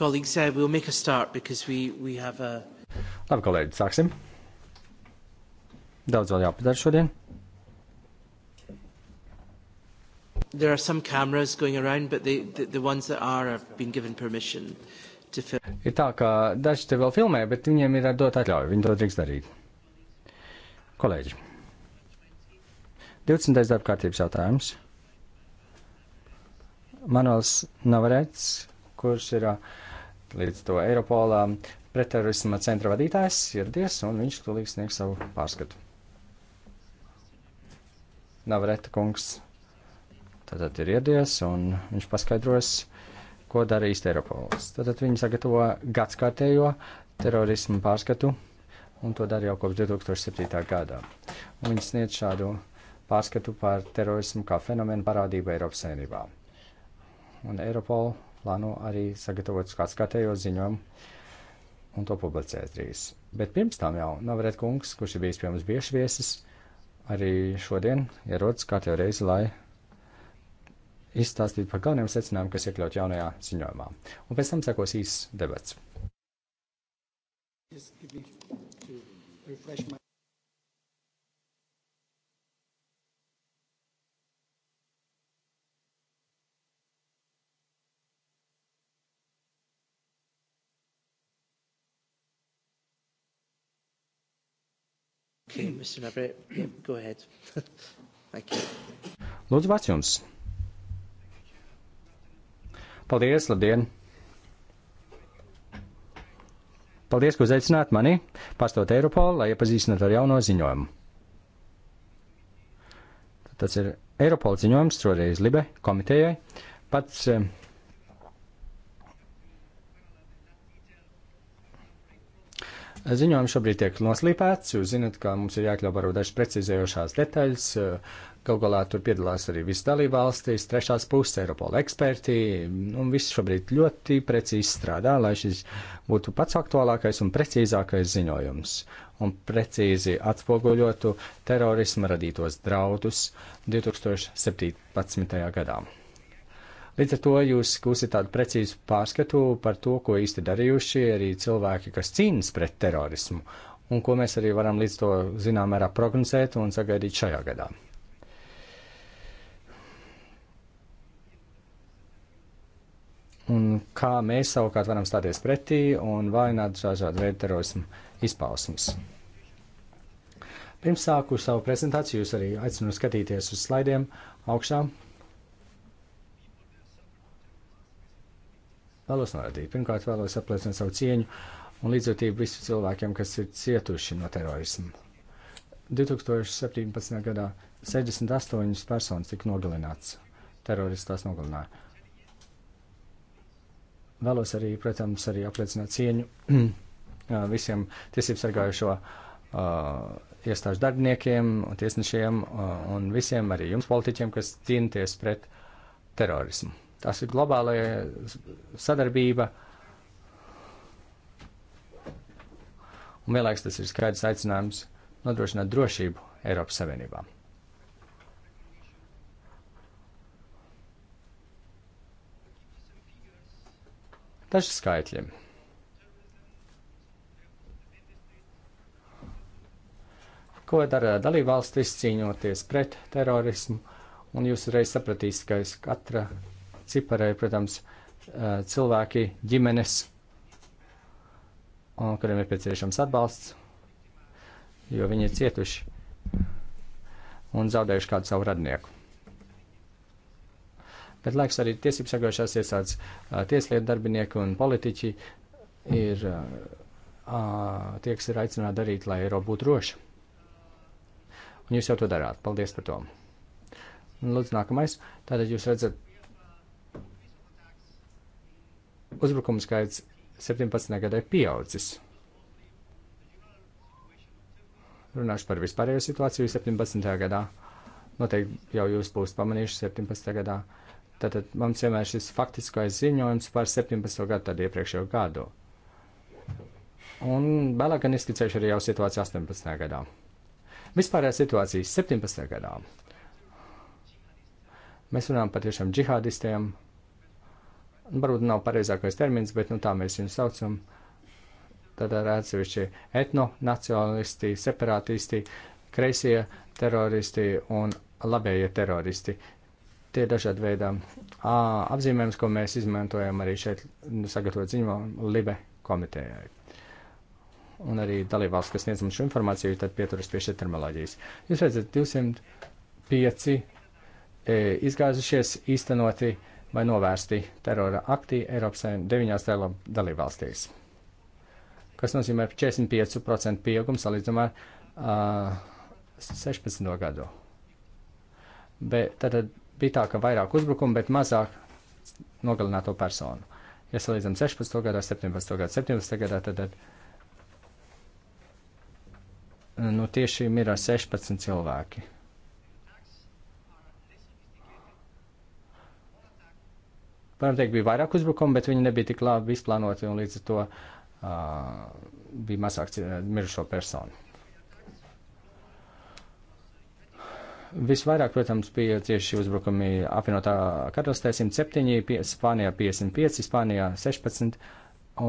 Colleagues, uh, we'll make a start because we, we have a... Labi, kolēģi, sāksim. Daudz vēl jāpadara šodien. There are some cameras going around, but the, the, the ones that are have been given permission to film. Ir tā, ka daži te vēl filmē, bet viņiem ir dot atļauju. Viņi to drīkst darīt. Kolēģi. 20. darba kārtības jautājums. Manuels Navarēts, kurš ir uh, līdz to Eiropolā pretterorisma centra vadītājs ieradies, un viņš tūlīt sniegs savu pārskatu. Navreta kungs tātad ir ieradies, un viņš paskaidros, ko darīs Eiropols. Tātad viņi sagatavo gadskārtējo terorismu pārskatu, un to dara jau kopš 2007. gadā. Un viņi sniedz šādu pārskatu par terorismu kā fenomenu parādību Eiropas saimnībā. Un Eiropola plāno arī sagatavot kāds kārtējo ziņojumu un to publicēt drīz. Bet pirms tam jau Navaret kungs, kurš ir bijis pie mums bieži viesis, arī šodien ierodas kārtējo reizi, lai izstāstītu par galveniem secinājumiem, kas iekļaut jaunajā ziņojumā. Un pēc tam sekos īsts debats. My... Okay, Mr. Nabrett, yeah, go ahead. Thank you. Lūdzu, vārds jums. Paldies, labdien! Paldies, ka uzaicināt mani, pastot Eiropolu, lai iepazīstinātu ar jauno ziņojumu. Tas ir Eiropola ziņojums, šoreiz Libe komitejai. Pats eh, Ziņojums šobrīd tiek noslīpēts. Jūs zināt, ka mums ir jākļauj varbūt dažas precizējošās detaļas. Galu galā tur piedalās arī visas dalībvalstīs, trešās puses, Eiropola eksperti. Un viss šobrīd ļoti precīzi strādā, lai šis būtu pats aktuālākais un precīzākais ziņojums. Un precīzi atspoguļotu terorisma radītos draudus 2017. gadā. Līdz ar to jūs gūsiet tādu precīzu pārskatu par to, ko īsti darījuši arī cilvēki, kas cīnas pret terorismu, un ko mēs arī varam līdz to zinām mērā prognozēt un sagaidīt šajā gadā. Un kā mēs savukārt varam stāties pretī un vājināt dažādu veidu terorismu izpausmes. Pirms sāku savu prezentāciju, jūs arī aicinu skatīties uz slaidiem augšā. vēlos norādīt. Pirmkārt, vēlos apliecināt savu cieņu un līdzjūtību visiem cilvēkiem, kas ir cietuši no terorisma. 2017. gadā 68 personas tika nogalināts. Terorists tās nogalināja. Vēlos arī, protams, arī apliecināt cieņu visiem tiesību sargājušo uh, iestāžu darbiniekiem, tiesnešiem uh, un visiem arī jums, politiķiem, kas cīnāties pret terorismu tās ir globālajā sadarbība. Un vienlaiks tas ir skaidrs aicinājums nodrošināt drošību Eiropas Savienībā. Daži skaitļi. Ko dara dalībvalstis cīņoties pret terorismu? Un jūs reiz sapratīsiet, ka katra ciparē, protams, cilvēki, ģimenes, un kuriem ir nepieciešams atbalsts, jo viņi ir cietuši un zaudējuši kādu savu radnieku. Bet laiks arī tiesību sagojušās iestādes, tieslietu darbinieki un politiķi ir tie, kas ir aicināti darīt, lai Eiropa būtu droša. Un jūs jau to darāt. Paldies par to. Lūdzu, nākamais. Tātad jūs redzat uzbrukumu skaits 17. gadā ir pieaudzis. Runāšu par vispārējo situāciju 17. gadā. Noteikti jau jūs būsiet pamanījuši 17. gadā. Tātad mums vienmēr šis faktiskais ziņojums par 17. gadu, tad iepriekšējo gadu. Un vēlāk gan izskicējuši arī jau situāciju 18. gadā. Vispārējā situācija 17. gadā. Mēs runājam par tiešām džihādistiem, varbūt nav pareizākais termins, bet nu, tā mēs viņu saucam. Tad ir atsevišķi etnonacionālisti, separātisti, kreisie teroristi un labējie teroristi. Tie ir dažādi veidā um, apzīmējums, ko mēs izmantojam arī šeit nu, sagatavot ziņojumu Libe komitējai. Un arī dalībvalsts, kas sniedz mums šo informāciju, tad pieturas pie šī terminoloģijas. Jūs redzat, 205 e, izgāzušies īstenoti uh, vai novērsti terora akti Eiropas deviņās terora dalībvalstīs, kas nozīmē 45% pieaugumu salīdzinām ar uh, 16. gadu. Bet tad bija tā, ka vairāk uzbrukumu, bet mazāk nogalināto personu. Ja salīdzinām 16. gadā, 17. gadā, 17. gadā, tad, tad nu, tieši mirā 16 cilvēki. Varam teikt, bija vairāk uzbrukumu, bet viņi nebija tik labi izplānoti un līdz ar to uh, bija mazāk mirušo personu. Visvairāk, protams, bija tieši uzbrukumi apvienotā karalistē 107, pie, Spānijā 55, Spānijā 16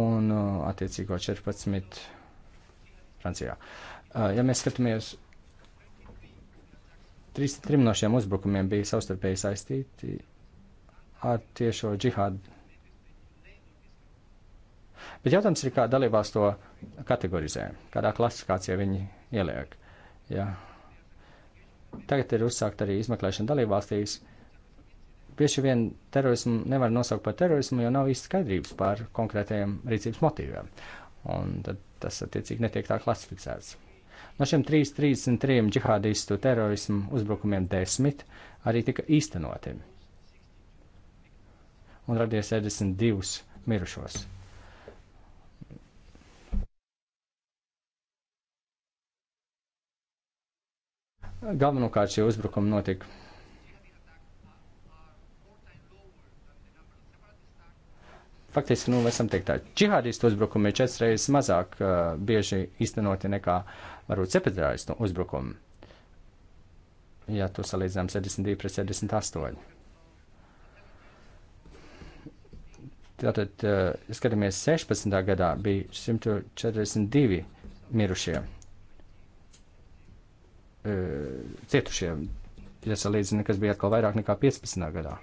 un attiecīgo 14 Francijā. Ja mēs skatāmies, trīs, trim no šiem uzbrukumiem bija savstarpēji saistīti ar tiešo džihādu. Bet jautājums ir, kā dalībās to kategorizē, kādā klasifikācijā viņi ieliek. Ja. Tagad ir uzsākt arī izmeklēšana dalībvalstīs. Bieži vien terorismu nevar nosaukt par terorismu, jo nav īsti skaidrības par konkrētajiem rīcības motīviem. Un tad tas attiecīgi netiek tā klasificēts. No šiem 333 džihādistu terorismu uzbrukumiem desmit arī tika īstenoti un radīja 72 mirušos. Galvenokārt šie uzbrukumi notika. Faktiski, nu, esam teikt tā, džihādistu uzbrukumi ir četras reizes mazāk uh, bieži īstenoti nekā, varbūt, sepatrājistu uzbrukumi. Ja tu salīdzinām 72 pret 78. Tātad, ja eh, skatāmies, 16. gadā bija 142 mirušie, eh, cietušie, ja salīdzina, kas bija atkal vairāk nekā 15. gadā.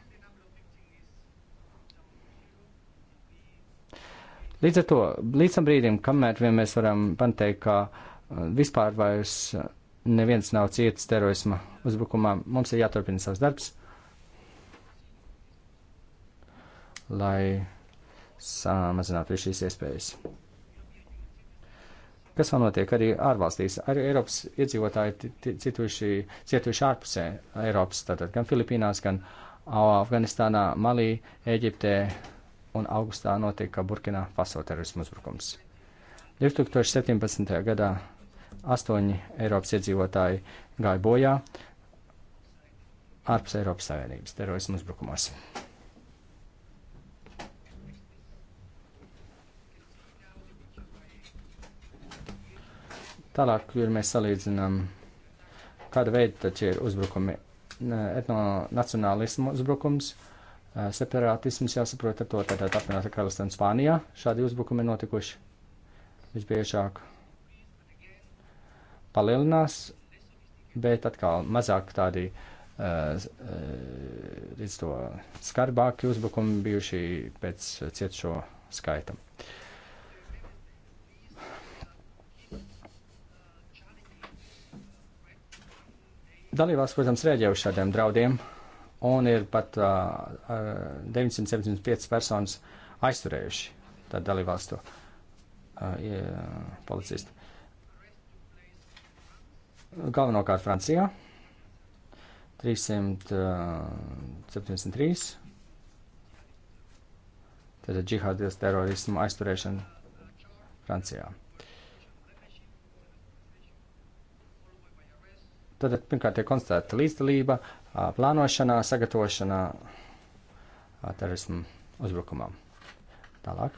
Līdz ar to, līdz tam brīdim, kamēr vien mēs varam pateikt, ka eh, vispār vairs neviens nav cietis terorisma uzbrukumā, mums ir jāturpina savs darbs, lai samazināt visu šīs iespējas. Kas vēl notiek arī ārvalstīs? Arī Eiropas iedzīvotāji cietuši, cietuši ārpusē Eiropas, tātad gan Filipīnās, gan Afganistānā, Malī, Eģiptē un augustā notika Burkina Faso terorismu uzbrukums. 2017. gadā astoņi Eiropas iedzīvotāji gāja bojā ārpus Eiropas Savienības terorismu uzbrukumos. Tālāk, kur mēs salīdzinām, kāda veida taču ir uzbrukumi. Etnonacionālismu uzbrukums, separātisms jāsaprot ar to, tātad apvienotā karalistē un Spānijā šādi uzbrukumi ir notikuši visbiežāk. Palielinās, bet atkal mazāk tādi uh, uh, skarbāki uzbrukumi bijuši pēc cietušo skaitam. Dalībās, protams, rēģē uz šādiem draudiem, un ir pat uh, 975 personas aizturējuši tādu dalībvalstu uh, policistu. Galvenokārt Francijā 373, tātad džihādijas terorismu aizturēšana Francijā. Tad pirmkārt tiek konstatēta līdzdalība plānošanā, sagatavošanā terorismu uzbrukumam. Tālāk.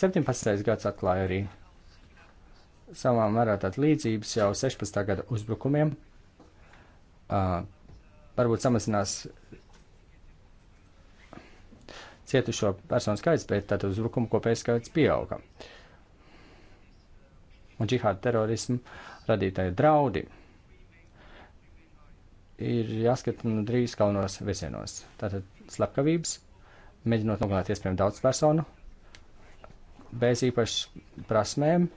Septiņpadsmitais gads atklāja arī savā mērā tādas līdzības jau 16. gada uzbrukumiem. Uh, varbūt samazinās cietušo personu skaits, bet tātad uzbrukumu kopējais skaits pieauga. Uh, un džihāda terorismu radītāji draudi ir jāskata drīz kalnos virzienos. Tātad slepkavības, mēģinot nogalināt iespējami daudz personu, bez īpašas prasmēm.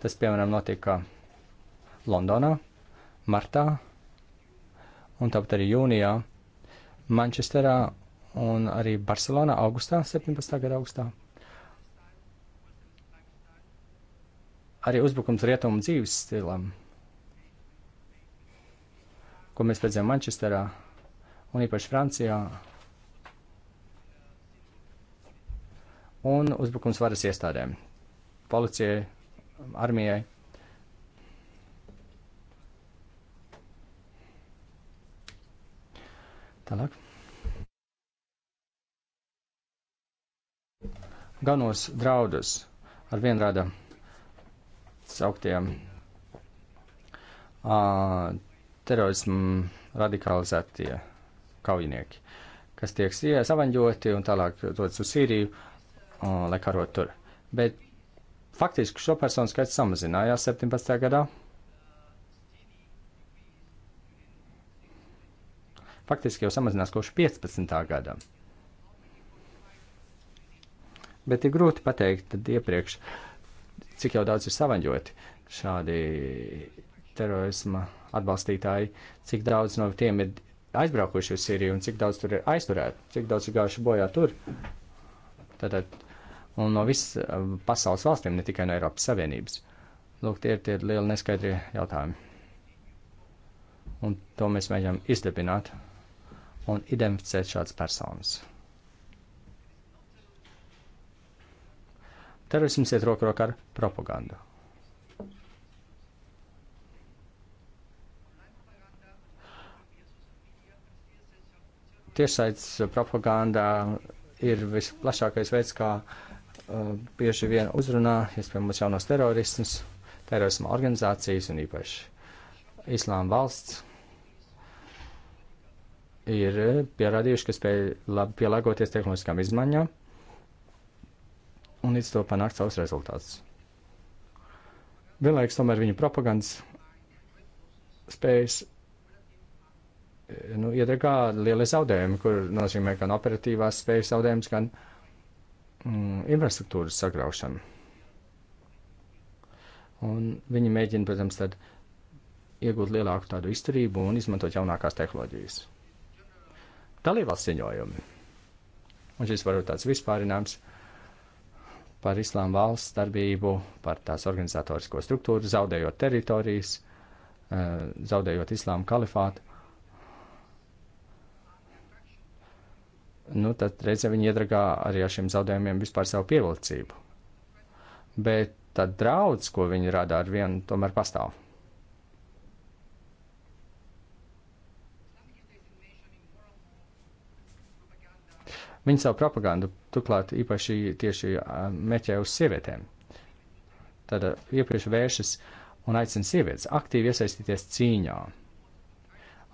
Tas, piemēram, notika Londonā, martā, un tāpat arī jūnijā, Manchesterā un arī Barcelonā augustā, 17. gada augustā. arī uzbrukums rietumu dzīves stilam, ko mēs redzam Mančesterā un īpaši Francijā, un uzbrukums varas iestādēm, policijai, armijai. Tālāk. Ganos draudus ar vienrādām sauktiem uh, terorismu radikalizētie kaujinieki, kas tiek savaņģoti un tālāk dodas uz Sīriju, uh, lai karot tur. Bet faktiski šo personu skaits samazinājās 17. gadā. Faktiski jau samazinās kopš 15. gada. Bet ir grūti pateikt iepriekš. Uh, cik jau daudz ir savaņģoti šādi terorisma atbalstītāji, cik daudz no tiem ir aizbraukuši uz Sīriju un cik daudz tur ir aizturēti, cik daudz ir gājuši bojā tur. Tātad, un no visas um, pasaules valstīm, ne tikai no Eiropas Savienības. Lūk, tie ir tie lieli neskaidrie jautājumi. Un to mēs mēģinām izdebināt un identificēt šādas personas. Terorisms iet roku rokā ar propagandu. Tiešsaistes propaganda ir visplašākais veids, kā uh, bieži vien uzrunā, iespējams, mums jaunos terorismus, terorisma organizācijas un īpaši Islāma valsts ir pierādījuši, ka spēj labi pielāgoties tehnoloģiskām izmaiņām un līdz to panākt savus rezultātus. Vienlaikus tomēr viņu propagandas spējas eh, nu, iedragā lieli zaudējumi, kur nozīmē gan operatīvās spējas zaudējums, gan mm, infrastruktūras sagraušana. Un viņi mēģina, protams, tad iegūt lielāku tādu izturību un izmantot jaunākās tehnoloģijas. Dalībvalsts ziņojumi. Un šis varbūt tāds vispārinājums par islāma valsts darbību, par tās organizatorisko struktūru, zaudējot teritorijas, eh, zaudējot islāma kalifātu. Nu, tad reizē viņi iedragā arī ar šiem zaudējumiem vispār savu pievilcību. Bet tā draudz, ko viņi rada ar vienu, tomēr pastāv. Viņi savu propagandu turklāt īpaši tieši meķē uz sievietēm. Tad iepriekš vēršas un aicina sievietes aktīvi iesaistīties cīņā.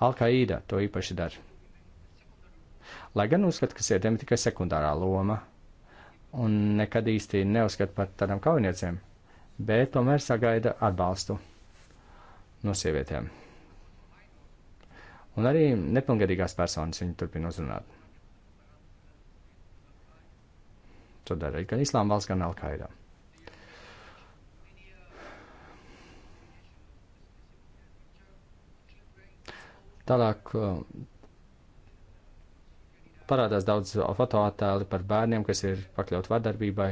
Alkaīda to īpaši dara. Lai gan uzskata, ka sievietēm ir tikai sekundārā loma, un nekad īsti neuzskata par tādām kaujniecēm, bet tomēr sagaida atbalstu no sievietēm. Un arī nepilngadīgās personas viņu turpina uzrunāt. To dara gan Islāma valsts, gan Alkaida. Tālāk uh, parādās daudz fotoattēli par bērniem, kas ir pakļaut vardarbībai.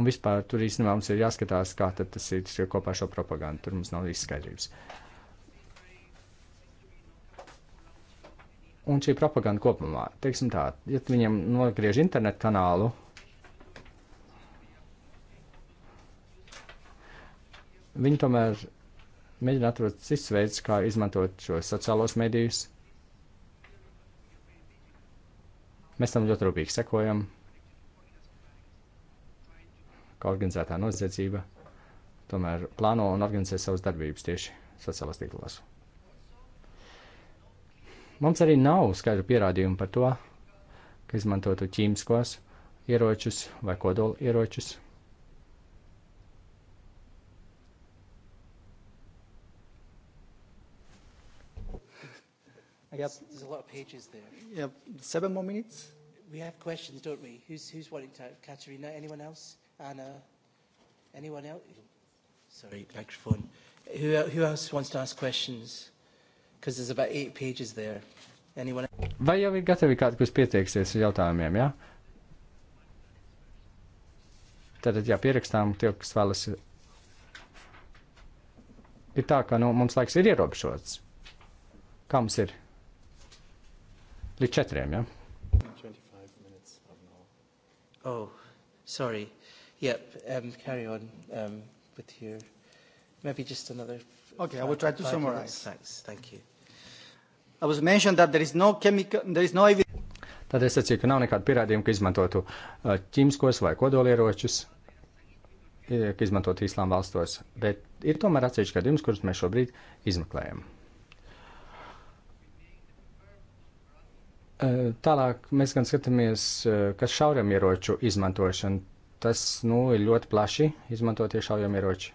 Un vispār tur īstenībā mums ir jāskatās, kā tas ir kopā ar šo propagandu. Tur mums nav īsti skaidrības. Uh, un šī propaganda kopumā, teiksim tā, ja viņiem nogriež internetu kanālu, viņi tomēr mēģina atrast cits veids, kā izmantot šos sociālos medijus. Mēs tam ļoti rūpīgi sekojam, kā organizētā noziedzība tomēr plāno un organizē savas darbības tieši sociālās tīklos. Mums arī nav skaidru pierādījumu par to, ka izmantotu ķīmiskos ieročus vai kodola ieročus. Yep. There's a lot of pages there. Yep. Seven more minutes. We have questions, don't we? Who's, who's wanting to? Katerina, anyone else? Anna, anyone else? Sorry, microphone. Who, who else wants to ask questions? because there's about eight pages there. Anyone? Vai jau ir gatavi kāds, kurš pieteiksies uz jautājumiem, jā? Ja? Tātad, jā, pierakstām tie, kas vēlas. Ir tā, ka, nu, mums laiks ir ierobežots. Kā mums ir? Līdz četriem, jā? Ja? Oh, sorry. Yep, um, carry on um, with your, maybe just another. Okay, I will try to summarize. Minutes. Thanks, thank you. It was mentioned that there is no chemical, there is no evidence. Tad es teicu, ka nav nekādu pierādījumu, ka izmantotu uh, ķīmiskos vai kodolieročus, ka izmantotu islām valstos, bet ir tomēr atsevišķi gadījums, kurus mēs šobrīd izmeklējam. Uh, tālāk mēs gan skatāmies, uh, kas šauramieroču izmantošana. Tas, nu, ir ļoti plaši izmantotie šaujamieroči.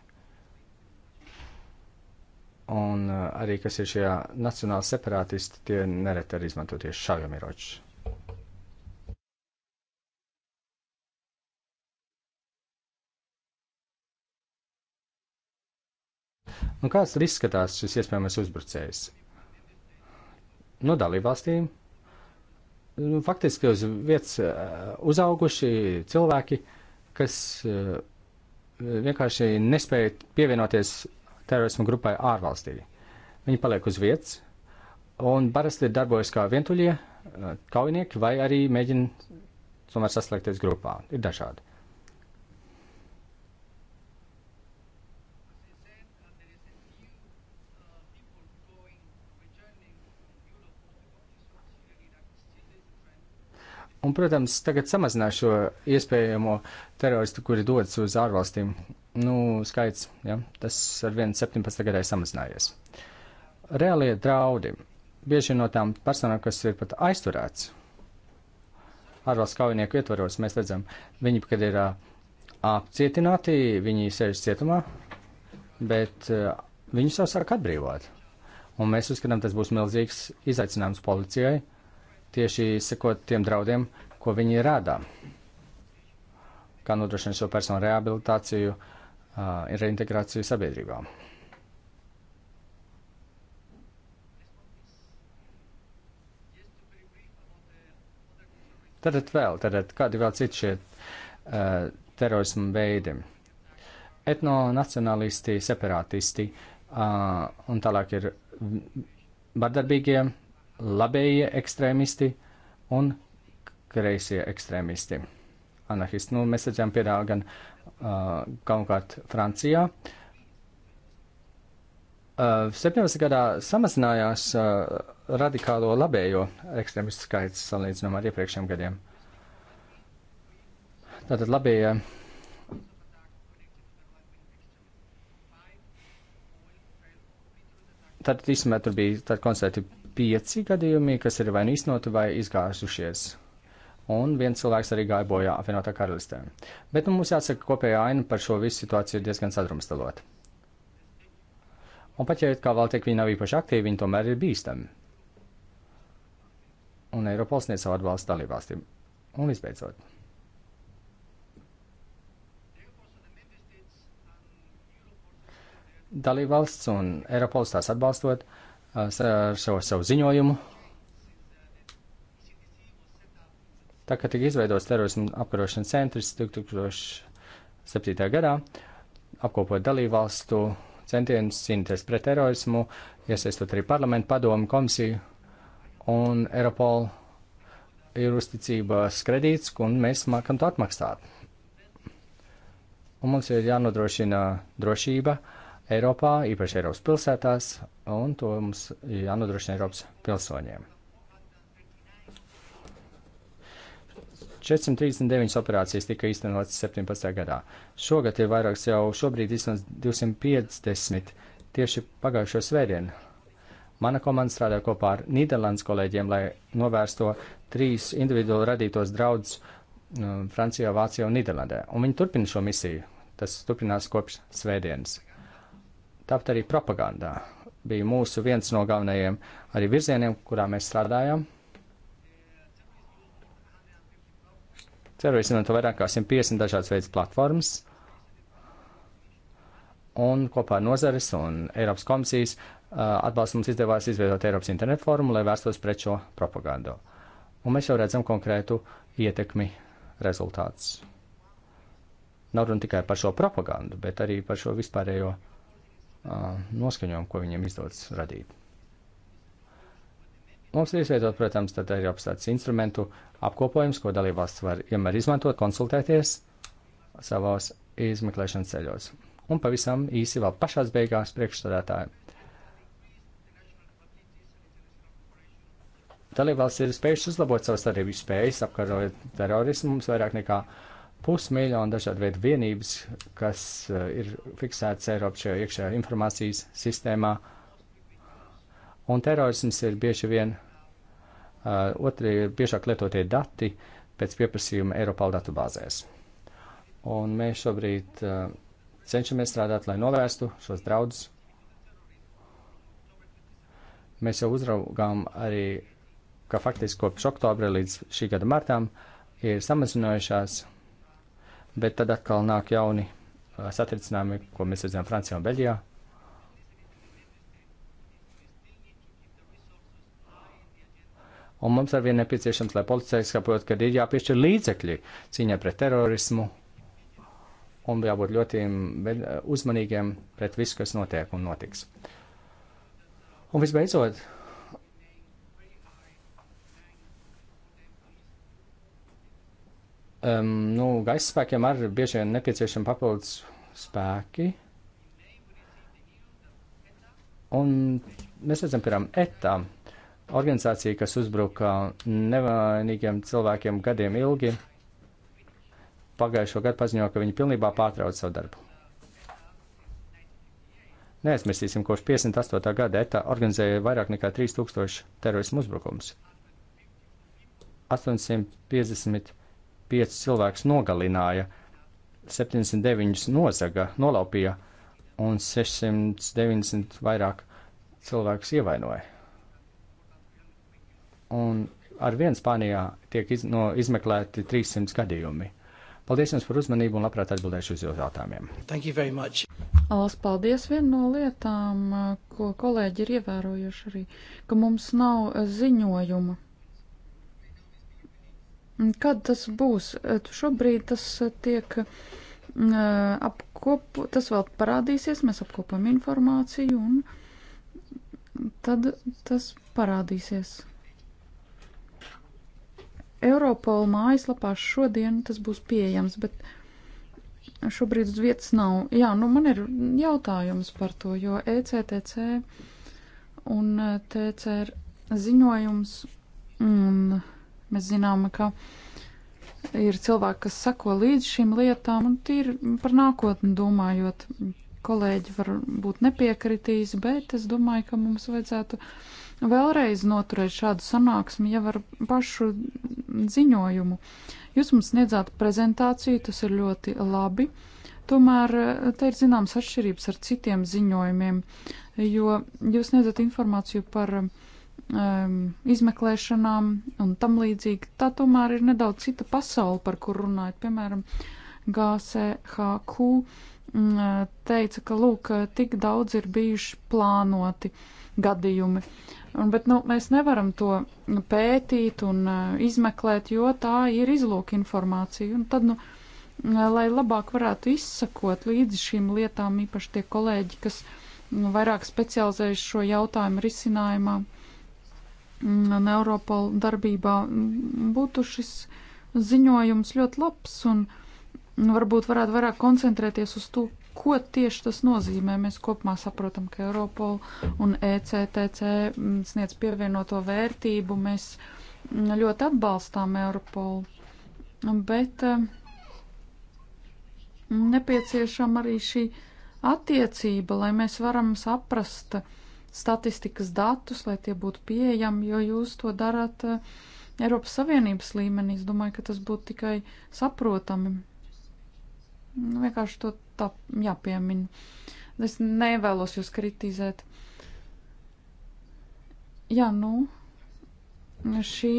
Un uh, arī, kas ir šajā nacionāli separātisti, tie nereti arī izmanto tieši šaujamieročus. Un kāds ir izskatās šis iespējamais uzbrucējs? No nu, dalībvalstīm. Nu, faktiski uz vietas uh, uzauguši cilvēki, kas uh, vienkārši nespēja pievienoties terorismu grupai ārvalstī. Viņi paliek uz vietas un parasti darbojas kā vientuļie eh, kaujinieki vai arī mēģina tomēr saslēgties grupā. Ir dažādi. Un, protams, tagad samazinās šo iespējamo teroristu, kuri dodas uz ārvalstīm. Nu, skaits, ja, tas ar 1,17 gadai samazinājies. Reālie draudi. Bieži no tām personām, kas ir pat aizturēts ārvalstu kaujinieku ietvaros, mēs redzam, viņi, kad ir apcietināti, viņi sēž cietumā, bet viņus jau sāk atbrīvot. Un mēs uzskatām, tas būs milzīgs izaicinājums policijai tieši sekot tiem draudiem, ko viņi rādā. Kā nodrošina šo personu rehabilitāciju, uh, reintegrāciju sabiedrībā. Tad vēl, tad kādi vēl citi šie uh, terorismu veidi? Etnonacionālisti, separātisti uh, un tālāk ir vardarbīgie labējie ekstrēmisti un kreisie ekstrēmisti. Anarchisti. Nu, mēs redzējām pirmā gan uh, galvenokārt Francijā. Uh, 17. gadā samazinājās uh, radikālo labējo ekstrēmistu skaits salīdzinām ar iepriekšējiem gadiem. Tātad labējie uh, tad īstenībā tur bija koncerti pieci gadījumi, kas ir vai nu iznoti, vai izgāzušies. Un viens cilvēks arī gāja bojā apvienotā karalistē. Bet nu, mums jāsaka, ka kopējā aina par šo visu situāciju ir diezgan sadrumstalota. Un pat ja it kā vēl tiek viņi nav īpaši aktīvi, viņi tomēr ir bīstami. Un Eiropols sniedz savu atbalstu dalībvalstīm. Un visbeidzot. Dalībvalsts un Eiropols tās atbalstot ar savu, savu ziņojumu. Tā kā tika izveidots terorismu apkarošanas centrs 2007. gadā, apkopot dalībvalstu centienus cīnīties pret terorismu, iesaistot arī parlamentu padomu komisiju un Eiropolu ir uzticības kredīts, un mēs mākam to atmaksāt. Un mums ir jānodrošina drošība, uh, Eiropā, īpaši Eiropas pilsētās, un to mums jānodrošina Eiropas pilsoņiem. 439 operācijas tika īstenotas 17. gadā. Šogad ir vairāks jau šobrīd īstenots 250 tieši pagājušo svētdienu. Mana komanda strādā kopā ar Nīderlandes kolēģiem, lai novērsto trīs individuāli radītos draudus um, Francijā, Vācijā un Nīderlandē. Un viņi turpina šo misiju. Tas turpinās kopš svētdienas. Tāpat arī propagandā bija mūsu viens no galvenajiem arī virzieniem, kurā mēs strādājām. Ceru, izmanto vairāk kā 150 dažādas veidas platformas. Un kopā ar nozares un Eiropas komisijas atbalstu mums izdevās izveidot Eiropas internetu formu, lai vērstos pret šo propagandu. Un mēs jau redzam konkrētu ietekmi rezultātus. Nav runa tikai par šo propagandu, bet arī par šo vispārējo noskaņojumu, ko viņiem izdodas radīt. Mums ir izveidot, protams, tad arī apstāts instrumentu apkopojums, ko dalībvalsts var vienmēr izmantot, konsultēties savos izmeklēšanas ceļos. Un pavisam īsi vēl pašās beigās priekšstādātāji. Dalībvalsts ir spējušas uzlabot savas darbības spējas, apkarojot terorismu, mums vairāk nekā uh, pusmiljonu dažādu veidu vienības, kas eh, ir fiksētas Eiropas šajā iekšējā informācijas sistēmā. Un terorisms ir bieži vien uh, otri ir biežāk lietotie dati pēc pieprasījuma Eiropāla datu bāzēs. Un mēs šobrīd uh, cenšamies strādāt, lai novērstu šos draudus. Mēs jau uzraugām arī, ka faktiski kopš oktobra līdz šī gada martām ir samazinājušās uh, bet tad atkal nāk jauni uh, satricinājumi, ko mēs redzam Francijā un Beļģijā. Un mums arvien nepieciešams, lai policija saprot, ka ir jāpiešķir līdzekļi cīņā pret terorismu un jābūt ļoti mm, uh, uzmanīgiem pret visu, kas notiek un notiks. Un visbeidzot, um, nu, gaisa spēkiem arī bieži vien nepieciešami papildus spēki. Un mēs redzam, piemēram, ETA organizācija, kas uzbruka nevainīgiem cilvēkiem gadiem ilgi, pagājušo gadu paziņoja, ka viņi pilnībā pārtrauc savu darbu. Neaizmirsīsim, kopš 58. gada ETA organizēja vairāk nekā 3000 terorismu uzbrukums. 850 5 cilvēkus nogalināja, 79 nozaga, nolaupīja un 690 vairāk cilvēkus ievainoja. Un ar vienu Spānijā tiek iz, no, izmeklēti 300 gadījumi. Paldies jums par uzmanību un labprāt atbildēšu uz jūsu jautājumiem. Alas, paldies! Viena no lietām, ko kolēģi ir ievērojuši arī, ka mums nav ziņojuma Kad tas būs? E, šobrīd tas e, tiek e, apkop, tas vēl parādīsies, mēs apkopam informāciju un tad tas parādīsies. Europola mājaslapā šodien tas būs pieejams, bet šobrīd uz vietas nav. Jā, nu man ir jautājums par to, jo ECTC un TCR ziņojums un. Mm, Mēs zinām, ka ir cilvēki, kas sako līdz šīm lietām, un tīri par nākotni domājot. Kolēģi var būt nepiekritīs, bet es domāju, ka mums vajadzētu vēlreiz noturēt šādu sanāksmi jau ar pašu ziņojumu. Jūs mums sniedzāt prezentāciju, tas ir ļoti labi. Tomēr eh, te ir zināmas atšķirības ar citiem ziņojumiem, jo jūs sniedzat informāciju par uh, um, izmeklēšanām un tam līdzīgi. Tā tomēr ir nedaudz cita pasaule, par kur runājat. Piemēram, GCHQ um, mm, teica, ka lūk, tik daudz ir bijuši plānoti gadījumi. Un, bet nu, mēs nevaram to pētīt un uh, izmeklēt, jo tā ir izlūka informācija. Un tad, nu, lai labāk varētu izsakot līdzi šīm lietām, īpaši tie kolēģi, kas nu, vairāk specializējas šo jautājumu risinājumā, uh, un Europol darbībā būtu šis ziņojums ļoti labs un varbūt varētu vairāk koncentrēties uz to, ko tieši tas nozīmē. Mēs kopumā saprotam, ka Europol un ECTC sniedz pievienoto vērtību. Mēs ļoti atbalstām Europolu, bet eh, nepieciešama arī šī attiecība, lai mēs varam saprast, uh, statistikas datus, lai tie būtu pieejami, jo jūs to darat eh, Eiropas Savienības līmenī. Es domāju, ka tas būtu tikai saprotami. Vienkārši to tā jāpiemin. Es nevēlos jūs kritizēt. Jā, nu, šī,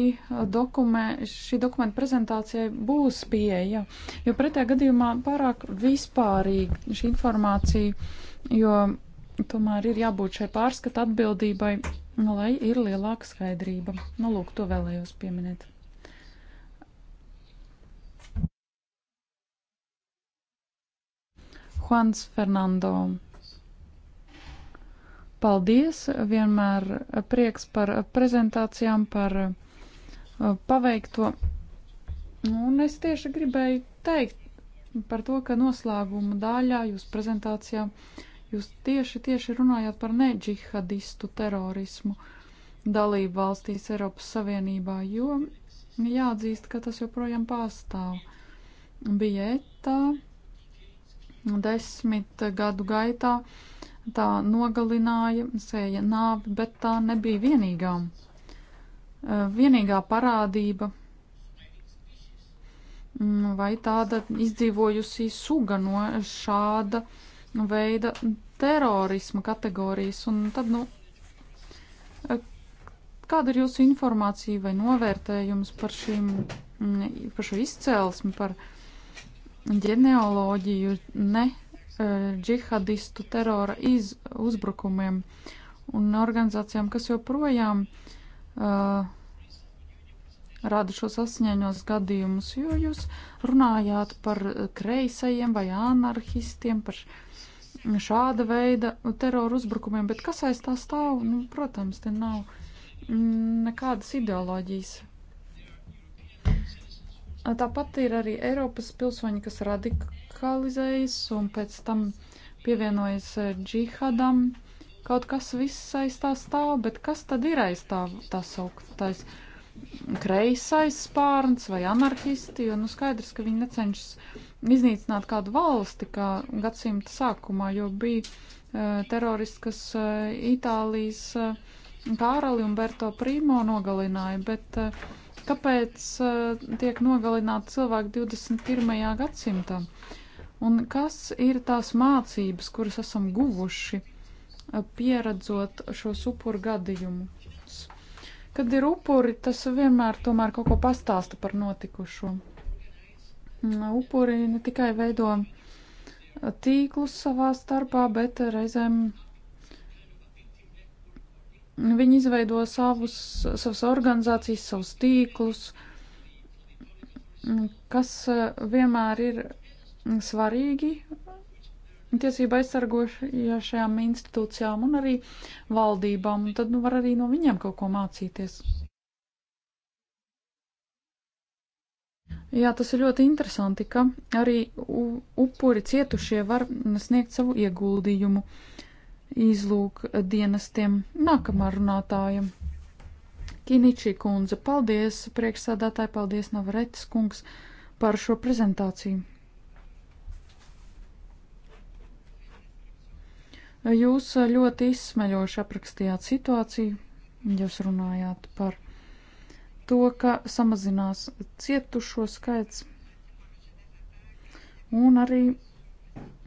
dokume, šī dokumenta prezentācijai būs pieeja, jo pretējā gadījumā pārāk vispārīgi šī informācija, jo tomēr ir jābūt šai pārskata atbildībai, nu, lai ir lielāka skaidrība. Nu, lūk, to vēlējos pieminēt. Juans Fernando. Paldies, vienmēr prieks par prezentācijām, par uh, paveikto. Un es tieši gribēju teikt par to, ka noslēguma daļā jūs prezentācijā uh, Jūs tieši, tieši runājāt par neģihadistu terorismu dalību valstīs Eiropas Savienībā, jo jāatzīst, ka tas joprojām pastāv. Bija etā desmit gadu gaitā tā nogalināja, sēja nāvi, bet tā nebija vienīgā. Vienīgā parādība vai tāda izdzīvojusī suga no šāda uh, veida terorisma kategorijas. Un tad, nu, e, kāda ir jūsu informācija vai novērtējums par, šīm, mm, par šo izcēlesmi, par ģenealoģiju ne e, džihadistu terora iz, uzbrukumiem un organizācijām, kas joprojām uh, rada šo sasņēņos gadījumus, jo jūs runājāt par kreisajiem vai anarchistiem, par uh, šāda veida terora uzbrukumiem, bet kas aiz tā stāv? Nu, protams, te nav nekādas ideoloģijas. Tāpat ir arī Eiropas pilsoņi, kas radikalizējas un pēc tam pievienojas džihadam. Kaut kas viss aiz tā stāv, bet kas tad ir aiz tā, tā sauktais? Uh, kreisais spārns vai anarchisti, jo nu skaidrs, ka viņi necenšas iznīcināt kādu valsti, kā gadsimta sākumā, jo bija uh, e, terorists, kas uh, e, Itālijas uh, Kārali Umberto Primo nogalināja, bet uh, kāpēc uh, tiek nogalināti cilvēki 21. gadsimtā? Un kas ir tās mācības, kuras esam guvuši, uh, pieredzot šo supuru gadījumu? Kad ir upuri, tas vienmēr tomēr kaut ko pastāsta par notikušo. Mm, upuri ne tikai veido uh, tīklus savā starpā, bet reizēm viņi izveido savus, savas organizācijas, savus tīklus, mm, kas uh, vienmēr ir svarīgi tiesību aizsargošajām institūcijām un arī valdībām, un tad nu, var arī no viņiem kaut ko mācīties. Jā, tas ir ļoti interesanti, ka arī upuri cietušie var sniegt savu ieguldījumu izlūk dienestiem nākamā runātājam. Kiničī kundze, paldies, priekšsādātāji, paldies, Navaretis kungs, par šo prezentāciju. Jūs ļoti izsmeļoši aprakstījāt situāciju, jūs runājāt par to, ka samazinās cietušo skaits un arī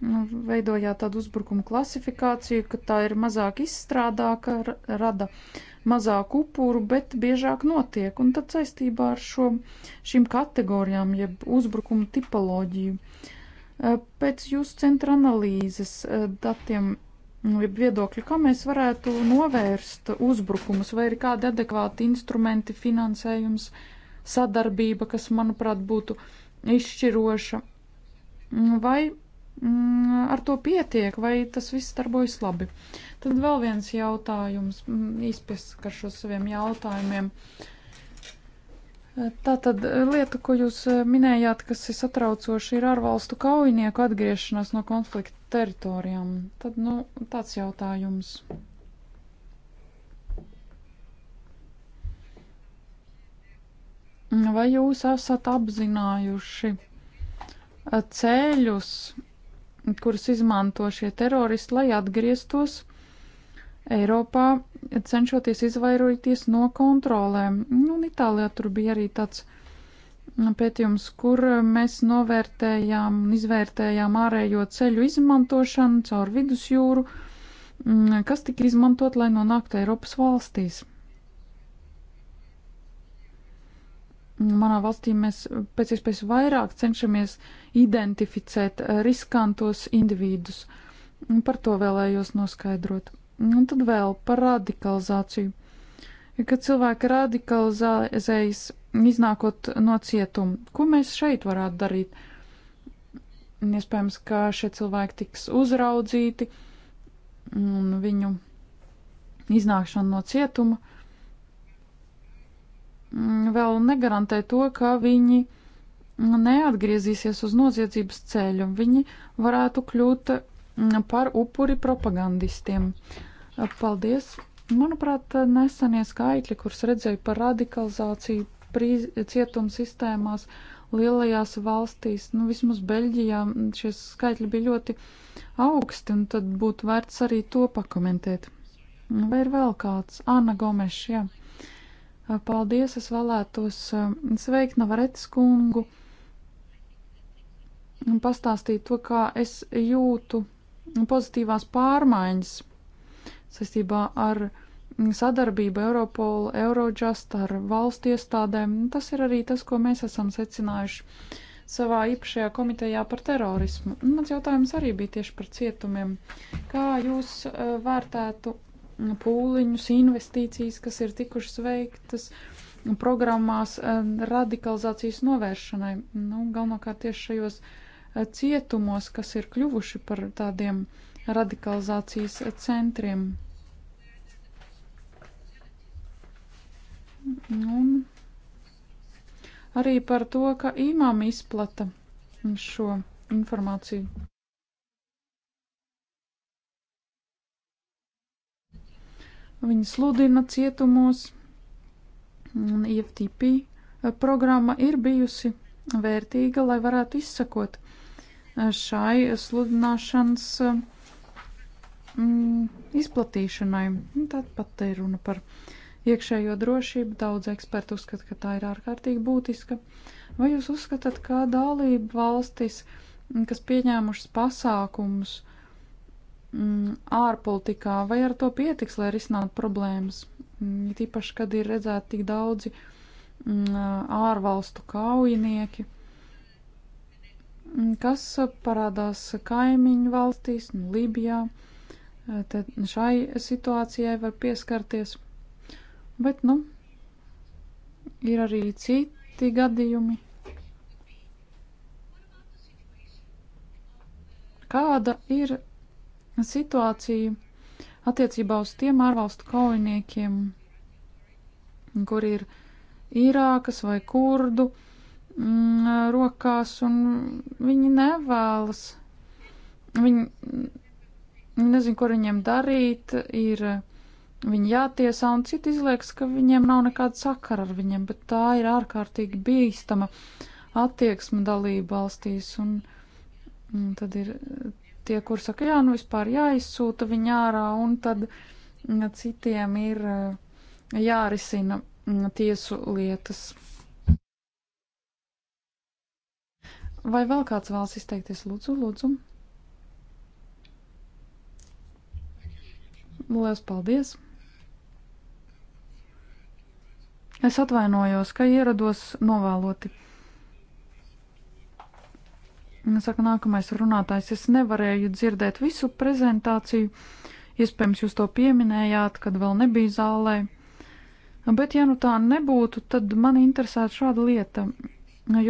nu, veidojāt tādu uzbrukumu klasifikāciju, ka tā ir mazāk izstrādāka, rada mazāk upuru, bet biežāk notiek. Un tad saistībā ar šo, šīm kategorijām, jeb uzbrukumu tipoloģiju, eh, pēc jūsu centra analīzes eh, datiem Nu, viedokļi, kā mēs varētu novērst uzbrukumus, vai ir kādi adekvāti instrumenti, finansējums, sadarbība, kas, manuprāt, būtu izšķiroša, nu, vai mm, ar to pietiek, vai tas viss darbojas labi. Tad vēl viens jautājums, mm, izpieskaršos saviem jautājumiem. Tā tad lieta, ko jūs eh, minējāt, kas ir satraucoši, ir ārvalstu kaujinieku atgriešanās no konflikta teritorijām. Tad, nu, tāds jautājums. Vai jūs esat apzinājuši eh, ceļus, kurus izmanto šie teroristi, lai atgrieztos Eiropā, cenšoties izvairīties no kontrolēm? Nu, un Itālijā tur bija arī tāds uh, pētījums, kur mēs novērtējām un izvērtējām ārējo ceļu izmantošanu caur vidusjūru, mm, kas tika izmantot, lai nonāktu Eiropas valstīs. Manā valstī mēs pēc iespējas vairāk cenšamies identificēt riskantos individus. Par to vēlējos noskaidrot. Un tad vēl par radikalizāciju. Kad cilvēki radikalizējas iznākot no cietuma. Ko mēs šeit varētu darīt? Iespējams, ka šie cilvēki tiks uzraudzīti un viņu iznākšana no cietuma vēl negarantē to, ka viņi neatgriezīsies uz noziedzības ceļu. Viņi varētu kļūt par upuri propagandistiem. Paldies! Manuprāt, nesenie skaitļi, kurus redzēju par radikalizāciju, prīz, cietums sistēmās lielajās valstīs, nu vismaz Beļģijā šie skaitļi bija ļoti augsti, un tad būtu vērts arī to pakomentēt. Vai ir vēl kāds? Anna Gomeša, jā. Paldies, es vēlētos um, sveikt Navaretes kungu un pastāstīt to, kā es jūtu pozitīvās pārmaiņas saistībā ar uh, sadarbība Europola, Eurojust ar valstu iestādēm. Tas ir arī tas, ko mēs esam secinājuši savā īpašajā komitejā par terorismu. Mans jautājums arī bija tieši par cietumiem. Kā jūs eh, vērtētu pūliņus, investīcijas, kas ir tikušas veiktas programmās eh, radikalizācijas novēršanai? Nu, galvenokārt tieši šajos eh, cietumos, kas ir kļuvuši par tādiem radikalizācijas centriem. Un arī par to, ka imām izplata šo informāciju. Viņi sludina cietumos, un IFTP programma ir bijusi vērtīga, lai varētu izsakot šai sludināšanas mm, izplatīšanai. Tāpat ir runa par iekšējo drošību. Daudz ekspertu uzskata, ka tā ir ārkārtīgi būtiska. Vai jūs uzskatāt, ka dalība valstis, mm, kas pieņēmušas pasākumus m, mm, ārpolitikā, vai ar to pietiks, lai risinātu problēmas? Mm, Tīpaši, kad ir redzēti tik daudzi m, ārvalstu kaujinieki, kas parādās kaimiņu valstīs, nu, Libijā. Te šai situācijai var pieskarties. Bet, nu, ir arī citi gadījumi. Kāda ir situācija attiecībā uz tiem ārvalstu kaujiniekiem, kuri ir Irākas vai Kurdu mm, rokās, un viņi nevēlas. Viņi, viņi nezin, ko viņiem darīt, ir Viņi jātiesā un citi izliekas, ka viņiem nav nekāda sakara ar viņiem, bet tā ir ārkārtīgi bīstama attieksme dalība valstīs. Un, un tad ir eh, tie, kur saka, jā, nu vispār jāizsūta viņa ārā, un tad mm, citiem ir eh, jārisina mm, tiesu lietas. Vai vēl kāds vēlas izteikties? Lūdzu, lūdzu. Lielas paldies! Es atvainojos, ka ierados novēloti. Nu, saka, nākamais runātājs, es nevarēju dzirdēt visu prezentāciju, iespējams, jūs to pieminējāt, kad vēl nebija zālē, bet ja nu tā nebūtu, tad man interesētu šāda lieta.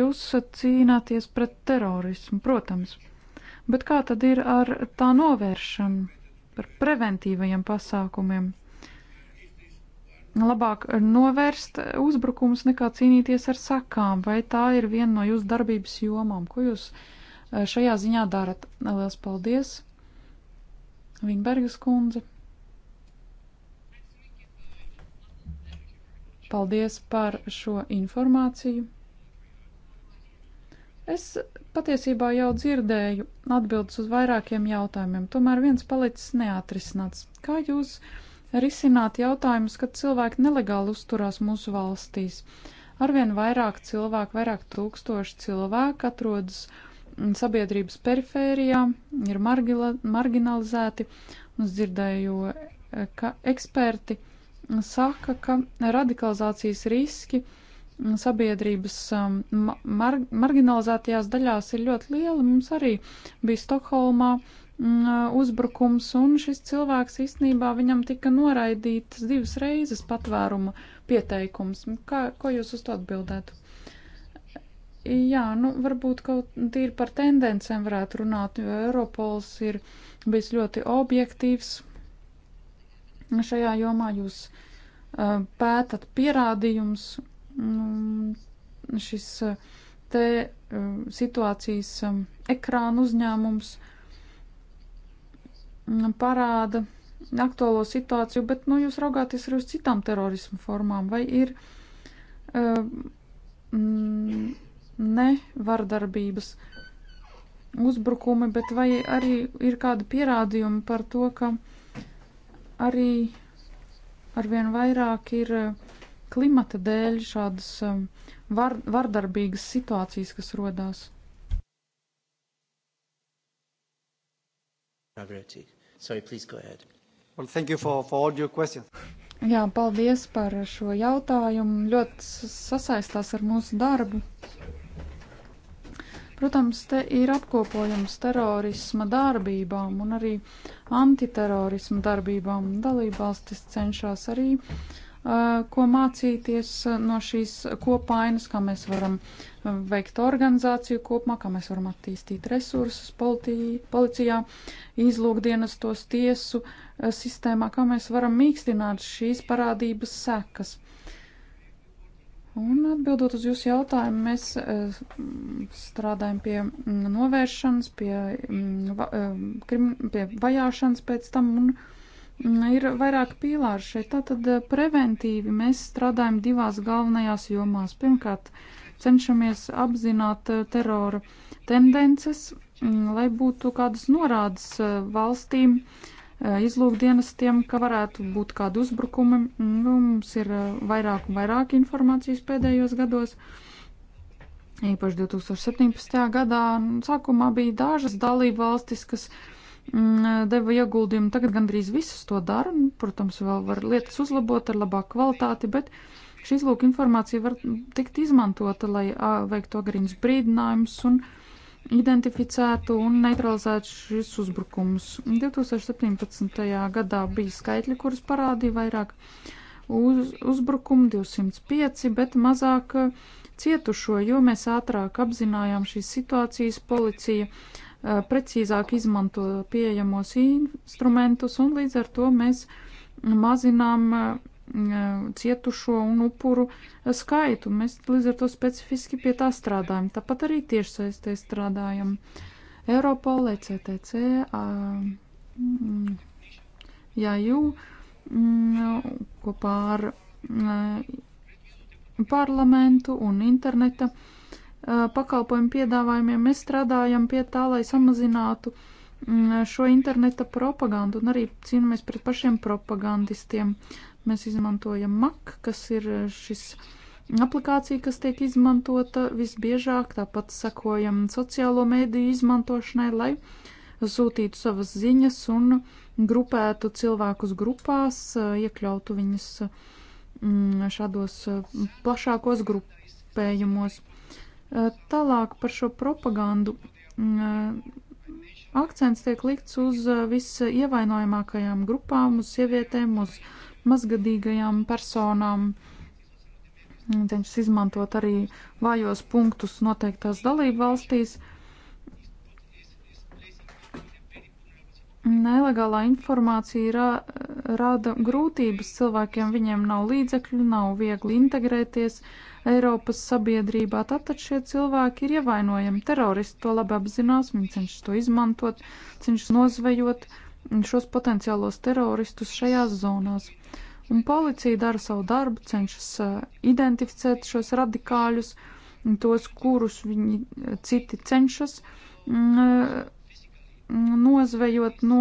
Jūs cīnāties pret terorismu, protams, bet kā tad ir ar tā novēršanu, par preventīvajiem pasākumiem? labāk novērst uzbrukumus nekā cīnīties ar sakām, vai tā ir viena no jūsu darbības jomām, ko jūs eh, šajā ziņā darat. Lielas paldies, Vinbergas kundze. Paldies par šo informāciju. Es patiesībā jau dzirdēju atbildes uz vairākiem jautājumiem, tomēr viens palicis neatrisināts. Kā jūs uh, risināt jautājumus, kad cilvēki nelegāli uzturās mūsu valstīs. Arvien vairāk cilvēku, vairāk tūkstoši cilvēku atrodas sabiedrības perifērijā, ir margila, marginalizēti. Es dzirdēju, ka eksperti saka, ka radikalizācijas riski sabiedrības um, mar marginalizētajās daļās ir ļoti lieli. Mums arī bija Stokholmā uh, Mm, uzbrukums, un šis cilvēks īstenībā viņam tika noraidīts divas reizes patvēruma pieteikums. Kā, ko jūs uz to atbildētu? Jā, nu varbūt kaut tīri par tendencēm varētu runāt, jo Europols ir bijis ļoti objektīvs šajā jomā. Jūs uh, pētat pierādījums, um, mm, šis uh, te uh, situācijas um, ekrānu uzņēmums uh, Mm, parāda aktuālo situāciju, bet nu, jūs raugāties arī uz citām terorismu formām, vai ir uh, eh, mm, nevardarbības uzbrukumi, bet vai arī ir kādi pierādījumi par to, ka arī arvien vairāk ir eh, klimata dēļ šādas eh, var, vardarbīgas situācijas, kas rodās. Agretī. Sorry, please go ahead. Well, thank you for, for all your questions. Jā, paldies par šo jautājumu. Ļoti sasaistās ar mūsu darbu. Protams, te ir apkopojums terorisma darbībām un arī antiterorisma darbībām. Dalībvalstis cenšas arī uh, ko mācīties no šīs kopainas, kā mēs varam veikt organizāciju kopumā, kā mēs varam attīstīt resursus politi, policijā, izlūkdienestos tiesu sistēmā, kā mēs varam mīkstināt šīs parādības sekas. Un atbildot uz jūsu jautājumu, mēs strādājam pie novēršanas, pie, pie vajāšanas pēc tam un ir vairāk pīlāri šeit. Tātad eh, preventīvi mēs strādājam divās galvenajās jomās. Pirmkārt, cenšamies apzināt eh, terora tendences, mm, lai būtu kādas norādes eh, valstīm, izlūkdienestiem, ka varētu būt kādi uzbrukumi. Mm, nu, mums ir vairāk un vairāk informācijas pēdējos gados. Īpaši 2017. gadā nu, sākumā bija dažas dalība valstis, kas uh, Mm, deva ieguldījumu. Tagad gandrīz visus to dara. Protams, vēl var lietas uzlabot ar labāku kvalitāti, bet šī izlūka informācija var tikt izmantota, lai veiktu agrīnas brīdinājumus un identificētu un neutralizētu šis uzbrukums. 2017. gadā bija skaitļi, kurus parādīja vairāk uz, uzbrukumu 205, bet mazāk cietušo, jo mēs ātrāk apzinājām šīs situācijas policija Eh, precīzāk izmanto pieejamos instrumentus, un līdz ar to mēs mazinām eh, cietušo un upuru skaitu. Mēs līdz ar to specifiski pie tā strādājam. Tāpat arī tiešsaistē strādājam. Europol, ECTC, mm, JAU mm, kopā ar mm, parlamentu un interneta uh, pakalpojumu piedāvājumiem, mēs strādājam pie tā, lai samazinātu mm, šo interneta propagandu un arī cīnāmies pret pašiem propagandistiem. Mēs izmantojam MAC, kas ir šis aplikācija, kas tiek izmantota visbiežāk, tāpat sakojam sociālo mēdīju izmantošanai, lai sūtītu savas ziņas un grupētu cilvēkus grupās, iekļautu viņus šādos plašākos grupējumos. Eh, tālāk par šo propagandu. Mm, eh, akcents tiek likts uz eh, visievainojamākajām grupām, uz sievietēm, uz mazgadīgajām personām. Viņš mm, izmantot arī vājos punktus noteiktās dalību valstīs. Uh, Nelegālā informācija ra, rada grūtības cilvēkiem, viņiem nav līdzekļu, nav viegli integrēties Eiropas sabiedrībā. Tātad šie cilvēki ir ievainojami. Teroristi to labi apzinās, viņi cenšas to izmantot, cenšas nozvejot šos potenciālos teroristus šajās zonās. Un policija dara savu darbu, cenšas eh, identificēt šos radikāļus, tos, kurus viņi citi cenšas mm, eh, nozvejot no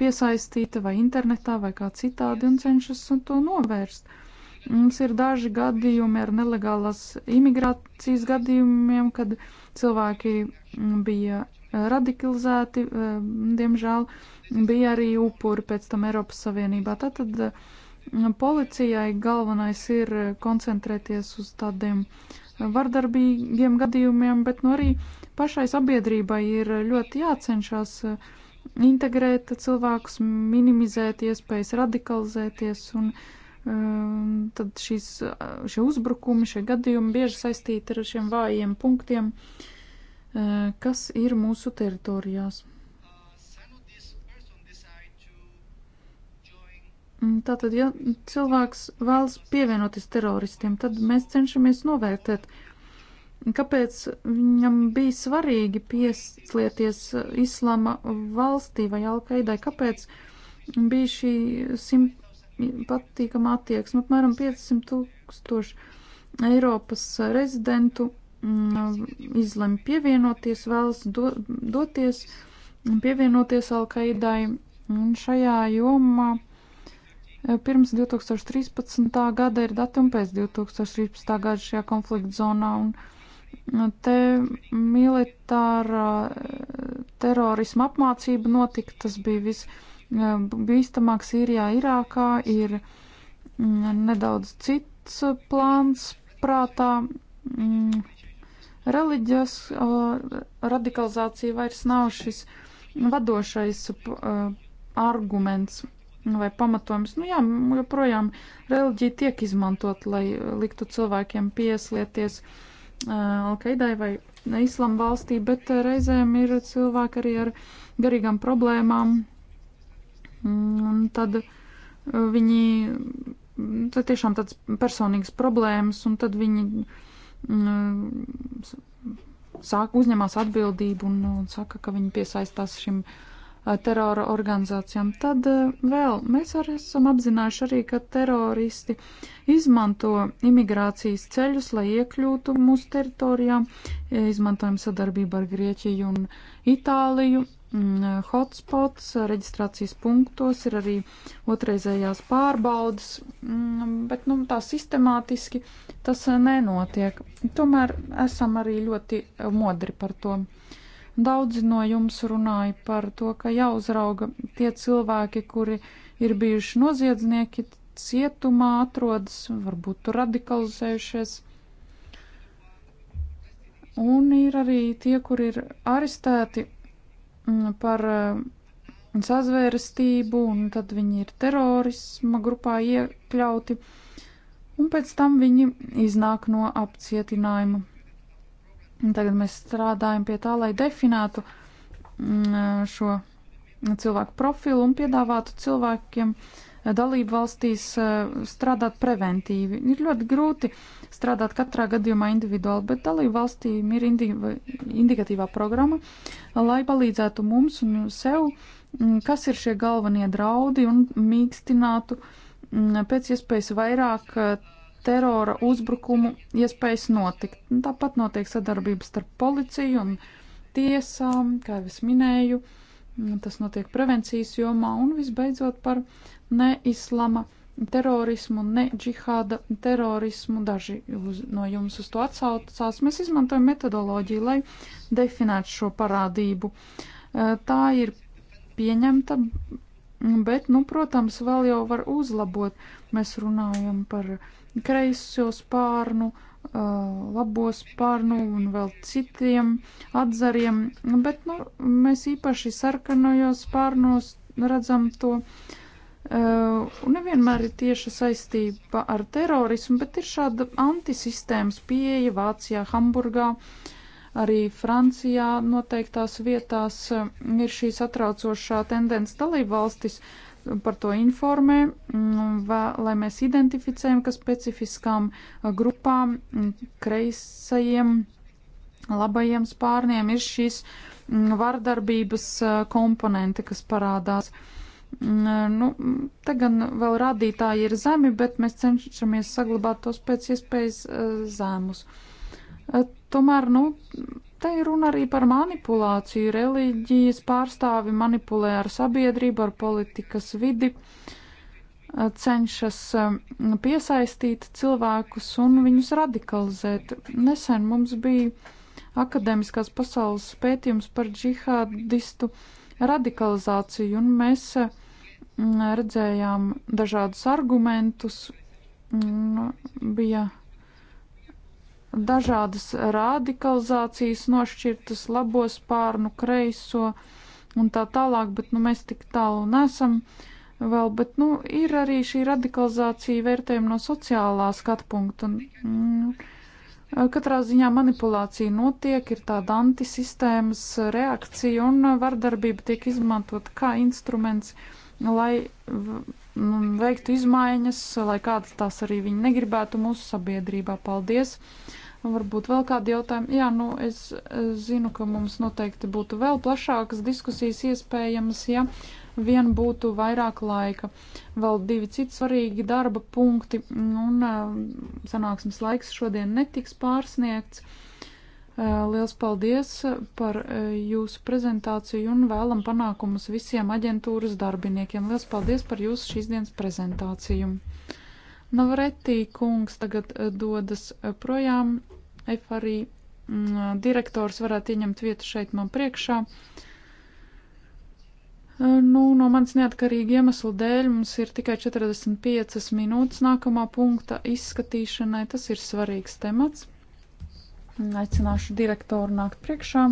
piesaistīta vai internetā vai kā citādi un cenšas to novērst. Mums ir daži gadījumi ar nelegālās imigrācijas gadījumiem, kad cilvēki bija eh, radikalizēti, eh, diemžēl bija arī upuri pēc tam Eiropas Savienībā. Tātad eh, policijai galvenais ir koncentrēties uz tādiem uh, vardarbīgiem gadījumiem, bet nu, arī pašai sabiedrībai ir ļoti jācenšas eh, integrēt cilvēkus, minimizēt iespējas radikalizēties. Un, um, tad šīs, eh, šie uzbrukumi, šie gadījumi bieži saistīti ar šiem vājiem punktiem, uh, kas ir mūsu teritorijās. Mm, tātad, ja cilvēks vēlas pievienoties teroristiem, tad mēs cenšamies novērtēt, kāpēc viņam bija svarīgi pieslieties uh, islama valstī vai alkaidai, kāpēc bija šī simpatīkama attieksme. Apmēram 500 tūkstoši Eiropas rezidentu mm, izlem pievienoties, vēlas do, doties, pievienoties alkaidai. Un šajā jomā. Uh, Pirms 2013. gada ir datumi pēc 2013. gada šajā konflikta zonā, un te militāra eh, terorisma apmācība notika, tas bija visbīstamāk eh, Sīrijā, Irākā, ir mm, nedaudz cits eh, plāns prātā. Mm, Reliģijas radikalizācija vairs nav šis vadošais arguments vai pamatojums. Nu jā, joprojām reliģija tiek izmantot, lai uh, liktu cilvēkiem pieslieties uh, Alkaidai vai uh, Islam valstī, bet uh, reizēm ir cilvēki arī ar garīgām problēmām. Mm, un tad viņi, mm, tad tiešām tāds personīgs problēmas, un tad viņi mm, sāk uzņemās atbildību un, un saka, ka viņi piesaistās šim uh, terora organizācijām. Tad eh, vēl mēs arī esam apzinājuši arī, ka teroristi izmanto imigrācijas ceļus, lai iekļūtu mūsu teritorijā. Izmantojam sadarbību ar Grieķiju un Itāliju. Mm, hotspots reģistrācijas punktos ir arī otrreizējās pārbaudas, mm, bet nu, tā sistemātiski tas eh, nenotiek. Tomēr esam arī ļoti modri par to. Uh, Daudzi no jums runāja par to, ka jāuzrauga tie cilvēki, kuri ir bijuši noziedznieki, cietumā atrodas, varbūt tur radikalizējušies. Un ir arī tie, kur ir arestēti mm, par mm, sazvērestību, un tad viņi ir terorisma grupā iekļauti, un pēc tam viņi iznāk no apcietinājuma. Tagad mēs strādājam pie tā, lai definētu mm, šo cilvēku profilu un piedāvātu cilvēkiem eh, dalību valstīs eh, strādāt preventīvi. Ir ļoti grūti strādāt katrā gadījumā individuāli, bet dalību valstīm ir indi indikatīvā programma, lai palīdzētu mums un sev, mm, kas ir šie galvenie draudi un mīkstinātu mm, pēc iespējas vairāk eh, terora uzbrukumu iespējas notikt. Tāpat notiek sadarbības starp policiju un tiesām, kā jau es minēju, tas notiek prevencijas jomā un visbeidzot par neislama terorismu, ne džihāda terorismu. Daži uz, no jums uz to atsaucās. Mēs izmantojam metodoloģiju, lai definētu šo parādību. Tā ir pieņemta, bet, nu, protams, vēl jau var uzlabot. Mēs runājam par kreiso spārnu, labo spārnu un vēl citiem atzariem, bet nu, mēs īpaši sarkanojos spārnos redzam to. Uh, nevienmēr ir tieša saistība ar terorismu, bet ir šāda antisistēmas pieeja Vācijā, Hamburgā, arī Francijā noteiktās vietās ir šī satraucošā tendence dalība valstis par to informē, mm, vā, lai mēs identificējam, ka specifiskām grupām, mm, kreisajiem, labajiem spārniem ir šīs mm, vardarbības komponenti, kas parādās. Nu, te gan vēl rādītāji ir zemi, bet mēs cenšamies saglabāt tos pēc iespējas zemus. Tomēr, nu, Te ir runa arī par manipulāciju. Reliģijas pārstāvi manipulē ar sabiedrību, ar politikas vidi, eh, cenšas eh, piesaistīt cilvēkus un viņus radikalizēt. Nesen mums bija akadēmiskās pasaules pētījums par džihādistu radikalizāciju, un mēs eh, redzējām dažādus argumentus. Bija dažādas radikalizācijas nošķirtas labos pārnu kreiso un tā tālāk, bet nu, mēs tik tālu nesam vēl, bet nu, ir arī šī radikalizācija vērtējuma no sociālā skatu punkta. Un, mm, katrā ziņā manipulācija notiek, ir tāda antisistēmas reakcija un vardarbība tiek izmantot kā instruments, lai nu, veiktu izmaiņas, lai kādas tās arī viņi negribētu mūsu sabiedrībā. Paldies! Uh, Un varbūt vēl kādi jautājumi. Jā, nu es zinu, ka mums noteikti būtu vēl plašākas diskusijas iespējamas, ja vien būtu vairāk laika. Vēl divi citi svarīgi darba punkti un eh, sanāksmes laiks šodien netiks pārsniegts. Eh, liels paldies par eh, jūsu prezentāciju un vēlam panākumus visiem aģentūras darbiniekiem. Liels paldies par jūsu šīs dienas prezentāciju. Navretī kungs tagad dodas projām FRI mm, direktors varētu ieņemt vietu šeit man priekšā. Nu, no manas neatkarīga iemesla dēļ mums ir tikai 45 minūtes nākamā punkta izskatīšanai. Tas ir svarīgs temats. Aicināšu direktoru nākt priekšā.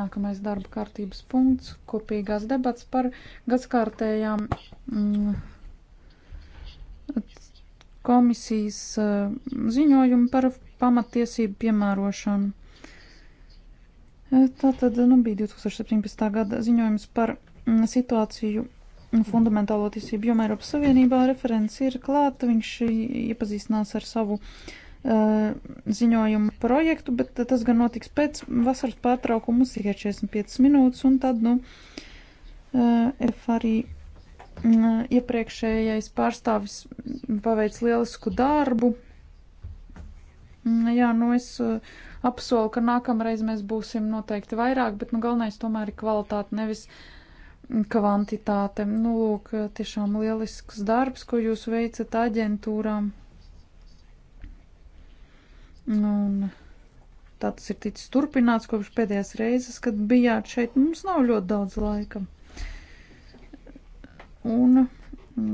Nākamais darba kārtības punkts - kopīgās debats par gadskārtējām mm, komisijas eh, ziņojumu par pamatiesību piemērošanu. Eh, Tā tad nu, bija 2017. gada ziņojums par mm, situāciju fundamentālo tiesību jomā Eiropas Savienībā. Referents ir klāta, viņš iepazīstinās ar savu uh, ziņojumu projektu, bet tas gan notiks pēc vasaras pārtraukuma, mums tikai 45 minūtes, un tad, nu, uh, F arī Mm, iepriekšējais pārstāvis paveic lielisku darbu. Mm, jā, nu es uh, apsolu, ka nākamreiz mēs būsim noteikti vairāk, bet nu galvenais tomēr ir kvalitāte, nevis kvantitāte. Nu, lūk, tiešām lielisks darbs, ko jūs veicat aģentūrām. Nu, un tā tas ir ticis turpināts kopš pēdējās reizes, kad bijāt šeit. Mums nav ļoti daudz laika un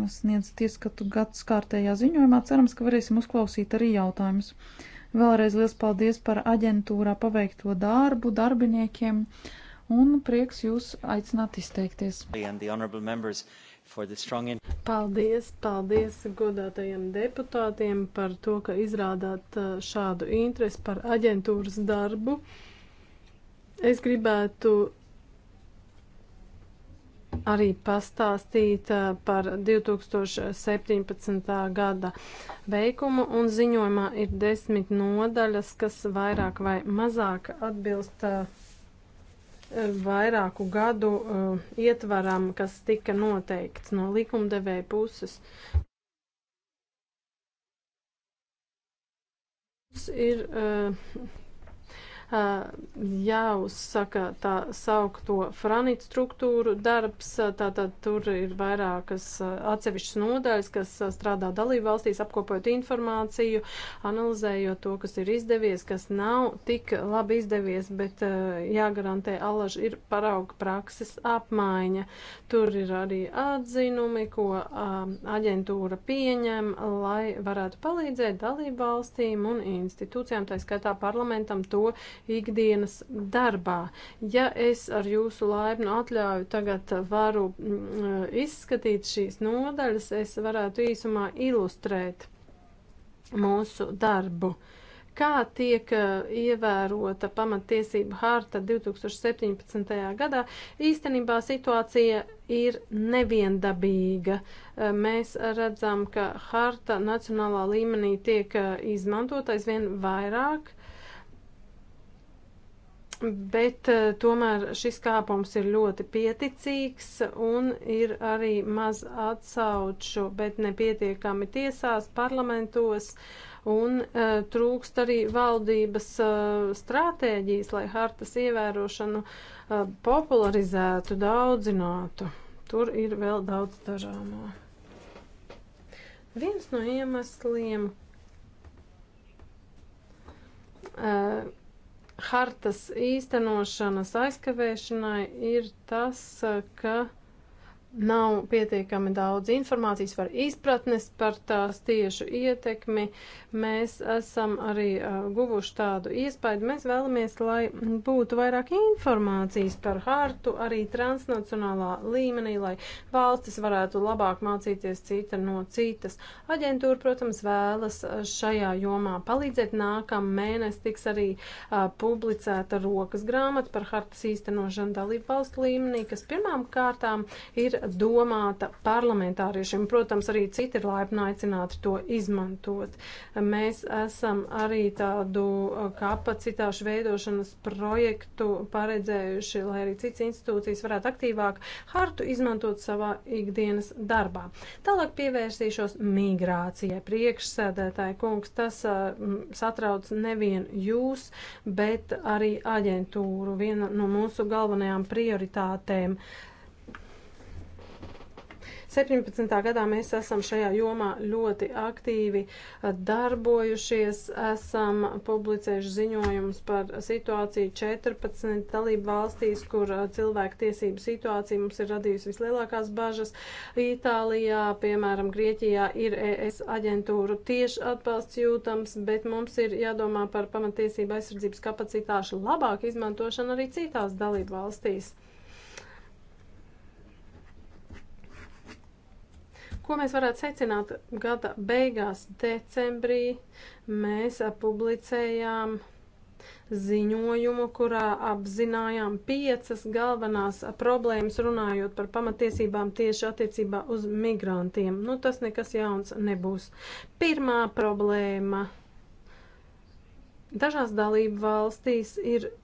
sniedzat ieskatu gads kārtējā ziņojumā. Cerams, ka varēsim uzklausīt arī jautājumus. Vēlreiz liels paldies par aģentūrā paveikto darbu darbiniekiem un prieks jūs aicināt izteikties. Paldies, paldies godātajiem deputātiem par to, ka izrādāt uh, šādu interesi par aģentūras darbu. Es gribētu arī pastāstīt par 2017. gada veikumu, un ziņojumā ir desmit nodaļas, kas vairāk vai mazāk atbilst vairāku gadu ietvaram, kas tika noteikts no likumdevēja puses. Ir uh, jāuzsaka tā saukto franītu struktūru darbs, tātad tur ir vairākas atsevišķas nodaļas, kas strādā dalību valstīs, apkopojot informāciju, analizējot to, kas ir izdevies, kas nav tik labi izdevies, bet jāgarantē allaž ir parauga prakses apmaiņa. Tur ir arī atzinumi, ko aģentūra pieņem, lai varētu palīdzēt dalību valstīm un institūcijām, tā skaitā parlamentam to ikdienas darbā. Ja es ar jūsu laipnu atļauju tagad varu mm, eh, izskatīt šīs nodaļas, es varētu īsumā ilustrēt mūsu darbu. Kā tiek eh, ievērota pamatiesība harta 2017. gadā, īstenībā situācija ir neviendabīga. Eh, mēs redzam, ka harta nacionālā līmenī tiek izmantota aizvien vairāk, Bet eh, tomēr šis kāpums ir ļoti pieticīgs un ir arī maz atsauču, bet nepietiekami tiesās, parlamentos un uh, trūkst arī valdības uh, stratēģijas, lai hartas ievērošanu uh, popularizētu, daudzinātu. Tur ir vēl daudz dažāmo. Viens no iemesliem. Uh, hartas īstenošanas aizkavēšanai ir tas, ka nav pietiekami daudz informācijas par izpratnes, par tās tiešu ietekmi. Mēs esam arī uh, guvuši tādu iespēju. Mēs vēlamies, lai būtu vairāk informācijas par hartu arī transnacionālā līmenī, lai valstis varētu labāk mācīties cita no citas. Aģentūra, protams, vēlas šajā jomā palīdzēt. Nākamā mēnesis tiks arī uh, publicēta rokas grāmata par hartas īstenošanu dalību valstu līmenī, kas pirmām kārtām ir ir domāta parlamentāriešiem. Protams, arī citi ir laipni aicināti to izmantot. Mēs esam arī tādu kapacitāšu veidošanas projektu paredzējuši, lai arī citas institūcijas varētu aktīvāk hartu izmantot savā ikdienas darbā. Tālāk pievērsīšos migrācijai. Priekšsēdētāji kungs, tas uh, satrauc nevien jūs, bet arī aģentūru. Viena no mūsu galvenajām prioritātēm uh, 17. gadā mēs esam šajā jomā ļoti aktīvi eh, darbojušies, esam publicējuši ziņojumus par situāciju 14 dalību valstīs, kur eh, cilvēku tiesību situācija mums ir radījusi vislielākās bažas. Itālijā, piemēram, Grieķijā ir ES aģentūru tieši atbalsts jūtams, bet mums ir jādomā par pamatiesību aizsardzības kapacitāšu labāku izmantošanu arī citās dalību valstīs. Ko mēs varētu secināt? Gada beigās, decembrī, mēs publicējām ziņojumu, kurā apzinājām piecas galvenās problēmas runājot par pamatiesībām tieši attiecībā uz migrantiem. Nu, tas nekas jauns nebūs. Pirmā problēma. Dažās dalību valstīs ir eh,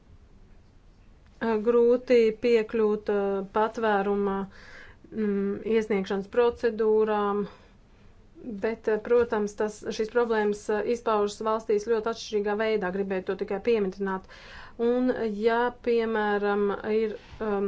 grūti piekļūt eh, patvēruma uh, Mm, iesniegšanas procedūrām. Bet, eh, protams, tas, šīs problēmas eh, izpaužas valstīs ļoti atšķirīgā veidā, gribēju to tikai pieminēt. Uh, Un, ja, piemēram, ir um,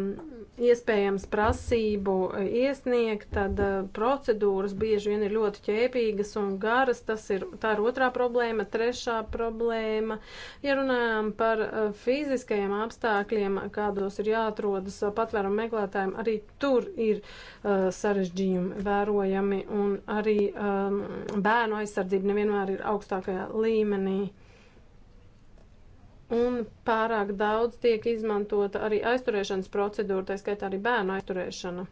iespējams prasību iesniegt, tad uh, procedūras bieži vien ir ļoti ķēpīgas un garas. Tas ir, tā ir otrā problēma. Trešā problēma, ja runājam par uh, fiziskajiem apstākļiem, kādos ir jāatrodas uh, patvērumu meklētājiem, arī tur ir uh, sarežģījumi vērojami un arī um, bērnu aizsardzība nevienmēr ir augstākajā līmenī. Un pārāk daudz tiek izmantota arī aizturēšanas procedūra, tā skaitā arī bērnu aizturēšana.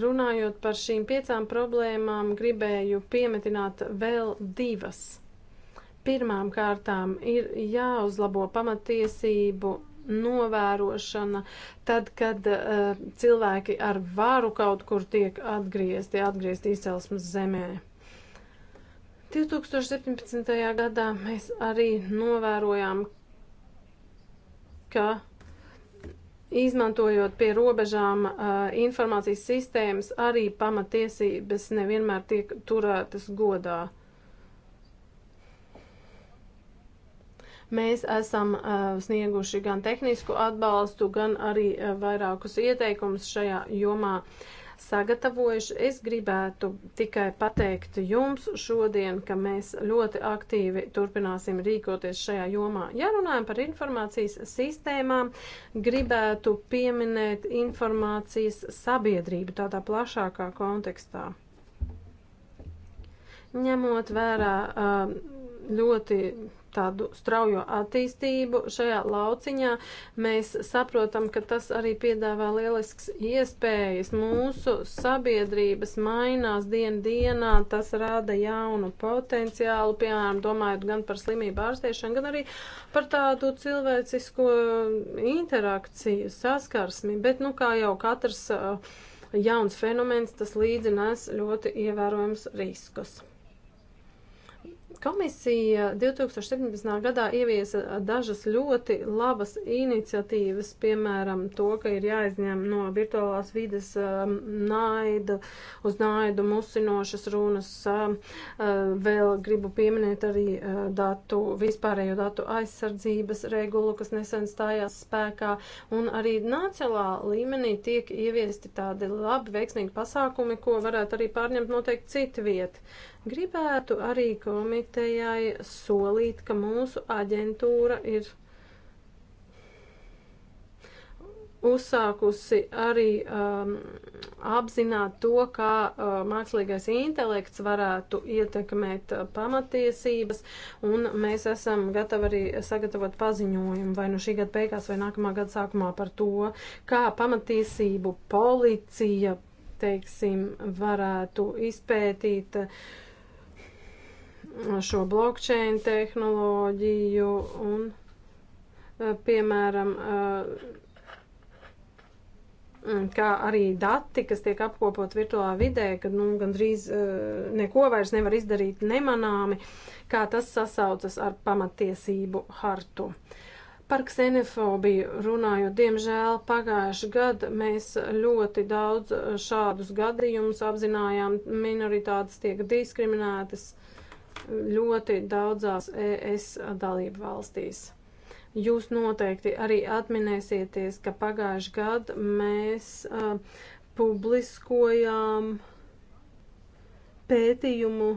Runājot par šīm piecām problēmām, gribēju piemetināt vēl divas. Pirmām kārtām ir jāuzlabo pamatiesību novērošana, tad, kad uh, cilvēki ar varu kaut kur tiek atgriezti, atgriezti izcelsmes zemē. 2017. gadā mēs arī novērojām, ka izmantojot pie robežām uh, informācijas sistēmas, arī pamatiesības nevienmēr tiek turētas godā. Mēs esam uh, snieguši gan tehnisku atbalstu, gan arī uh, vairākus ieteikumus šajā jomā. Uh, sagatavojuši. Es gribētu tikai pateikt jums šodien, ka mēs ļoti aktīvi turpināsim rīkoties šajā jomā. Ja runājam par informācijas sistēmām, gribētu pieminēt informācijas sabiedrību tādā plašākā kontekstā. Ņemot vērā ļoti tādu straujo attīstību šajā lauciņā, mēs saprotam, ka tas arī piedāvā lielisks iespējas. Mūsu sabiedrības mainās dienu dienā, tas rada jaunu potenciālu, piemēram, domājot gan par slimību ārstēšanu, gan arī par tādu cilvēcisko interakciju, saskarsmi. Bet, nu, kā jau katrs uh, jauns fenomens, tas līdzi nes ļoti ievērojams riskus. Komisija 2017. gadā ieviesa dažas ļoti labas iniciatīvas, piemēram, to, ka ir jāizņem no virtuālās vides um, naida, uz naidu musinošas runas. Um, uh, vēl gribu pieminēt arī uh, datu, vispārējo datu aizsardzības regulu, kas nesen stājās spēkā, un arī nacionālā līmenī tiek ieviesti tādi labi, veiksmīgi pasākumi, ko varētu arī pārņemt noteikti citu vietu. Gribētu arī komitejai solīt, ka mūsu aģentūra ir uzsākusi arī um, apzināt to, kā uh, mākslīgais intelekts varētu ietekmēt uh, pamatiesības, un mēs esam gatavi arī sagatavot paziņojumu vai nu šī gada beigās vai nākamā gada sākumā par to, kā pamatiesību policija, teiksim, varētu izpētīt. Uh, šo blockchain tehnoloģiju un, e, piemēram, e, kā arī dati, kas tiek apkopot virtuālā vidē, kad nu, gandrīz e, neko vairs nevar izdarīt nemanāmi, kā tas sasaucas ar pamatiesību hartu. Par ksenofobiju runājot, diemžēl pagājuši gadu mēs ļoti daudz šādus gadījumus apzinājām, minoritātes tiek diskriminētas. Uh, ļoti daudzās ES dalību valstīs. Jūs noteikti arī atminēsieties, ka pagājuši gadu mēs uh, publiskojām pētījumu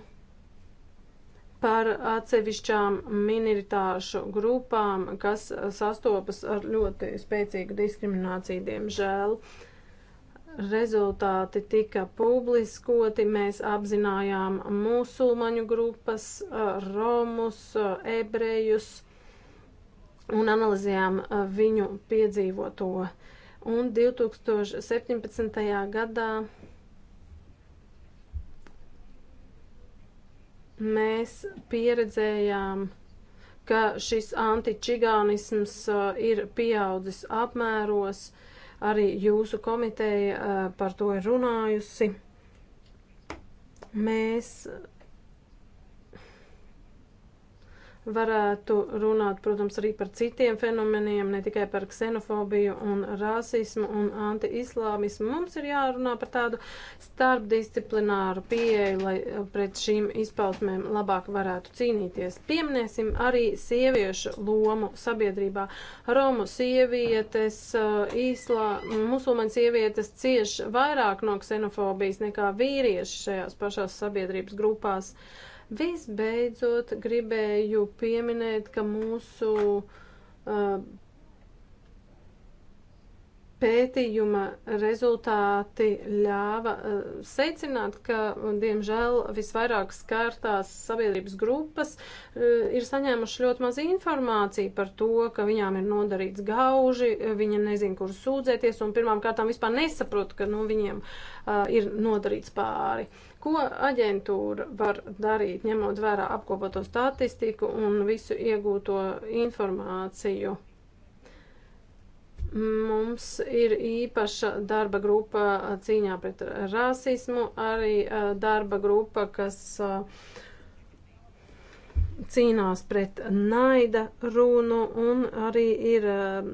par atsevišķām minoritāšu grupām, kas sastopas ar ļoti spēcīgu diskrimināciju, diemžēl. Uh, rezultāti tika publiskoti, mēs apzinājām musulmaņu grupas, romus, ebrejus un analizējām viņu piedzīvoto. Un 2017. gadā mēs pieredzējām ka šis antičigānisms ir pieaudzis apmēros, uh, Arī jūsu komiteja eh, par to ir runājusi. Mēs varētu runāt, protams, arī par citiem fenomeniem, ne tikai par ksenofobiju un rasismu un antiislāmismu. Mums ir jārunā par tādu starpdisciplināru pieeju, lai pret šīm izpausmēm labāk varētu cīnīties. Pieminēsim arī sieviešu lomu sabiedrībā. Romu sievietes, īslā, uh, musulmaņu sievietes cieš vairāk no ksenofobijas nekā vīrieši šajās pašās sabiedrības grupās. Uh, Visbeidzot, gribēju pieminēt, ka mūsu uh, pētījuma rezultāti ļāva uh, secināt, ka, diemžēl, visvairāk skārtās sabiedrības grupas uh, ir saņēmuši ļoti maz informāciju par to, ka viņām ir nodarīts gauži, viņa nezin, kur sūdzēties, un pirmām kārtām vispār nesaprot, ka, nu, viņiem uh, ir nodarīts pāri. Uh, Ko aģentūra var darīt, ņemot vērā apkopoto statistiku un visu iegūto informāciju? Mums ir īpaša darba grupa cīņā pret rasismu, arī eh, darba grupa, kas eh, cīnās pret naida runu un arī ir eh,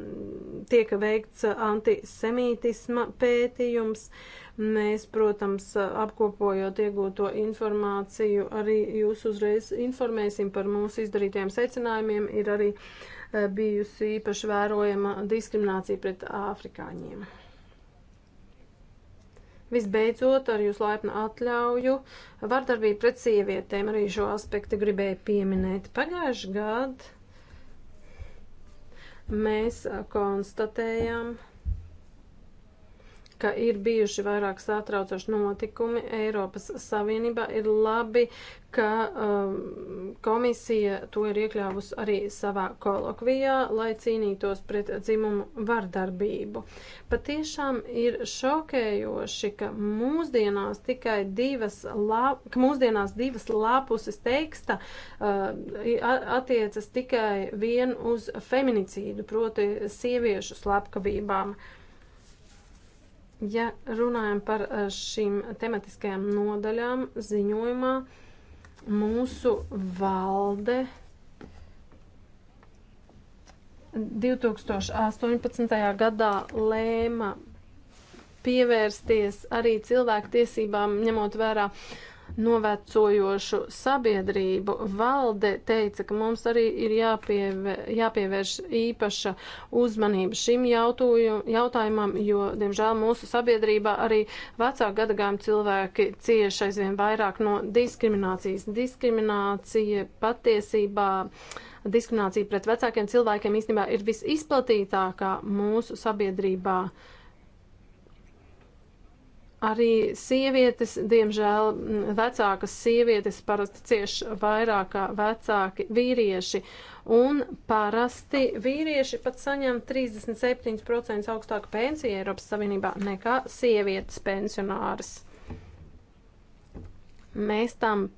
tiek veikts antisemītisma pētījums. Uh, Mēs, protams, apkopojot iegūto informāciju, arī jūs uzreiz informēsim par mūsu izdarītajiem secinājumiem. Ir arī e, bijusi īpaši vērojama diskriminācija pret afrikāņiem. Visbeidzot, ar jūs laipnu atļauju, vardarbība pret sievietēm arī šo aspektu gribēju pieminēt. Pagājuši gadu mēs konstatējām, ka ir bijuši vairāk satraucoši notikumi Eiropas Savienībā. Ir labi, ka um, komisija to ir iekļāvusi arī savā kolokvijā, lai cīnītos pret dzimumu vardarbību. Patiešām ir šokējoši, ka mūsdienās tikai divas, lap, ka mūsdienās divas lapuses teksta uh, attiecas tikai vien uz feminicīdu, proti sieviešu slepkavībām. Uh, Ja runājam par eh, šīm tematiskajām nodaļām ziņojumā, mūsu valde 2018. gadā lēma pievērsties arī cilvēku tiesībām, ņemot vērā uh, novecojošu sabiedrību. Valde teica, ka mums arī ir jāpieve, jāpievērš īpaša uzmanība šim jautājumam, jo, diemžēl, mūsu sabiedrībā arī vecāku gadagājumu cilvēki cieši aizvien vairāk no diskriminācijas. Diskriminācija patiesībā. Diskriminācija pret vecākiem cilvēkiem īstenībā ir visizplatītākā mūsu sabiedrībā. Uh, Arī sievietes, diemžēl, vecākas sievietes parasti cieši vairāk kā vecāki vīrieši, un parasti vīrieši pat saņem 37% augstāku pensiju Eiropas Savienībā nekā sievietes pensionāras. Mēs tam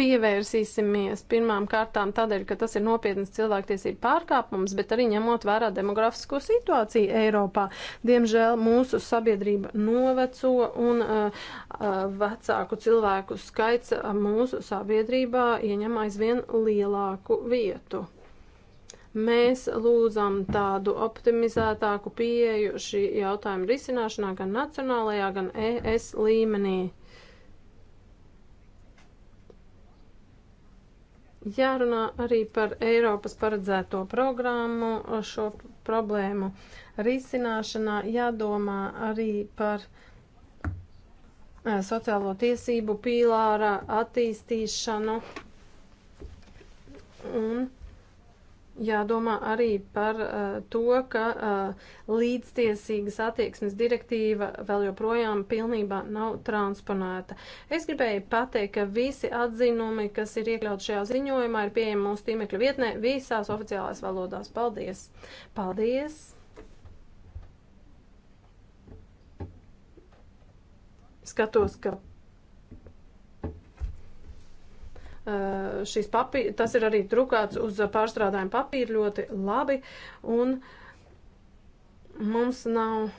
pievērsīsimies pirmām kārtām tādēļ, ka tas ir nopietnas cilvēktiesību pārkāpums, bet arī ņemot vērā demografisko situāciju Eiropā. Diemžēl mūsu sabiedrība noveco un uh, uh, vecāku cilvēku skaits mūsu sabiedrībā ieņem aizvien lielāku vietu mēs lūdzam tādu optimizētāku pieeju šī jautājuma risināšanā gan nacionālajā, gan ES līmenī. Jārunā arī par Eiropas paredzēto programmu, šo problēmu risināšanā, jādomā arī par eh, sociālo tiesību pīlāra attīstīšanu un jādomā arī par uh, to, ka uh, līdztiesīgas attieksmes direktīva vēl joprojām pilnībā nav transponēta. Es gribēju pateikt, ka visi atzinumi, kas ir iekļauts šajā ziņojumā, ir pieejami mūsu tīmekļa vietnē visās oficiālās valodās. Paldies! Paldies! Skatos, ka Eh, šīs papīra, tas ir arī drukāts uz pārstrādājuma papīra ļoti labi, un mums nav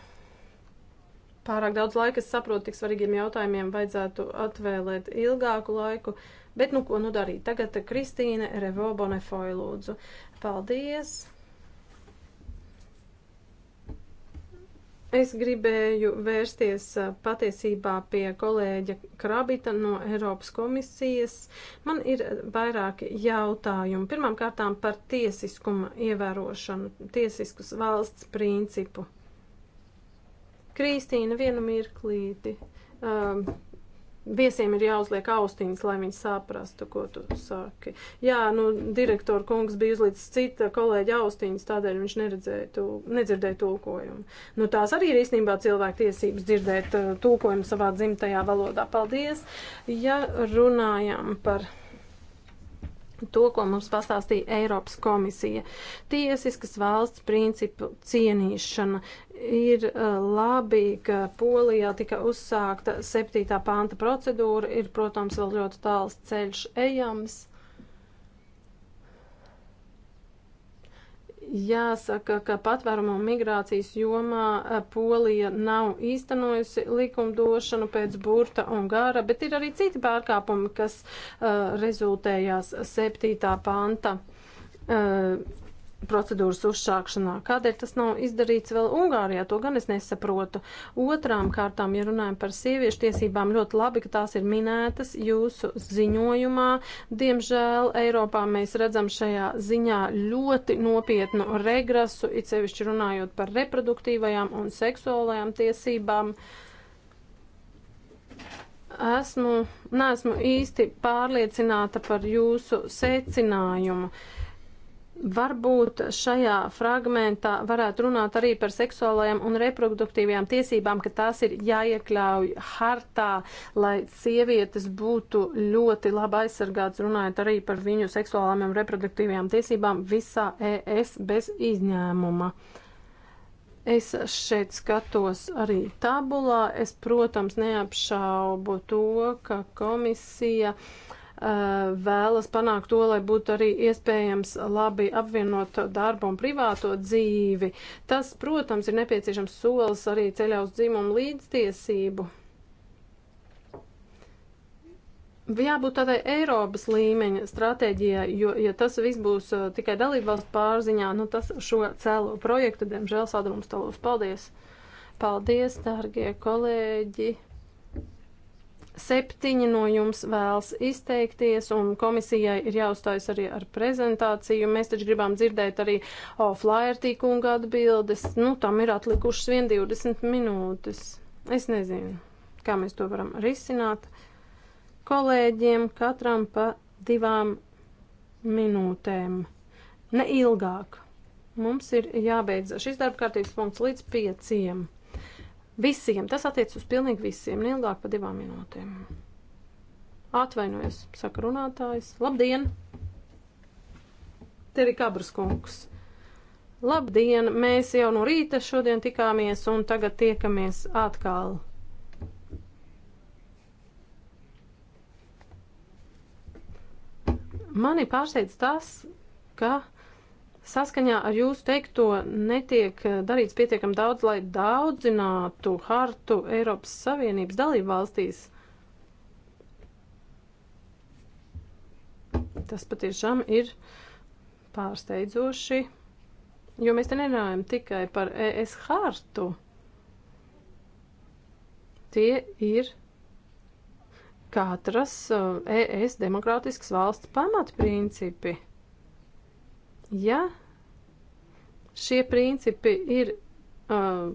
pārāk daudz laika, es saprotu, tik svarīgiem jautājumiem vajadzētu atvēlēt ilgāku laiku, bet nu ko nu darīt. Tagad Kristīne Revo Bonefoy lūdzu. Paldies! Es gribēju vērsties patiesībā pie kolēģa Krabita no Eiropas komisijas. Man ir vairāki jautājumi. Pirmkārt, par tiesiskuma ievērošanu, tiesiskus valsts principu. Kristīna, vienu mirklīti. Um, Viesiem ir jāuzliek austiņas, lai viņi saprastu, ko tu saki. Jā, nu, direktora kungs bija uzlicis cita kolēģa austiņas, tādēļ viņš neredzēja, tu, nedzirdēja tulkojumu. Nu, tās arī ir īstenībā cilvēku tiesības dzirdēt eh, tulkojumu savā dzimtajā valodā. Paldies! Ja runājam par to, ko mums pastāstīja Eiropas komisija. Tiesiskas valsts principu cienīšana ir uh, labi, ka Polijā tika uzsākta 7. panta procedūra, ir, protams, vēl ļoti tāls ceļš ejams. Jāsaka, ka patvērumu un migrācijas jomā eh, Polija nav īstenojusi likumdošanu pēc burta un gara, bet ir arī citi pārkāpumi, kas uh, rezultējās septītā panta. Uh, procedūras uzsākšanā. Kādēļ tas nav izdarīts vēl Ungārijā, to gan es nesaprotu. Otrām kārtām, ja runājam par sieviešu tiesībām, ļoti labi, ka tās ir minētas jūsu ziņojumā. Diemžēl Eiropā mēs redzam šajā ziņā ļoti nopietnu regresu, it sevišķi runājot par reproduktīvajām un seksuālajām tiesībām esmu, neesmu īsti pārliecināta par jūsu secinājumu. Varbūt šajā fragmentā varētu runāt arī par seksuālajām un reproduktīvajām tiesībām, ka tās ir jāiekļauj hartā, lai sievietes būtu ļoti labi aizsargāts, runājot arī par viņu seksuālām un reproduktīvajām tiesībām visā ES bez izņēmuma. Es šeit skatos arī tabulā. Es, protams, neapšaubu to, ka komisija uh, Uh, vēlas panākt to, lai būtu arī iespējams labi apvienot darbu un privāto dzīvi. Tas, protams, ir nepieciešams solis arī ceļā uz dzimumu līdztiesību. Jābūt tādai Eiropas līmeņa stratēģijai, jo, ja tas viss būs uh, tikai dalībvalstu pārziņā, nu tas šo cēlo projektu, diemžēl, sadrumstalos. Paldies! Paldies, dārgie kolēģi! Septiņi no jums vēlas izteikties, un komisijai ir jāuzstājas arī ar prezentāciju. Mēs taču gribām dzirdēt arī oh, Flaherty kunga atbildes. Nu, tam ir atlikušas 120 minūtes. Es nezinu, kā mēs to varam risināt. Kolēģiem katram pa divām minūtēm. Ne ilgāk. Mums ir jābeidz šis darbkārtības punkts līdz pieciem. Visiem. Tas attiec uz pilnīgi visiem. Neilgāk pa divām minūtēm. Atvainojos, saka runātājs. Labdien! Te ir Kabras kungs. Labdien! Mēs jau no rīta šodien tikāmies un tagad tiekamies atkal. Mani pārsteidz tas, ka Saskaņā ar jūsu teikto netiek eh, darīts pietiekam daudz, lai daudzinātu hartu Eiropas Savienības dalību valstīs. Tas patiešām ir pārsteidzoši, jo mēs te nerunājam tikai par ES hartu. Tie ir katras ES eh, e demokrātiskas valsts pamatprincipi. principi. Ja šie principi ir uh,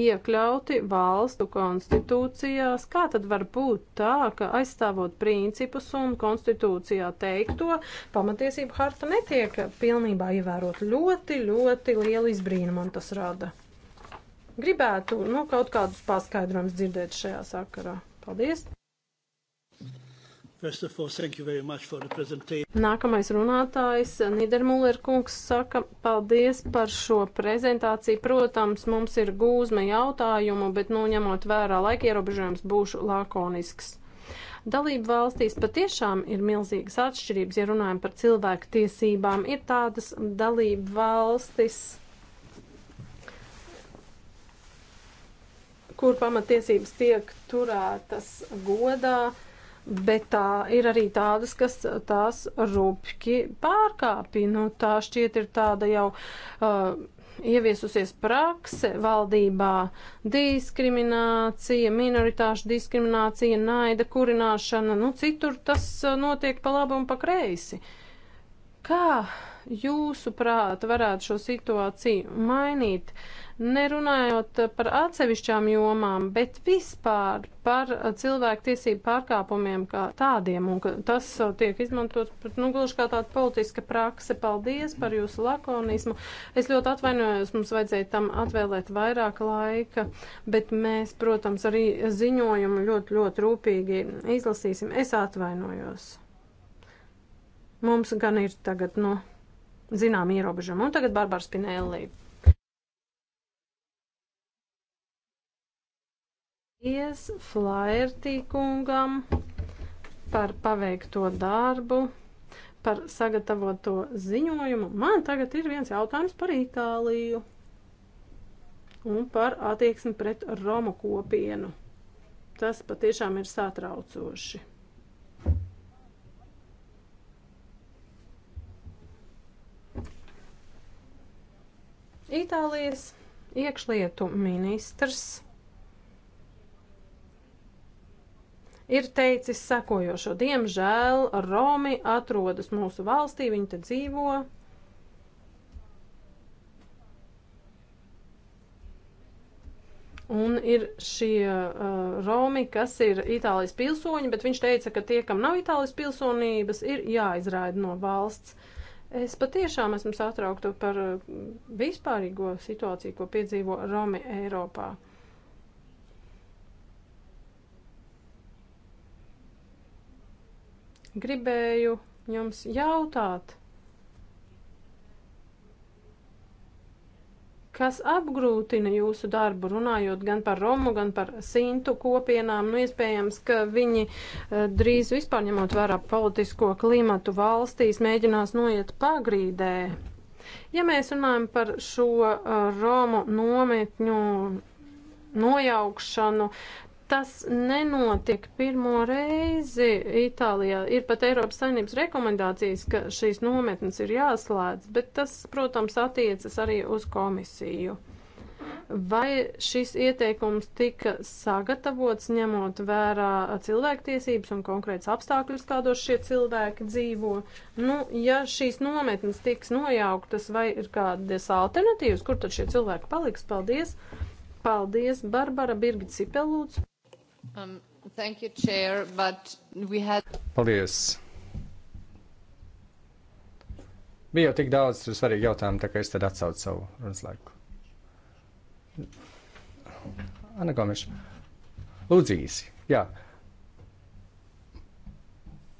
iekļauti valstu konstitūcijās, kā tad var būt tā, ka aizstāvot principus un konstitūcijā teikto, pamatiesību harta netiek pilnībā ievērot ļoti, ļoti lielu izbrīnu man tas rada. Gribētu, nu, kaut kādus paskaidrojumus dzirdēt šajā sakarā. Paldies! Nākamais runātājs Nidermuller kungs saka, paldies par šo prezentāciju. Protams, mums ir gūzme jautājumu, bet, nu, ņemot vērā laika ierobežojums, būšu lakonisks. Dalību valstīs patiešām ir milzīgas atšķirības, ja runājam par cilvēku tiesībām. Ir tādas dalību valstis, kur pamatiesības tiek turētas godā bet tā ir arī tādas, kas tās rupki pārkāpj. Nu, tā šķiet ir tāda jau uh, ieviesusies prakse valdībā - diskriminācija, minoritāšu diskriminācija, naida kurināšana, nu citur tas uh, notiek pa labu un pa kreisi. Kā jūsuprāt varētu šo situāciju mainīt? Uh, nerunājot par atsevišķām jomām, bet vispār par cilvēku tiesību pārkāpumiem kā tādiem, un ka tas tiek izmantot, nu, gluži kā tāda politiska prakse. Paldies par jūsu lakonismu. Es ļoti atvainojos, mums vajadzēja tam atvēlēt vairāk laika, bet mēs, protams, arī ziņojumu ļoti, ļoti rūpīgi izlasīsim. Es atvainojos. Mums gan ir tagad, nu, zinām ierobežam. Un tagad Barbara Spinelli. Paldies Flairtī kungam par paveikto darbu, par sagatavoto ziņojumu. Man tagad ir viens jautājums par Itāliju un par attieksmi pret Romu kopienu. Tas patiešām ir satraucoši. Itālijas iekšlietu ministrs ir teicis sekojošo. Diemžēl Romi atrodas mūsu valstī, viņi te dzīvo. Un ir šie uh, Romi, kas ir Itālijas pilsoņi, bet viņš teica, ka tie, kam nav Itālijas pilsonības, ir jāizraida no valsts. Es patiešām esmu satraukta par uh, vispārīgo situāciju, ko piedzīvo Romi Eiropā. Uh, gribēju jums jautāt, kas apgrūtina jūsu darbu, runājot gan par Romu, gan par Sintu kopienām. Nu, iespējams, ka viņi eh, drīz vispār ņemot vērā politisko klimatu valstīs, mēģinās noiet pagrīdē. Ja mēs runājam par šo eh, Romu nometņu nojaukšanu, Tas nenotiek pirmo reizi Itālijā. Ir pat Eiropas saimnības rekomendācijas, ka šīs nometnes ir jāslēdz, bet tas, protams, attiecas arī uz komisiju. Vai šis ieteikums tika sagatavots ņemot vērā cilvēktiesības un konkrēts apstākļus, kādos šie cilvēki dzīvo? Nu, ja šīs nometnes tiks nojauktas, vai ir kādas alternatīvas, kur tad šie cilvēki paliks? Paldies! Paldies, Barbara Birgit Cipelūts! Um, you, Chair, had... Paldies! Bija jau tik daudz svarīgu jautājumu, tā kā es tad atsaucu savu runas laiku. Anna Gomeša, lūdzu īsi. Jā.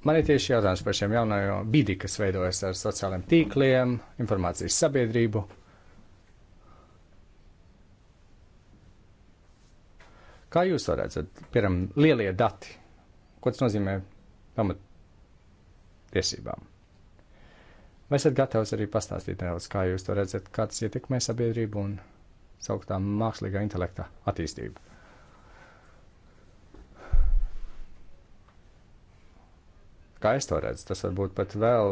Man ir tieši jautājums par šiem jaunajiem bīdi, kas veidojas ar sociālajiem tīkliem, informācijas sabiedrību. Kā jūs to redzat? Piemēram, lielie dati. Ko tas nozīmē pamatiesībām? Vai esat gatavs arī pastāstīt nedaudz, kā jūs to redzat, kā tas ietekmē sabiedrību un sauktā mākslīgā intelekta attīstību? Kā es to redzu, tas varbūt pat vēl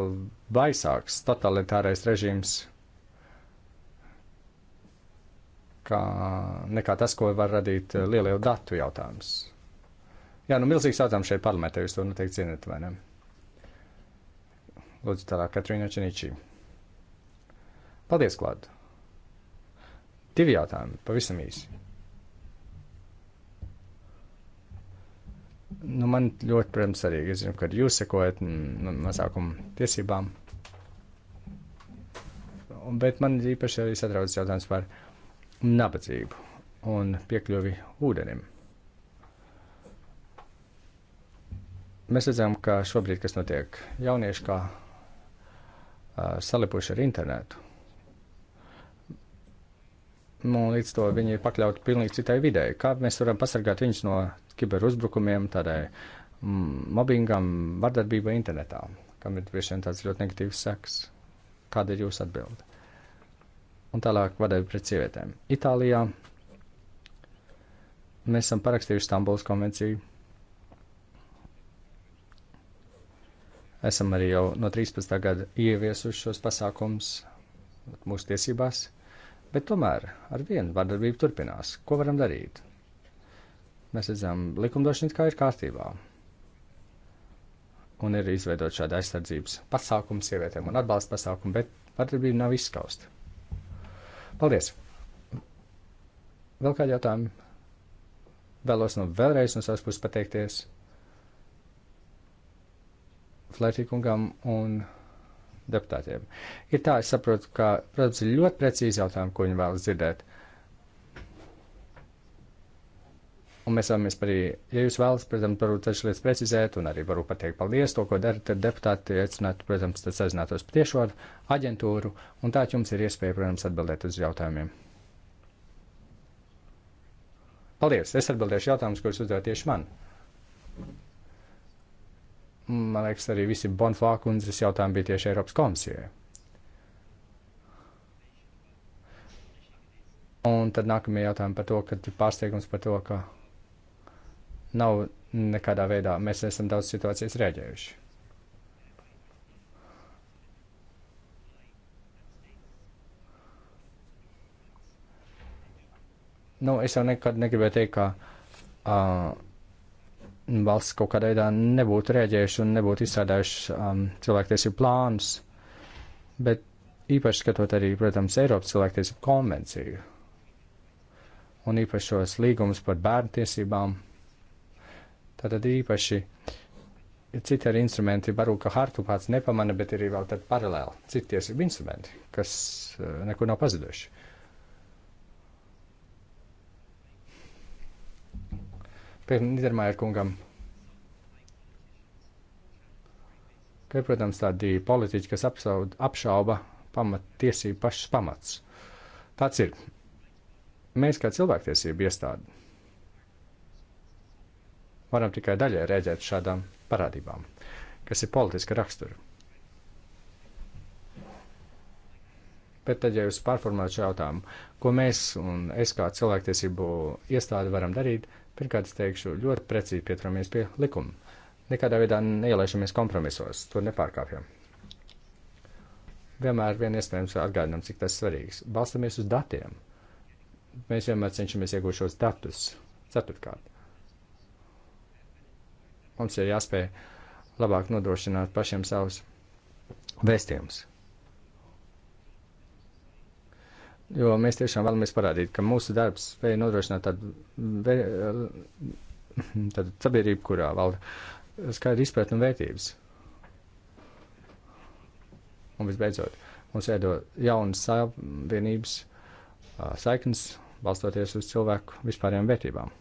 baisāks totalitārais režīms kā, nekā tas, ko var radīt eh, lielie datu jautājums. Jā, nu milzīgs jautājums šeit parlamentē, jūs to noteikti zinat, vai ne? Lūdzu, tālāk, Katrīna Čeničī. Paldies, Klāda. Divi jautājumi, pavisam īsi. Nu, man ļoti, protams, arī ir zināms, ka jūs sekojat mm, nu, mazākumu tiesībām. Bet man īpaši arī satrauc jautājums par uh, nabadzību un piekļuvi ūdenim. Mēs redzam, ka šobrīd, kas notiek, jaunieši kā uh, salipuši ar internetu. Nu, līdz to viņi ir pakļauti pilnīgi citai videi. Kā mēs varam pasargāt viņus no kiberuzbrukumiem, tādai mm, mobbingam, vardarbībai internetā, kam ir bieži vien tāds ļoti negatīvs seks? Kāda ir jūsu atbilde? un tālāk vadība pret sievietēm. Itālijā mēs esam parakstījuši Stambulas konvenciju. Esam arī jau no 13. gada ieviesuši šos pasākums mūsu tiesībās, bet tomēr ar vienu vardarbību turpinās. Ko varam darīt? Mēs redzam, likumdošana kā ir kārtībā. Un ir izveidot šāda aizsardzības pasākuma sievietēm un atbalsta pasākumu, bet vardarbība nav izskausta. Paldies! Vēl kādi jautājumi? Vēlos nu vēlreiz no savas puses pateikties Flērtīkungam un deputātiem. Ir tā, es saprotu, ka, protams, ir ļoti precīzi jautājumi, ko viņi vēlas dzirdēt. Uh, Un mēs vēlamies arī, ja jūs vēlaties, protams, varbūt dažas lietas precizēt un arī varbūt pateikt paldies to, ko dara, tad deputāti aicinātu, protams, tad sazinātos patiešo ar aģentūru, un tā jums ir iespēja, protams, atbildēt uz jautājumiem. Paldies! Es atbildēšu jautājumus, kurus uzdevāt tieši man. Man liekas, arī visi Bonfā kundzes jautājumi bija tieši Eiropas komisijai. Un tad nākamie jautājumi par to, ka pārsteigums par to, ka nav nekādā veidā, mēs esam daudz situācijas rēģējuši. Nu, es jau nekad negribēju teikt, ka uh, valsts kaut kādā veidā nebūtu rēģējuši un nebūtu izstrādājuši um, cilvēktiesību plānus, bet īpaši skatot arī, protams, Eiropas cilvēktiesību konvenciju un īpašos līgumus par bērnu tiesībām. Tātad īpaši citi arī instrumenti, varbūt hartu pats nepamana, bet ir vēl tādi paralēli, citi tiesību instrumenti, kas eh, nekur nav pazuduši. Pirmā Nīdermāja kungam. Ka ir, protams, tādi politiķi, kas apsaud, apšauba pamatiesību pašas pamats. Tāds ir. Mēs kā cilvēktiesību iestādi varam tikai daļai rēģēt šādām parādībām, kas ir politiska rakstura. Bet tad, ja jūs pārformulējat šo jautājumu, ko mēs un es kā cilvēktiesību iestāde varam darīt, pirmkārt, es teikšu, ļoti precīzi pieturamies pie likuma. Nekādā veidā neielaišamies kompromisos, to nepārkāpjam. Vienmēr vien iespējams atgādinām, cik tas svarīgs. Balstamies uz datiem. Mēs vienmēr cenšamies iegūt šos datus. Ceturtkārt, Mums ir jāspēj labāk nodrošināt pašiem savus vēstījumus. Jo mēs tiešām vēlamies parādīt, ka mūsu darbs spēja nodrošināt tādu, vē, tādu sabiedrību, kurā valda skaidra izpratne un vērtības. Un visbeidzot, mums veido jaunas savienības saiknes, balstoties uz cilvēku vispārējām vērtībām.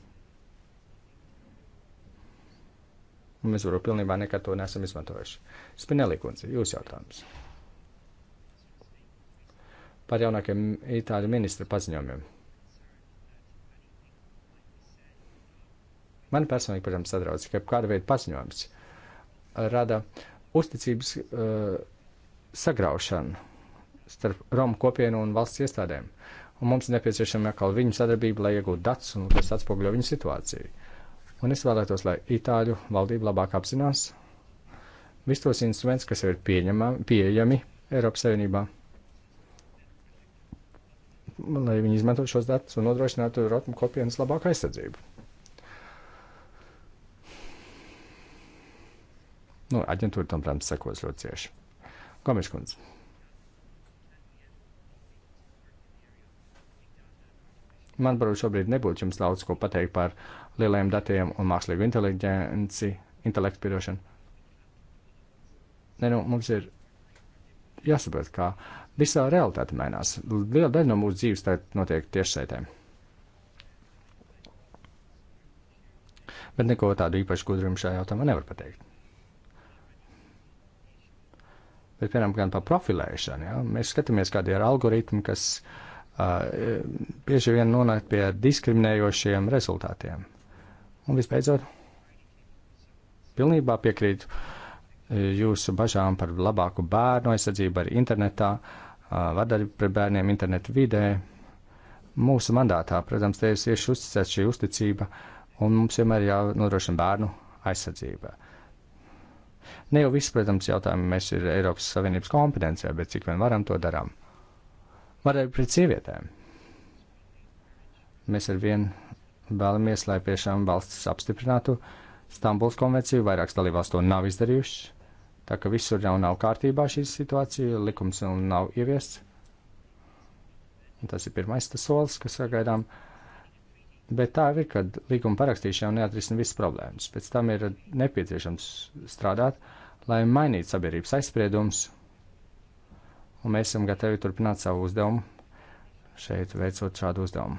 un mēs varam pilnībā nekad to nesam izmantojuši. Spinelli kundze, jūs jautājums. Par jaunākiem itāļu ministra paziņojumiem. Man personīgi, protams, sadraudz, ka kāda veida paziņojums rada uzticības uh, sagraušanu starp Romu kopienu un valsts iestādēm. Un mums ir nepieciešama atkal viņu sadarbība, lai iegūtu datus, kas atspoguļo viņu situāciju. Un es vēlētos, lai Itāļu valdība labāk apzinās visus tos instrumentus, kas ir pieņemā, pieejami Eiropas Savienībā, lai viņi izmanto šos datus un nodrošinātu rotmu kopienas labāku aizsardzību. Nu, aģentūra tam, protams, sekos ļoti cieši. Komiškundze. Manuprāt, šobrīd nebūtu jums daudz ko pateikt par lielajiem datiem un mākslīgu inteligenci, intelektu piedošanu. Nē, nu, mums ir jāsaprot, kā visā realitāte mainās. Liela daļa no mūsu dzīves tagad notiek tiešsaitēm. Bet neko tādu īpašu gudrumu šajā jautājumā nevar pateikt. Bet, piemēram, gan par profilēšanu, ja? mēs skatāmies, kādi ir algoritmi, kas uh, bieži vien nonāk pie diskriminējošiem rezultātiem. Un visbeidzot, pilnībā piekrītu jūsu bažām par labāku bērnu aizsardzību arī internetā, vadarību pret bērniem internetu vidē. Mūsu mandātā, protams, te ir tieši uzticēts šī uzticība, un mums vienmēr jānodrošina bērnu aizsardzība. Ne jau viss, protams, jautājumi mēs ir Eiropas Savienības kompetencijā, bet cik vien varam to darām. Varētu pret sievietēm. Mēs ar vienu vēlamies, lai tiešām valsts apstiprinātu Stambuls konvenciju, vairākas dalībvalsts to nav izdarījušas, tā ka visur jau nav kārtībā šī situācija, likums vēl nav ieviests. Un tas ir pirmais tas solis, kas sagaidām. Bet tā ir, kad līguma parakstīšana neatrisina visas problēmas. Pēc tam ir nepieciešams strādāt, lai mainītu sabiedrības aizspriedumus un mēs esam gatavi turpināt savu uzdevumu šeit, veicot šādu uzdevumu.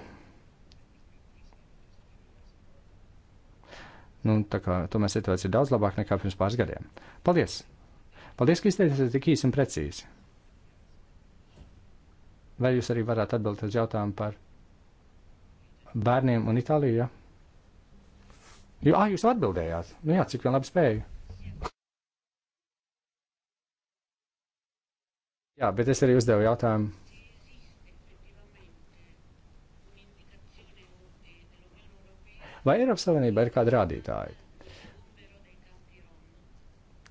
Nu, tā kā tomēr situācija ir daudz labāka nekā pirms pāris gadiem. Paldies! Paldies, ka izteicāties tik īsi un precīzi. Vai jūs arī varētu atbildēt uz jautājumu par bērniem un Itāliju? Ja? Jo, ah, jūs atbildējāt. Nu jā, cik vien labi spēju. Jā, bet es arī uzdevu jautājumu. Vai Eiropas Savienībā ir kādi rādītāji,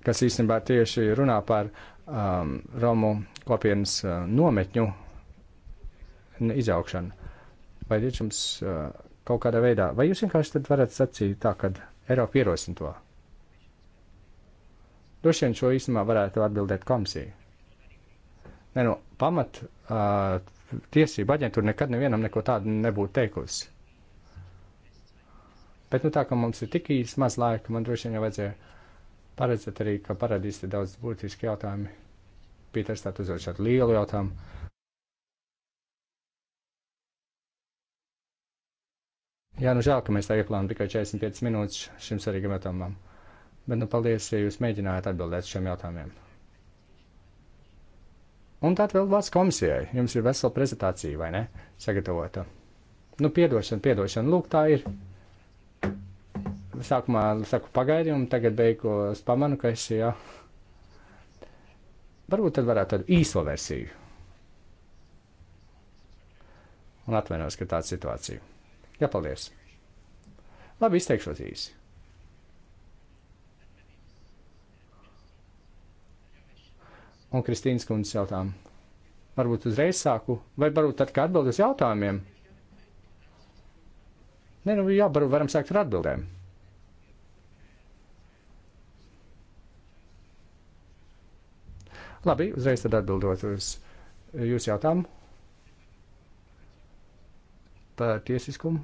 kas īstenībā tieši runā par um, Romu kopienas uh, nometņu izaugšanu? Vai ir jums uh, kaut kādā veidā, vai jūs vienkārši tad varat sacīt tā, ka Eiropa ierosina to? Droši vien šo īstenībā varētu atbildēt komisija. Nē, no nu, pamat uh, tiesība aģentūra nekad nevienam neko tādu nebūtu teikusi. Bet, nu tā kā mums ir tik īsti maz laika, man droši vien jau vajadzēja paredzēt arī, ka paradīsti daudz būtiski jautājumi. Pīters tā uzdod šādu lielu jautājumu. Jā, nu žēl, ka mēs tā ieplānojam tikai 45 minūtes šim svarīgam jautājumam. Bet, nu, paldies, ja jūs mēģinājāt atbildēt šiem jautājumiem. Un tad vēl vārds komisijai. Jums ir vesela prezentācija, vai ne? Sagatavota. Nu, piedošana, piedošana. Lūk, tā ir. Sākumā saku pagaidi, un tagad beigās pamanu, ka es jā. Varbūt tad varētu tādu īso versiju. Un atvainojos, ka tāda situācija. Jā, paldies. Labi, izteikšos īsi. un Kristīnas kundzes jautājumu. Varbūt uzreiz sāku, vai varbūt tad, kad atbild uz jautājumiem? Nē, nu jā, varbūt varam sākt ar atbildēm. Labi, uzreiz tad atbildot uz jūsu jautājumu par tiesiskumu.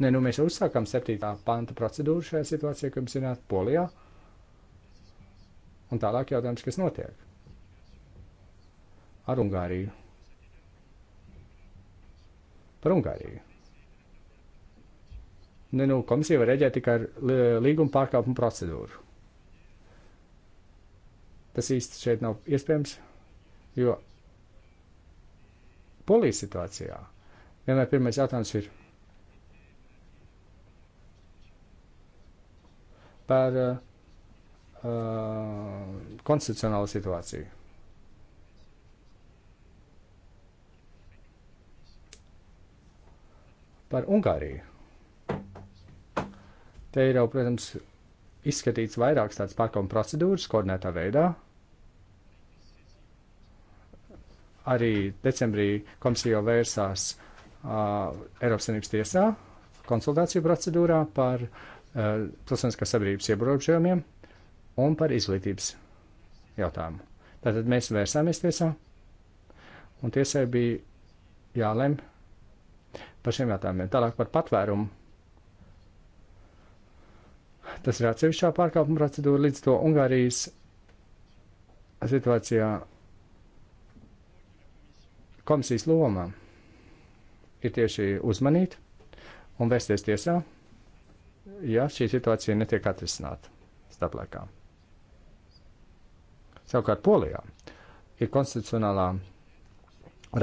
Nē, nu mēs uzsākam 7. panta procedūru šajā situācijā, kā jums zināt, Polijā. Un tālāk jautājums, kas notiek ar Ungāriju. Par Ungāriju. Ne, nu, komisija var reaģēt tikai ar līguma pārkāpumu procedūru. Tas īsti šeit nav iespējams, jo polijas situācijā vienmēr pirmais jautājums ir, par uh, uh, konstitucionālo situāciju. Par Ungāriju. Te ir jau, protams, izskatīts vairākas tādas pārkāpuma procedūras, koordinētā veidā. Arī decembrī komisija jau vērsās uh, Eiropas Savienības tiesā konsultāciju procedūrā par uh, Eh, pilsoniskās sabiedrības iebraukumiem un par izglītības jautājumu. Tātad mēs vērsāmies tiesā, un tiesai bija jālem par šiem jautājumiem. Tālāk par patvērumu. Tas ir atsevišķā pārkāpuma procedūra līdz to Ungārijas situācijā komisijas lomā ir tieši uzmanīt un vērsties tiesā ja šī situācija netiek atrisināta staplēkā. Savukārt Polijā ir konstitucionālā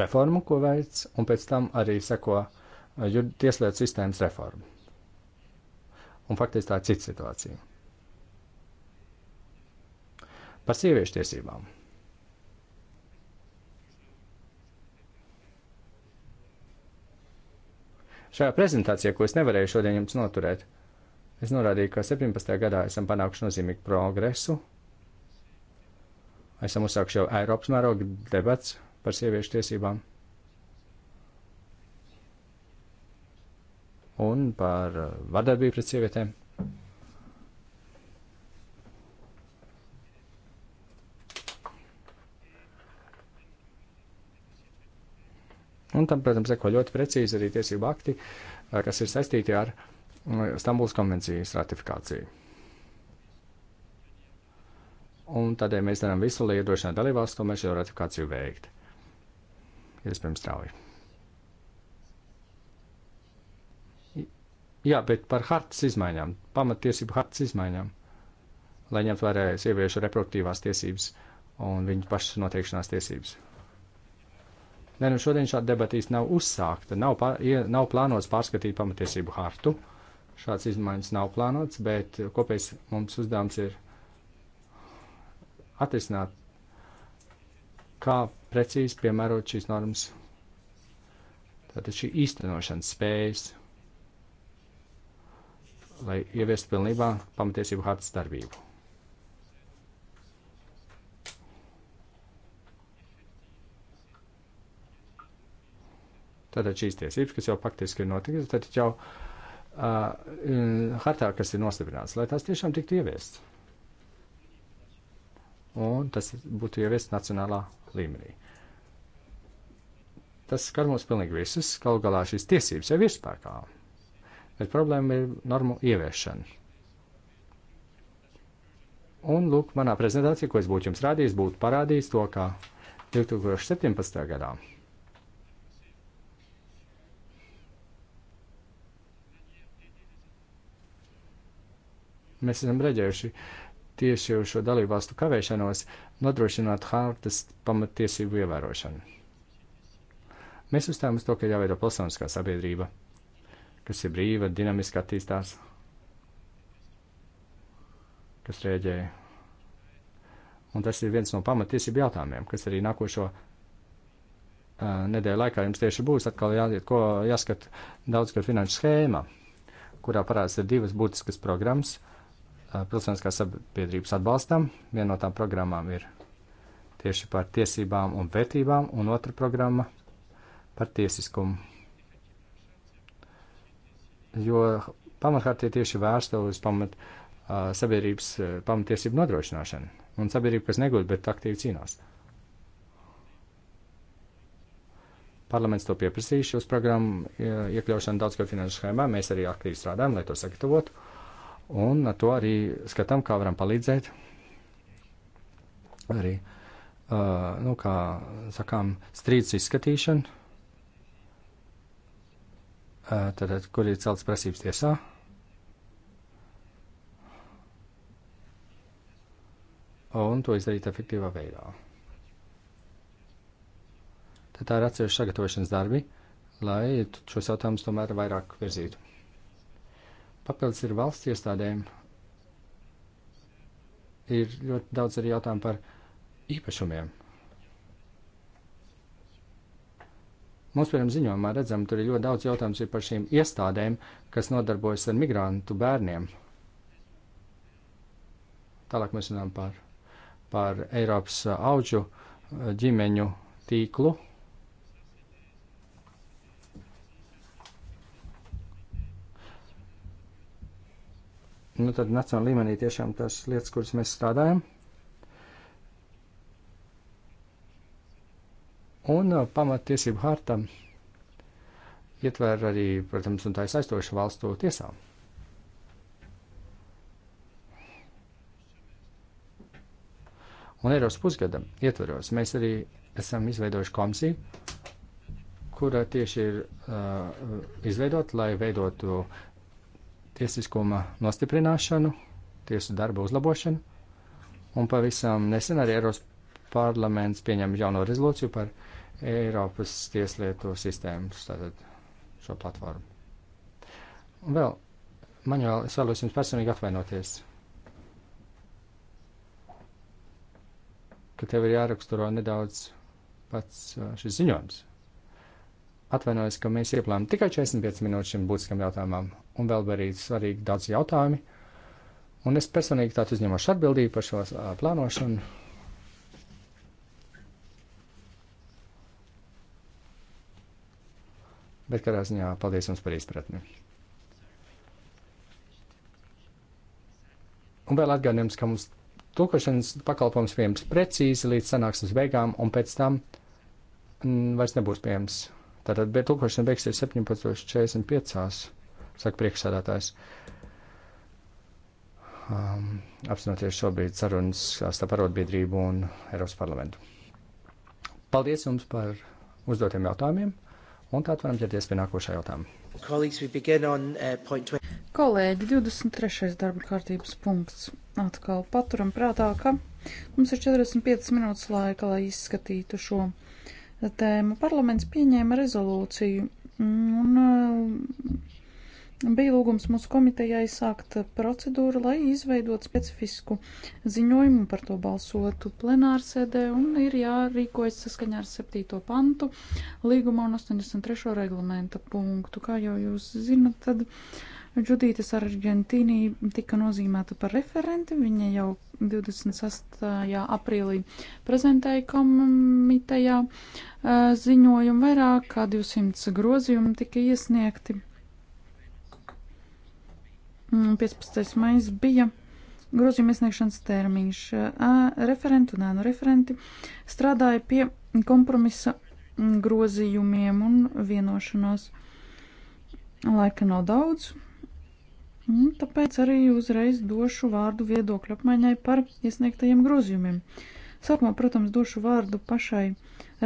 reforma, ko veic, un pēc tam arī seko eh, tieslietu sistēmas reforma. Un faktiski tā ir cita situācija. Par sieviešu tiesībām. Šajā prezentācijā, ko es nevarēju šodien jums noturēt, Es norādīju, ka 17. gadā esam panākuši nozīmīgu progresu. Esam uzsākuši jau Eiropas mēroga debats par sieviešu tiesībām. Un par uh, vardarbību pret sievietēm. Un tam, protams, seko ļoti precīzi arī tiesību akti, uh, kas ir saistīti ar uh, Nu, Stambuls konvencijas ratifikāciju. Un tādēļ mēs darām visu, lai iedrošinātu dalībvalstu tomēr šo ratifikāciju veikt. Iespējams, strauji. Jā, bet par hartas izmaiņām, pamatiesību hartas izmaiņām, lai ņemtu vērā sieviešu reproduktīvās tiesības un viņu pašas noteikšanās tiesības. Nē, nu šodien šāda debatīs nav uzsākta, nav, pār, nav plānots pārskatīt pamatiesību hartu. Uh, Šāds izmaiņas nav plānots, bet kopējs mums uzdevums ir atrisināt, kā precīzi piemērot šīs normas, tātad šī īstenošanas spējas, lai ieviestu pilnībā pamatiesību hartas darbību. Tātad šīs tiesības, kas jau faktiski ir notikusi, tad jau uh, uh, hartā, kas ir nostiprināts, lai tās tiešām tiktu ieviests. Un tas būtu ieviests nacionālā līmenī. Tas skar mums pilnīgi visus, kaut galā šīs tiesības jau ir spēkā. Bet problēma ir normu ieviešana. Un, lūk, manā prezentācijā, ko es būtu jums rādījis, būtu parādījis to, ka 2017. gadā Mēs esam redzējuši tieši uz šo dalībvalstu kavēšanos nodrošināt hārtas pamatiesību ievērošanu. Mēs uzstājam uz to, ka jāveido pilsoniskā sabiedrība, kas ir brīva, dinamiski attīstās, kas rēģē. Un tas ir viens no pamatiesību jautājumiem, kas arī nākošo nedēļa laikā jums tieši būs atkal jāiet, ko jāskat daudzgad finanšu schēma, kurā parādās ir divas būtiskas programmas, Uh, pilsoniskās sabiedrības atbalstam. Viena no tām programmām ir tieši par tiesībām un vērtībām, un otra programma par tiesiskumu. Jo pamatkārtie tieši vērsta uz pamat, uh, sabiedrības uh, pamatiesību nodrošināšanu, un sabiedrība, kas negūda, bet aktīvi cīnās. Parlaments to pieprasīja, šos programmu uh, iekļaušanu daudzgad finanšu schēmā. Mēs arī aktīvi strādājam, lai to sagatavotu. Un ar to arī skatām, kā varam palīdzēt. Arī, uh, nu, kā sakām, strīdus izskatīšanu, uh, tad, kur ir celtas prasības tiesā. Un to izdarīt efektīvā veidā. Tad tā ir atsevišķa sagatavošanas darbi, lai šos jautājumus tomēr vairāk virzītu. Papildus ir valsts iestādēm. Ir ļoti daudz arī jautājumu par īpašumiem. Mums, piemēram, ziņojumā redzam, tur ir ļoti daudz jautājums par šīm iestādēm, kas nodarbojas ar migrantu bērniem. Tālāk mēs runājam par, par Eiropas auģu ģimeņu tīklu, nu, tad nacionāla līmenī tiešām tās lietas, kuras mēs strādājam. Un uh, pamatiesību harta ietver arī, protams, un tā ir saistoša valstu tiesām. Un Eiropas pusgada ietveros mēs arī esam izveidojuši komisiju, kura tieši ir uh, izveidota, lai veidotu uh, tiesiskuma nostiprināšanu, tiesu darba uzlabošanu, un pavisam nesen arī Eiropas parlaments pieņem jauno rezolūciju par Eiropas tieslietu sistēmas, tātad šo platformu. Un vēl, man jau, es vēlos jums personīgi atvainoties, ka tev ir jāraksturo nedaudz pats uh, šis ziņojums. Atvainojos, ka mēs ieplānojam tikai 45 minūtes šim būtiskam jautājumam, un vēl bija arī svarīgi daudz jautājumi. Un es personīgi tātad uzņemošu atbildību par šo uh, plānošanu. Bet kādā ziņā paldies jums par izpratni. Un vēl atgādinājums, ka mums tulkošanas pakalpojums pieejams precīzi līdz sanāksmes beigām, un pēc tam mm, vairs nebūs pieejams. Tātad tulkošana beigsies 17.45 saka priekšsādātājs. Um, apzinoties šobrīd sarunas uh, starp arotbiedrību un Eiropas parlamentu. Paldies jums par uzdotiem jautājumiem, un tā varam ķerties pie nākošā jautājuma. Uh, Kolēģi, 23. darba kārtības punkts. Atkal paturam prātā, ka mums ir 45 minūtes laika, lai izskatītu šo tēmu. Parlaments pieņēma rezolūciju un uh, bija lūgums mūsu komitejai sākt procedūru, lai izveidot specifisku ziņojumu par to balsotu plenārsēdē un ir jārīkojas saskaņā ar 7. pantu līgumā un 83. reglamenta punktu. Kā jau jūs zinat, tad Džudītes Argentīnī tika nozīmēta par referenti. Viņa jau 26. aprīlī prezentēja komitejā eh, ziņojumu vairāk kā 200 grozījumu tika iesniegti 15. Mm, maijs bija grozījuma iesniegšanas termiņš. Referenti un ēnu referenti strādāja pie kompromisa grozījumiem un vienošanos. Laika nav daudz, tāpēc arī uzreiz došu vārdu viedokļu apmaiņai par iesniegtajiem grozījumiem. Sākumā, protams, došu vārdu pašai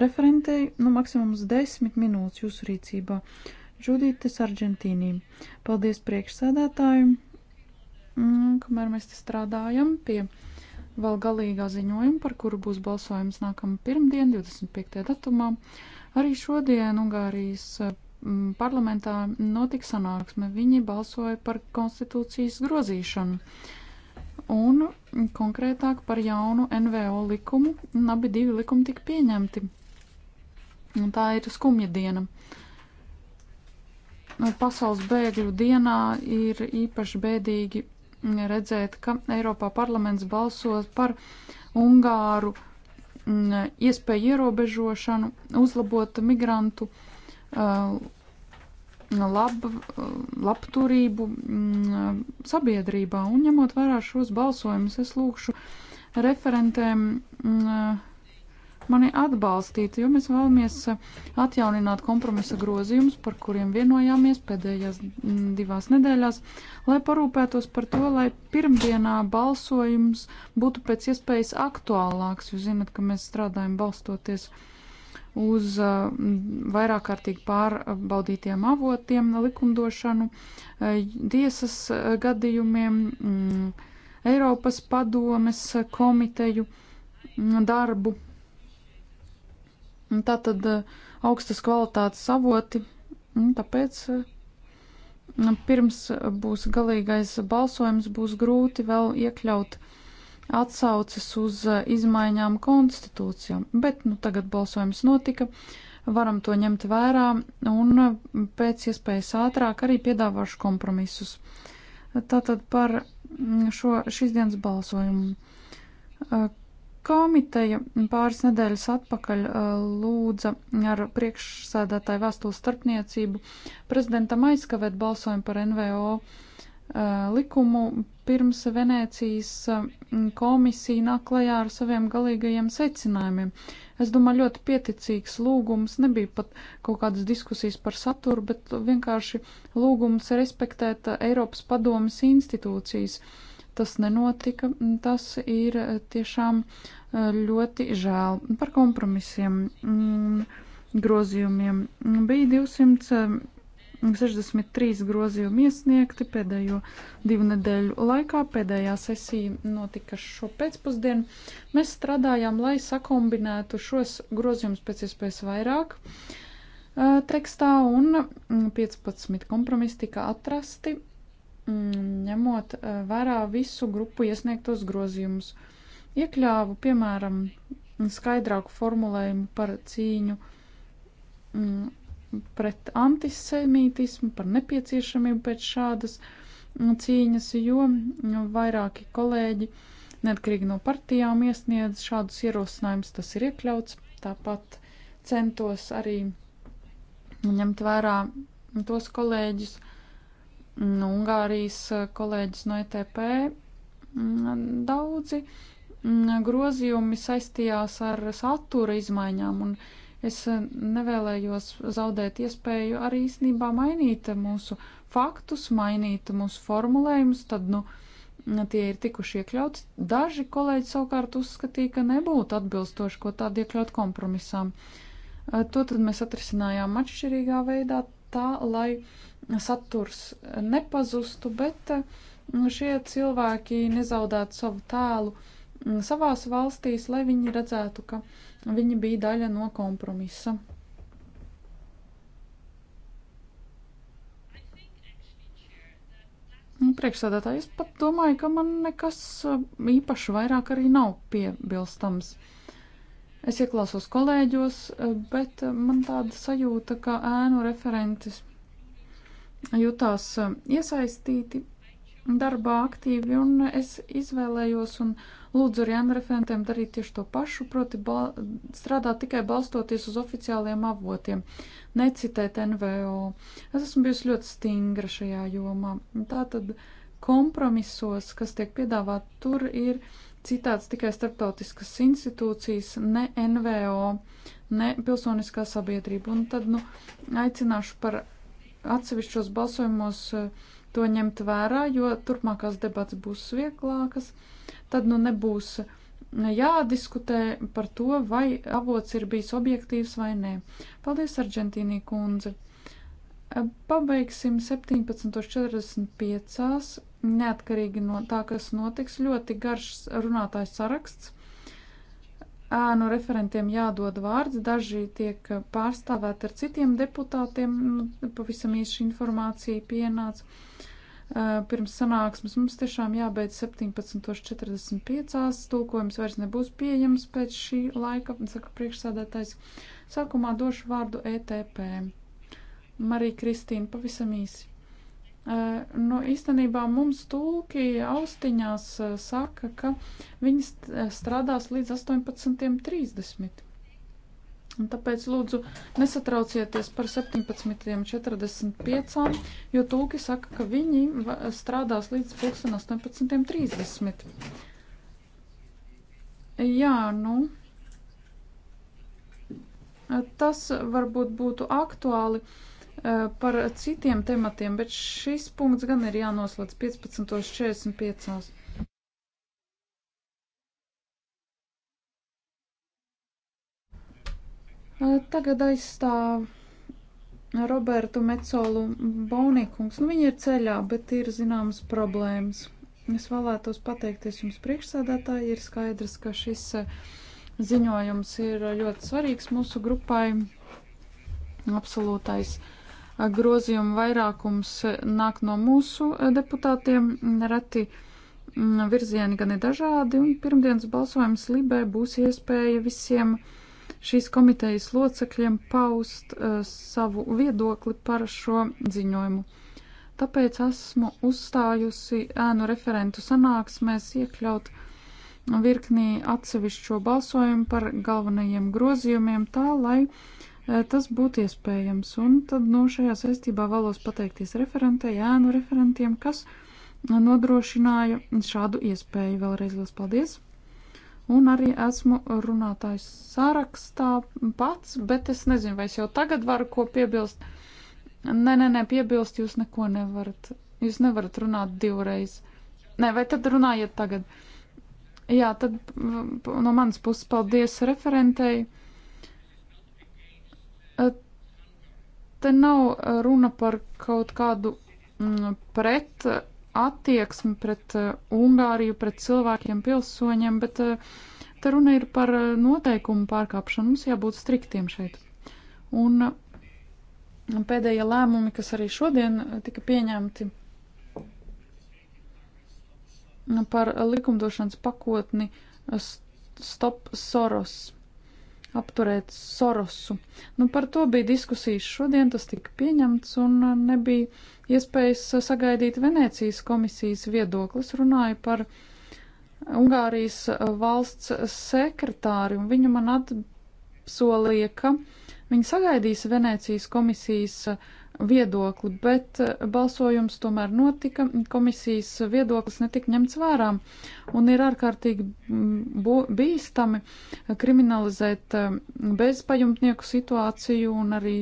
referentei, nu maksimums 10 minūtes jūsu rīcībā. Uh, Žudītes Argentīnī. Paldies priekšsēdētājiem, mm, kamēr mēs te strādājam pie vēl galīgā ziņojuma, par kuru būs balsojums nākamā pirmdien, 25. datumā. Arī šodien Ungārijas mm, parlamentā notika sanāksme. Viņi balsoja par konstitūcijas grozīšanu un konkrētāk par jaunu NVO likumu, un abi divi likumi tika pieņemti. Un tā ir skumja diena. Uh, Nu, pasaules bēgļu dienā ir īpaši bēdīgi redzēt, ka Eiropā parlaments balsos par Ungāru mm, iespēju ierobežošanu, uzlabot migrantu uh, lab, labturību mm, sabiedrībā. Un ņemot vērā šos balsojumus, es lūkšu referentēm mm, mani atbalstītu, jo mēs vēlamies atjaunināt kompromisa grozījumus, par kuriem vienojāmies pēdējās mm, divās nedēļās, lai parūpētos par to, lai pirmdienā balsojums būtu pēc iespējas aktuālāks. Jūs zinat, ka mēs strādājam balstoties uz mm, vairāk kārtīgi pārbaudītiem avotiem, likumdošanu, eh, tiesas eh, gadījumiem, mm, Eiropas padomes eh, komiteju darbu Tā tad eh, augstas kvalitātes avoti, tāpēc eh, nu, pirms būs galīgais balsojums, būs grūti vēl iekļaut atsaucas uz eh, izmaiņām konstitūcijām. Bet nu, tagad balsojums notika, varam to ņemt vērā un pēc iespējas ātrāk arī piedāvāšu kompromisus. Tātad par mm, šo šīs dienas balsojumu. Komiteja pāris nedēļas atpakaļ uh, lūdza ar priekšsēdētāju vēstules starpniecību prezidentam aizskavēt balsojumu par NVO uh, likumu pirms Venēcijas uh, komisija nāk klajā ar saviem galīgajiem secinājumiem. Es domāju, ļoti pieticīgs lūgums, nebija pat kaut kādas diskusijas par saturu, bet vienkārši lūgums respektēt Eiropas padomas institūcijas. Uh, tas nenotika. Tas ir eh, tiešām eh, ļoti žēl par kompromisiem mm, grozījumiem. Bija 263 eh, grozījumi iesniegti pēdējo divu nedēļu laikā. Pēdējā sesija notika šo pēcpusdienu. Mēs strādājām, lai sakombinētu šos grozījumus pēc iespējas vairāk tekstā, un 15 mm, kompromisi tika atrasti Mm, ņemot eh, vērā visu grupu iesniegtos grozījumus. Iekļāvu, piemēram, skaidrāku formulējumu par cīņu mm, pret antisemītismu, par nepieciešamību pēc šādas mm, cīņas, jo vairāki kolēģi, neatkarīgi no partijām, iesniedz šādus ierosinājumus, tas ir iekļauts. Tāpat centos arī ņemt vērā tos kolēģus, Nu, Ungārijas eh, kolēģis no ETP. Mm, daudzi mm, grozījumi saistījās ar satura izmaiņām, un es eh, nevēlējos zaudēt iespēju arī īstenībā mainīt mūsu faktus, mainīt mūsu formulējumus, tad, nu, mm, tie ir tikuši iekļauts. Daži kolēģi savukārt uzskatīja, ka nebūtu atbilstoši, ko tādu iekļaut kompromisām. Eh, to tad mēs atrisinājām atšķirīgā veidā tā, lai uh, saturs nepazustu, bet mm, šie cilvēki nezaudētu savu tēlu mm, savās valstīs, lai viņi redzētu, ka viņi bija daļa no kompromisa. Nu, priekšsēdētāji, es pat domāju, ka man nekas uh, īpaši vairāk arī nav piebilstams. Es ieklausos kolēģos, uh, bet uh, man tāda sajūta, ka ēnu referentis jutās uh, iesaistīti darbā aktīvi, un es izvēlējos un lūdzu arī anreferentiem darīt tieši to pašu, proti strādāt tikai balstoties uz oficiāliem avotiem, necitēt NVO. Es esmu bijusi ļoti stingra šajā jomā. Tātad kompromisos, kas tiek piedāvāt, tur ir citāts tikai starptautiskas institūcijas, ne NVO, ne pilsoniskā sabiedrība. Un tad, nu, aicināšu par atsevišķos balsojumos eh, to ņemt vērā, jo turpmākās debats būs vieglākas. Tad nu nebūs jādiskutē par to, vai avots ir bijis objektīvs vai nē. Paldies, Argentīnī kundze! Eh, pabeigsim 17.45. Neatkarīgi no tā, kas notiks, ļoti garš runātājs saraksts ēnu referentiem jādod vārds, daži tiek pārstāvēti ar citiem deputātiem, nu, pavisam īsi informācija pienāca. Pirms sanāksmes mums tiešām jābeidz 17.45. Tūkojums vairs nebūs pieejams pēc šī laika, saka priekšsādātais. Sākumā došu vārdu ETP. Marija Kristīna, pavisam īsi. Nu, īstenībā mums tūki austiņās saka, ka viņi strādās līdz 18.30. Un tāpēc lūdzu nesatraucieties par 17.45, jo tūki saka, ka viņi strādās līdz 18.30. Jā, nu. Tas varbūt būtu aktuāli Eh, par citiem tematiem, bet šis punkts gan ir jānoslēdz 15.45. Eh, tagad aizstāv Robertu Mecolu Bonikungs. Nu, viņa ir ceļā, bet ir zināmas problēmas. Es vēlētos pateikties jums priekšsēdētāji. Ir skaidrs, ka šis eh, ziņojums ir ļoti svarīgs mūsu grupai. Absolūtais uh, grozījumu vairākums nāk no mūsu deputātiem, reti mm, virzieni gan ir dažādi, un pirmdienas balsojums Libē būs iespēja visiem šīs komitejas locekļiem paust uh, savu viedokli par šo ziņojumu. Tāpēc esmu uzstājusi ēnu referentu sanāksmēs iekļaut virknī atsevišķo balsojumu par galvenajiem grozījumiem tā, lai uh, tas būtu iespējams. Un tad no nu, šajā saistībā vēlos pateikties referentei, ēnu referentiem, kas nodrošināja šādu iespēju. Vēlreiz liels paldies! Un arī esmu runātājs sarakstā pats, bet es nezinu, vai es jau tagad varu ko piebilst. Nē, nē, nē, piebilst, jūs neko nevarat. Jūs nevarat runāt divreiz. Nē, vai tad runājiet tagad? Jā, tad no manas puses paldies referentei. Te nav runa par kaut kādu mm, pret attieksmi pret Ungāriju, pret cilvēkiem, pilsoņiem, bet te runa ir par noteikumu pārkāpšanu. Mums jābūt striktiem šeit. Un pēdējie lēmumi, kas arī šodien tika pieņemti par likumdošanas pakotni Stop Soros apturēt Sorosu. Nu, par to bija diskusijas šodien, tas tika pieņemts un nebija iespējas sagaidīt Venēcijas komisijas viedoklis. Runāju par Ungārijas valsts sekretāri un viņa man atsolīja, ka viņi sagaidīs Venēcijas komisijas viedoklis viedokli, bet eh, balsojums tomēr notika. Komisijas viedoklis netika ņemts vērā un ir ārkārtīgi mm, bīstami kriminalizēt eh, bezpajumtnieku situāciju un arī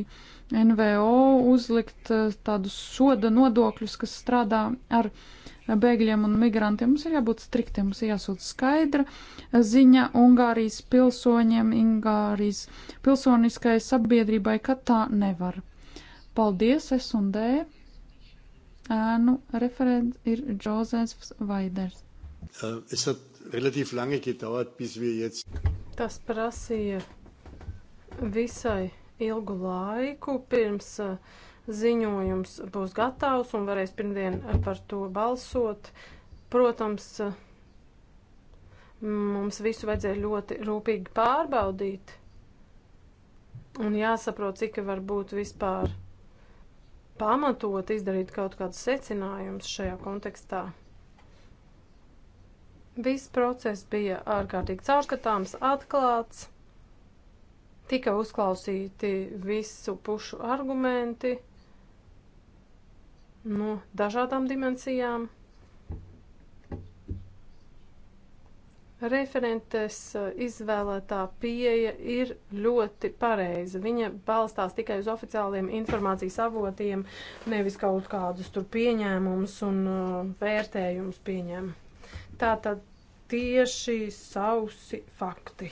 NVO uzlikt eh, tādus soda nodokļus, kas strādā ar bēgļiem un migrantiem. Mums ir jābūt striktiem, mums ir jāsūt skaidra ziņa Ungārijas pilsoņiem, Ungārijas pilsoniskajai sabiedrībai, ka tā nevar Paldies, es un D. Ēnu referents ir Džozefs Vaiders. Uh, es hat relatīvi lange gedauert, bis wir jetzt. Tas prasīja visai ilgu laiku pirms uh, ziņojums būs gatavs un varēs pirmdien par to balsot. Protams, uh, mums visu vajadzēja ļoti rūpīgi pārbaudīt un jāsaprot, cik var būt vispār pamatot izdarīt kaut kādus secinājumus šajā kontekstā. Viss process bija ārkārtīgi caurskatāms, atklāts, tika uzklausīti visu pušu argumenti no dažādām dimensijām. Referentes eh, izvēlētā pieeja ir ļoti pareiza. Viņa balstās tikai uz oficiāliem informācijas avotiem, nevis kaut kādus tur pieņēmumus un eh, vērtējumus pieņem. Tā tad tieši sausi fakti.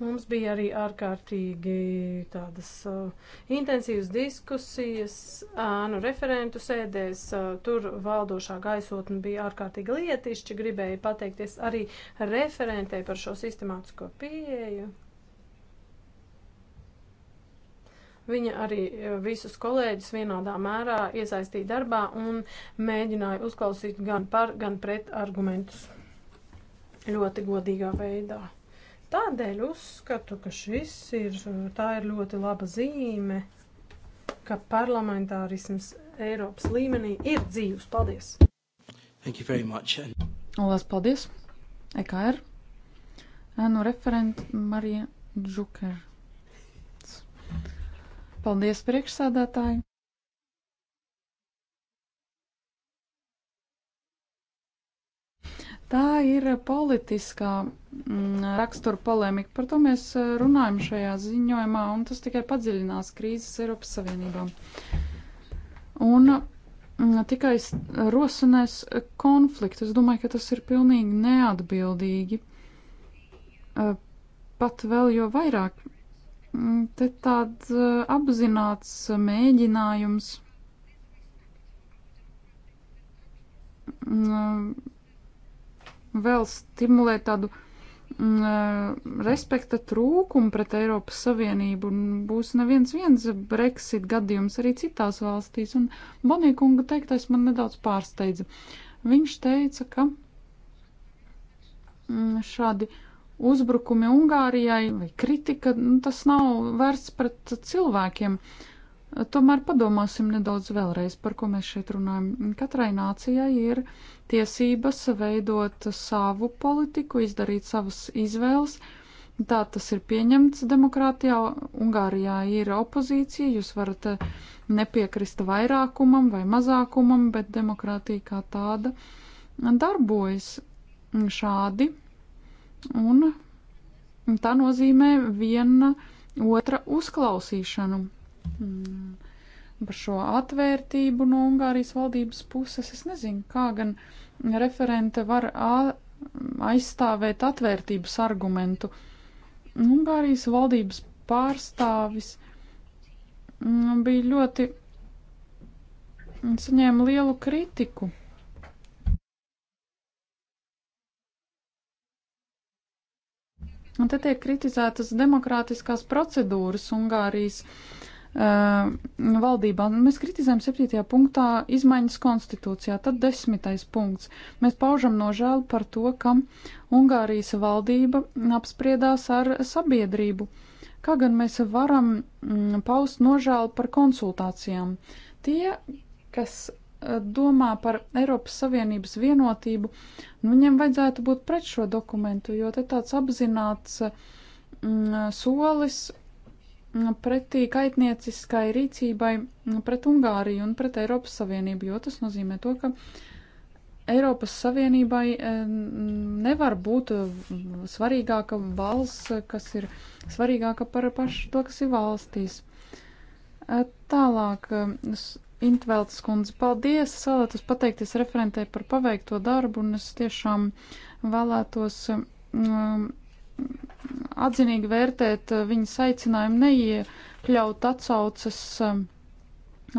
Mums bija arī ārkārtīgi tādas uh, intensīvas diskusijas ānu uh, referentu sēdēs. Uh, tur valdošā gaisotne bija ārkārtīgi lietišķa. Gribēju pateikties arī referentē par šo sistemātisko pieeju. Viņa arī uh, visus kolēģus vienādā mērā iesaistīja darbā un mēģināja uzklausīt gan par, gan pret argumentus ļoti godīgā veidā. Tādēļ uzskatu, ka šis ir, tā ir ļoti laba zīme, ka parlamentārisms Eiropas līmenī ir dzīvs. Paldies! Thank you very much. Lās paldies! EKR. Ēnu referenta Marija Džuker. Paldies priekšsādātāji! Tā ir politiskā mm, rakstura polemika. Par to mēs eh, runājam šajā ziņojumā, un tas tikai padziļinās krīzes Eiropas Savienībā. Un mm, tikai rosinās konflikts. Es domāju, ka tas ir pilnīgi neatbildīgi. Eh, pat vēl jo vairāk. Mm, te tāds eh, apzināts mēģinājums. Mm, vēl stimulē tādu mm, eh, respekta trūkumu pret Eiropas Savienību. Būs neviens viens Brexit gadījums arī citās valstīs. Un Bonīkunga teiktais man nedaudz pārsteidza. Viņš teica, ka mm, šādi uzbrukumi Ungārijai vai kritika, nu, tas nav vērsts pret cilvēkiem. Uh, Tomēr padomāsim nedaudz vēlreiz, par ko mēs šeit runājam. Katrai nācijai ir tiesības veidot savu politiku, izdarīt savas izvēles. Tā tas ir pieņemts demokrātijā. Ungārijā ir opozīcija, jūs varat eh, nepiekrist vairākumam vai mazākumam, bet demokrātija kā tāda darbojas šādi. Un tā nozīmē viena otra uzklausīšanu Mm. par šo atvērtību no Ungārijas valdības puses. Es nezinu, kā gan referente var aizstāvēt atvērtības argumentu. Ungārijas valdības pārstāvis mm, bija ļoti mm, saņēma lielu kritiku. Un te tiek kritizētas demokrātiskās procedūras Ungārijas uh, Uh, valdībā. Mēs kritizējam 7. punktā izmaiņas konstitūcijā, tad 10. punkts. Mēs paužam nožēlu par to, ka Ungārijas valdība apspriedās ar sabiedrību. Kā gan mēs varam mm, paust nožēlu par konsultācijām? Tie, kas uh, domā par Eiropas Savienības vienotību, nu, viņiem vajadzētu būt pret šo dokumentu, jo te tāds apzināts mm, solis pretī kaitnieciskai rīcībai pret Ungāriju un pret Eiropas Savienību, jo tas nozīmē to, ka Eiropas Savienībai eh, nevar būt svarīgāka valsts, kas ir svarīgāka par pašu to, kas ir valstīs. Eh, tālāk, eh, Intveltas kundze, paldies! Es vēlētos pateikties referentē par paveikto darbu, un es tiešām vēlētos um, atzinīgi vērtēt eh, viņas aicinājumu neiekļaut atsaucas eh,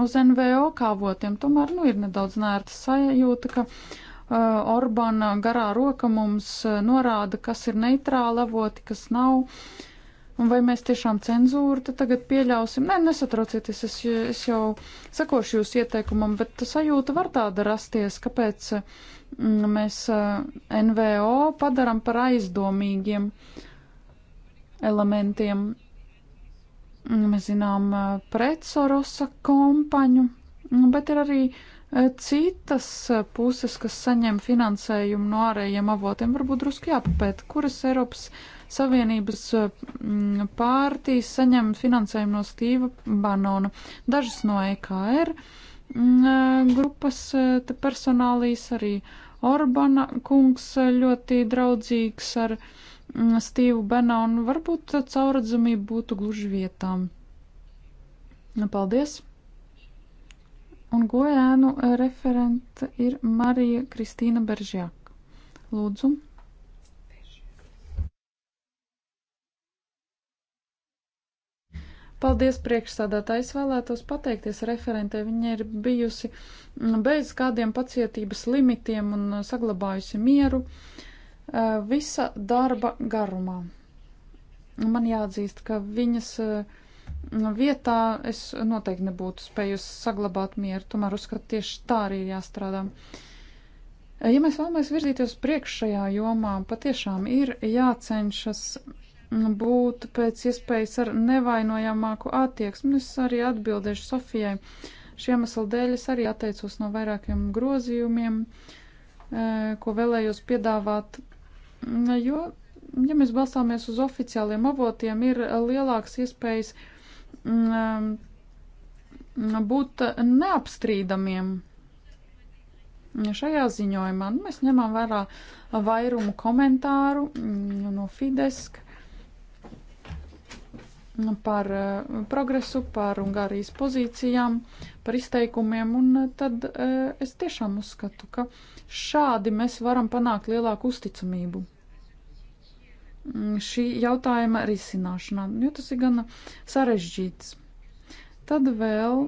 uz NVO kāvotiem. Tomēr, nu, ir nedaudz nērta sajūta, ka uh, eh, Orbāna garā roka mums norāda, kas ir neitrāli avoti, kas nav. Uh, Un vai mēs tiešām cenzūru tagad pieļausim? Nē, nesatraucieties, es, es jau sakošu jūsu ieteikumam, bet sajūta var tāda rasties, kāpēc mm, mēs eh, NVO padaram par aizdomīgiem elementiem. Mm, mēs zinām eh, pretsorosa kompaņu, bet ir arī eh, citas puses, kas saņem finansējumu no ārējiem avotiem. Varbūt drusku jāpapēta, kuras Eiropas Savienības eh, pārtīs saņem finansējumu no Stīva Banona, dažas no EKR eh, grupas eh, personālīs arī Orbana kungs ļoti draudzīgs ar Stīvu Benonu. Varbūt caurredzamība būtu gluži vietām. Nu, paldies! Un gojēnu referente ir Marija Kristīna Beržjāk. Lūdzu! Paldies priekšsādātājs vēlētos pateikties referentē. Viņa ir bijusi mm, bez kādiem pacietības limitiem un uh, saglabājusi mieru uh, visa darba garumā. Man jāatzīst, ka viņas uh, vietā es noteikti nebūtu spējusi saglabāt mieru, tomēr uzskatu tieši tā arī ir jāstrādā. Ja mēs vēlamies virzīties priekš šajā jomā, patiešām ir jācenšas būt pēc iespējas ar nevainojamāku attieksmi. Es arī atbildēšu Sofijai. Šiem iemeslu dēļ es arī atteicos no vairākiem grozījumiem, eh, ko vēlējos piedāvāt, jo, ja mēs balstāmies uz oficiāliem avotiem, ir lielāks iespējas mm, mm, būt neapstrīdamiem. Šajā ziņojumā nu, mēs ņemam vērā vairumu komentāru mm, no Fideska par eh, progresu, par Ungārijas pozīcijām, par izteikumiem, un eh, tad eh, es tiešām uzskatu, ka šādi mēs varam panākt lielāku uzticamību mm, šī jautājuma risināšanā, jo tas ir gana sarežģīts. Tad vēl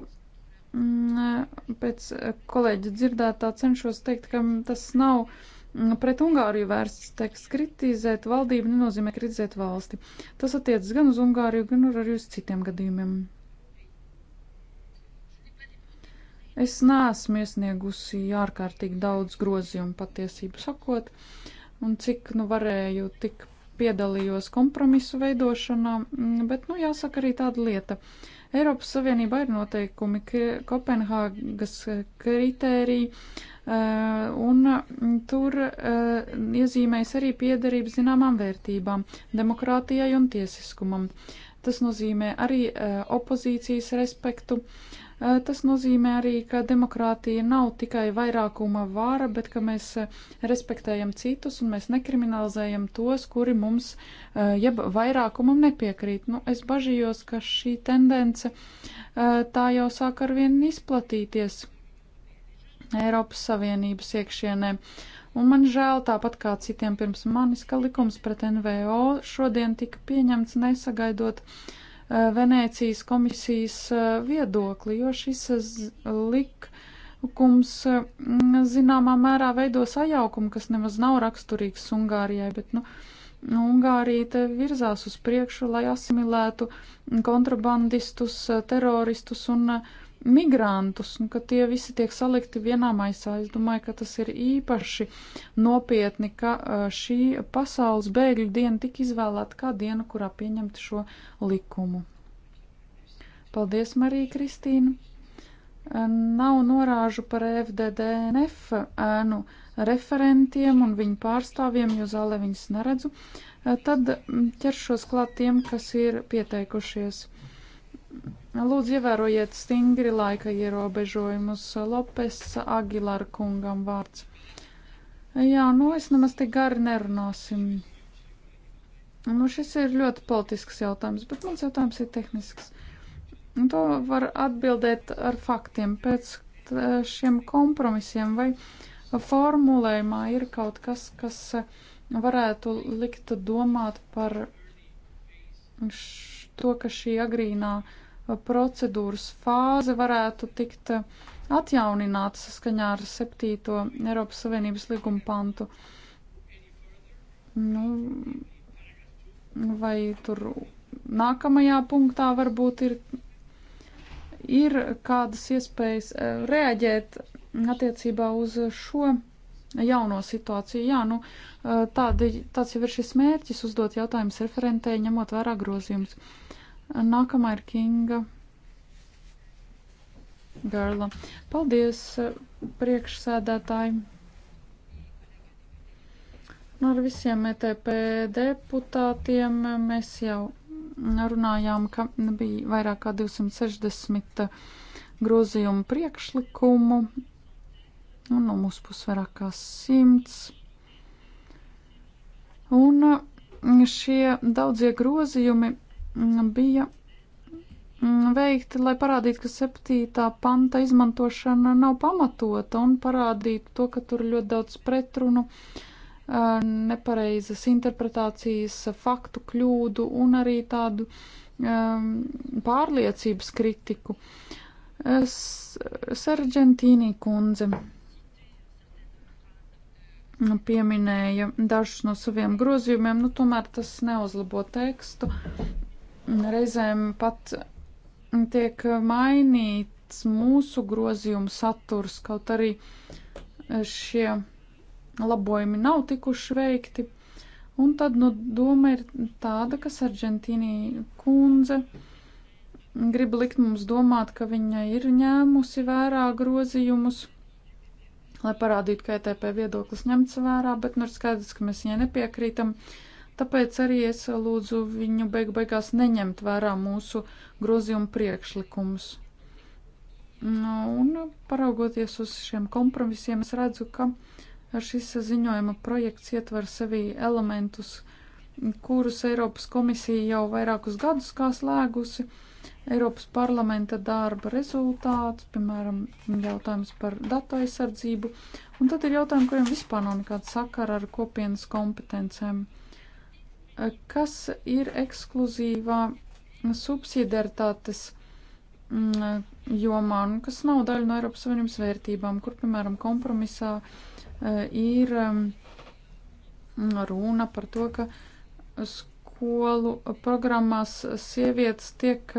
mm, pēc kolēģa dzirdētā cenšos teikt, ka tas nav Pret Ungāriju vērsts teksts kritizēt valdību nenozīmē kritizēt valsti. Tas attiecas gan uz Ungāriju, gan arī uz citiem gadījumiem. Es neesmu iesniegusi ārkārtīgi daudz grozījumu patiesību sakot, un cik nu varēju, tik piedalījos kompromisu veidošanā, mm, bet, nu, jāsaka arī tāda lieta. Uh, Eiropas Savienībā ir noteikumi, Kopenhāgas kritēriji, eh, un tur eh, iezīmējas arī piederība zināmām vērtībām - demokrātijai un tiesiskumam. Tas nozīmē arī eh, opozīcijas respektu, uh, Eh, tas nozīmē arī, ka demokrātija nav tikai vairākuma vāra, bet ka mēs eh, respektējam citus un mēs nekriminalizējam tos, kuri mums, eh, jeb vairākumam nepiekrīt. Nu, es bažījos, ka šī tendence tā jau sāk arvien izplatīties Eiropas Savienības iekšienē. Un man žēl, tāpat kā citiem pirms manis, ka likums pret NVO šodien tika pieņemts nesagaidot uh, Eh, Venēcijas komisijas eh, viedokli, jo šis eh, likums zināmā mērā veido sajaukumu, kas nemaz nav raksturīgs Ungārijai, bet, nu, nu Ungārija te virzās uz priekšu, lai asimilētu kontrabandistus, teroristus un uh, migrantus un nu, ka tie visi tiek salikti vienā maisā. Es domāju, ka tas ir īpaši nopietni, ka šī pasaules bēgļu diena tika izvēlēta kā diena, kurā pieņemt šo likumu. Paldies, Marija Kristīna! Nav norāžu par FDDNF ēnu referentiem un viņu pārstāvjiem, jo zālē viņas neredzu. Tad ķeršos klāt tiem, kas ir pieteikušies. Lūdzu, ievērojiet stingri laika ierobežojumus. Lopes Agilar kungam vārds. Jā, nu es nemaz tik gari nerunāsim. Nu, šis ir ļoti politisks jautājums, bet mans jautājums ir tehnisks. Un to var atbildēt ar faktiem. Pēc šiem kompromisiem vai formulējumā ir kaut kas, kas varētu likt domāt par to, ka šī agrīnā uh, procedūras fāze varētu tikt eh, atjaunināta saskaņā ar 7. Eiropas Savienības līguma pantu. Nu, vai tur nākamajā punktā varbūt ir, ir kādas iespējas eh, reaģēt attiecībā uz šo jauno situāciju. Jā, nu, eh, tādi, tāds jau ir šis mērķis uzdot jautājumus referentē, ņemot vērā grozījumus. Uh, Nākamā ir Kinga Garla. Paldies, priekšsēdētāji! Nu, ar visiem ETP deputātiem mēs jau runājām, ka bija vairāk kā 260 grozījumu priekšlikumu, un nu, no mūsu puses vairāk kā 100. Un šie daudzie grozījumi Mm, bija mm, veikti, lai parādītu, ka septītā panta izmantošana nav pamatota un parādītu to, ka tur ir ļoti daudz pretrunu, nepareizas interpretācijas, faktu kļūdu un arī tādu pārliecības kritiku. Sergentīnī kundze nu, pieminēja dažus no saviem grozījumiem, nu tomēr tas neuzlabo tekstu, reizēm pat tiek mainīts mūsu grozījumu saturs, kaut arī šie labojumi nav tikuši veikti. Un tad nu, doma ir tāda, ka Sargentīnī kundze grib likt mums domāt, ka viņa ir ņēmusi vērā grozījumus, lai parādītu, ka ETP viedoklis ņemts vērā, bet nu ir skaidrs, ka mēs viņai nepiekrītam. Uh, Tāpēc arī es lūdzu viņu beig beigās neņemt vērā mūsu grozījumu priekšlikumus. Nu, un paraugoties uz šiem kompromisiem, es redzu, ka šis ziņojuma projekts ietver sevī elementus, kurus Eiropas komisija jau vairākus gadus kā slēgusi. Eiropas parlamenta darba rezultāts, piemēram, jautājums par datu aizsardzību, un tad ir jautājumi, kuriem vispār nav nekāda sakara ar kopienas kompetencēm. Uh, kas ir ekskluzīvā subsidiaritātes mm, jomā, un kas nav daļa no Eiropas Savienības vērtībām, kur, piemēram, kompromisā e, ir mm, runa par to, ka skolu programmās sievietes tiek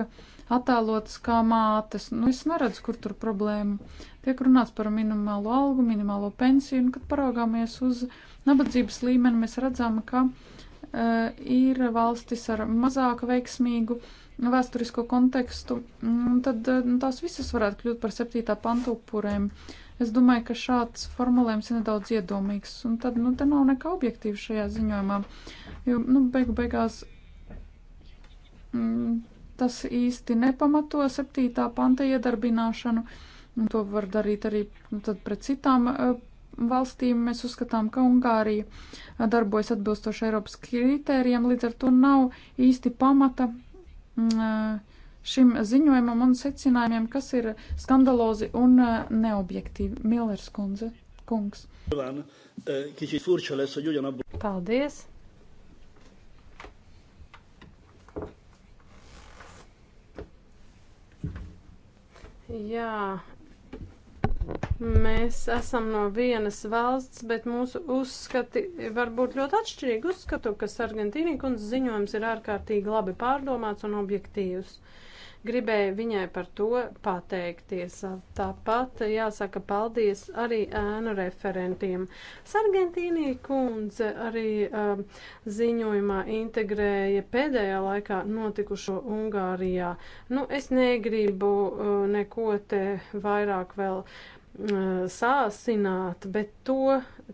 attēlotas kā mātes. Nu, es neredzu, kur tur problēma. Tiek runāts par minimālo algu, minimālo pensiju, un kad paraugāmies uz nabadzības līmeni, mēs redzam, ka uh, Eh, ir valstis ar mazāk veiksmīgu vēsturisko kontekstu, tad eh, nu, tās visas varētu kļūt par septītā pantu upurēm. Es domāju, ka šāds formulējums ir nedaudz iedomīgs, un tad, nu, te nav nekā objektīva šajā ziņojumā, jo, nu, beigu beigās mm, tas īsti nepamato septītā panta iedarbināšanu, un to var darīt arī nu, pret citām eh, valstīm mēs uzskatām, ka Ungārija darbojas atbilstoši Eiropas kritērijiem, līdz ar to nav īsti pamata šim ziņojumam un secinājumiem, kas ir skandalozi un neobjektīvi. Millers kundze, kungs. E, Paldies! Jā, Mēs esam no vienas valsts, bet mūsu uzskati var būt ļoti atšķirīgi. Uzskatu, ka Argentīnija kundzes ziņojums ir ārkārtīgi labi pārdomāts un objektīvs. Gribēju viņai par to pateikties. Tāpat jāsaka paldies arī ēnu referentiem. Sargentīnija kundze arī um, ziņojumā integrēja pēdējā laikā notikušo Ungārijā. Nu, es negribu uh, neko te vairāk vēl uh, sāsināt, bet to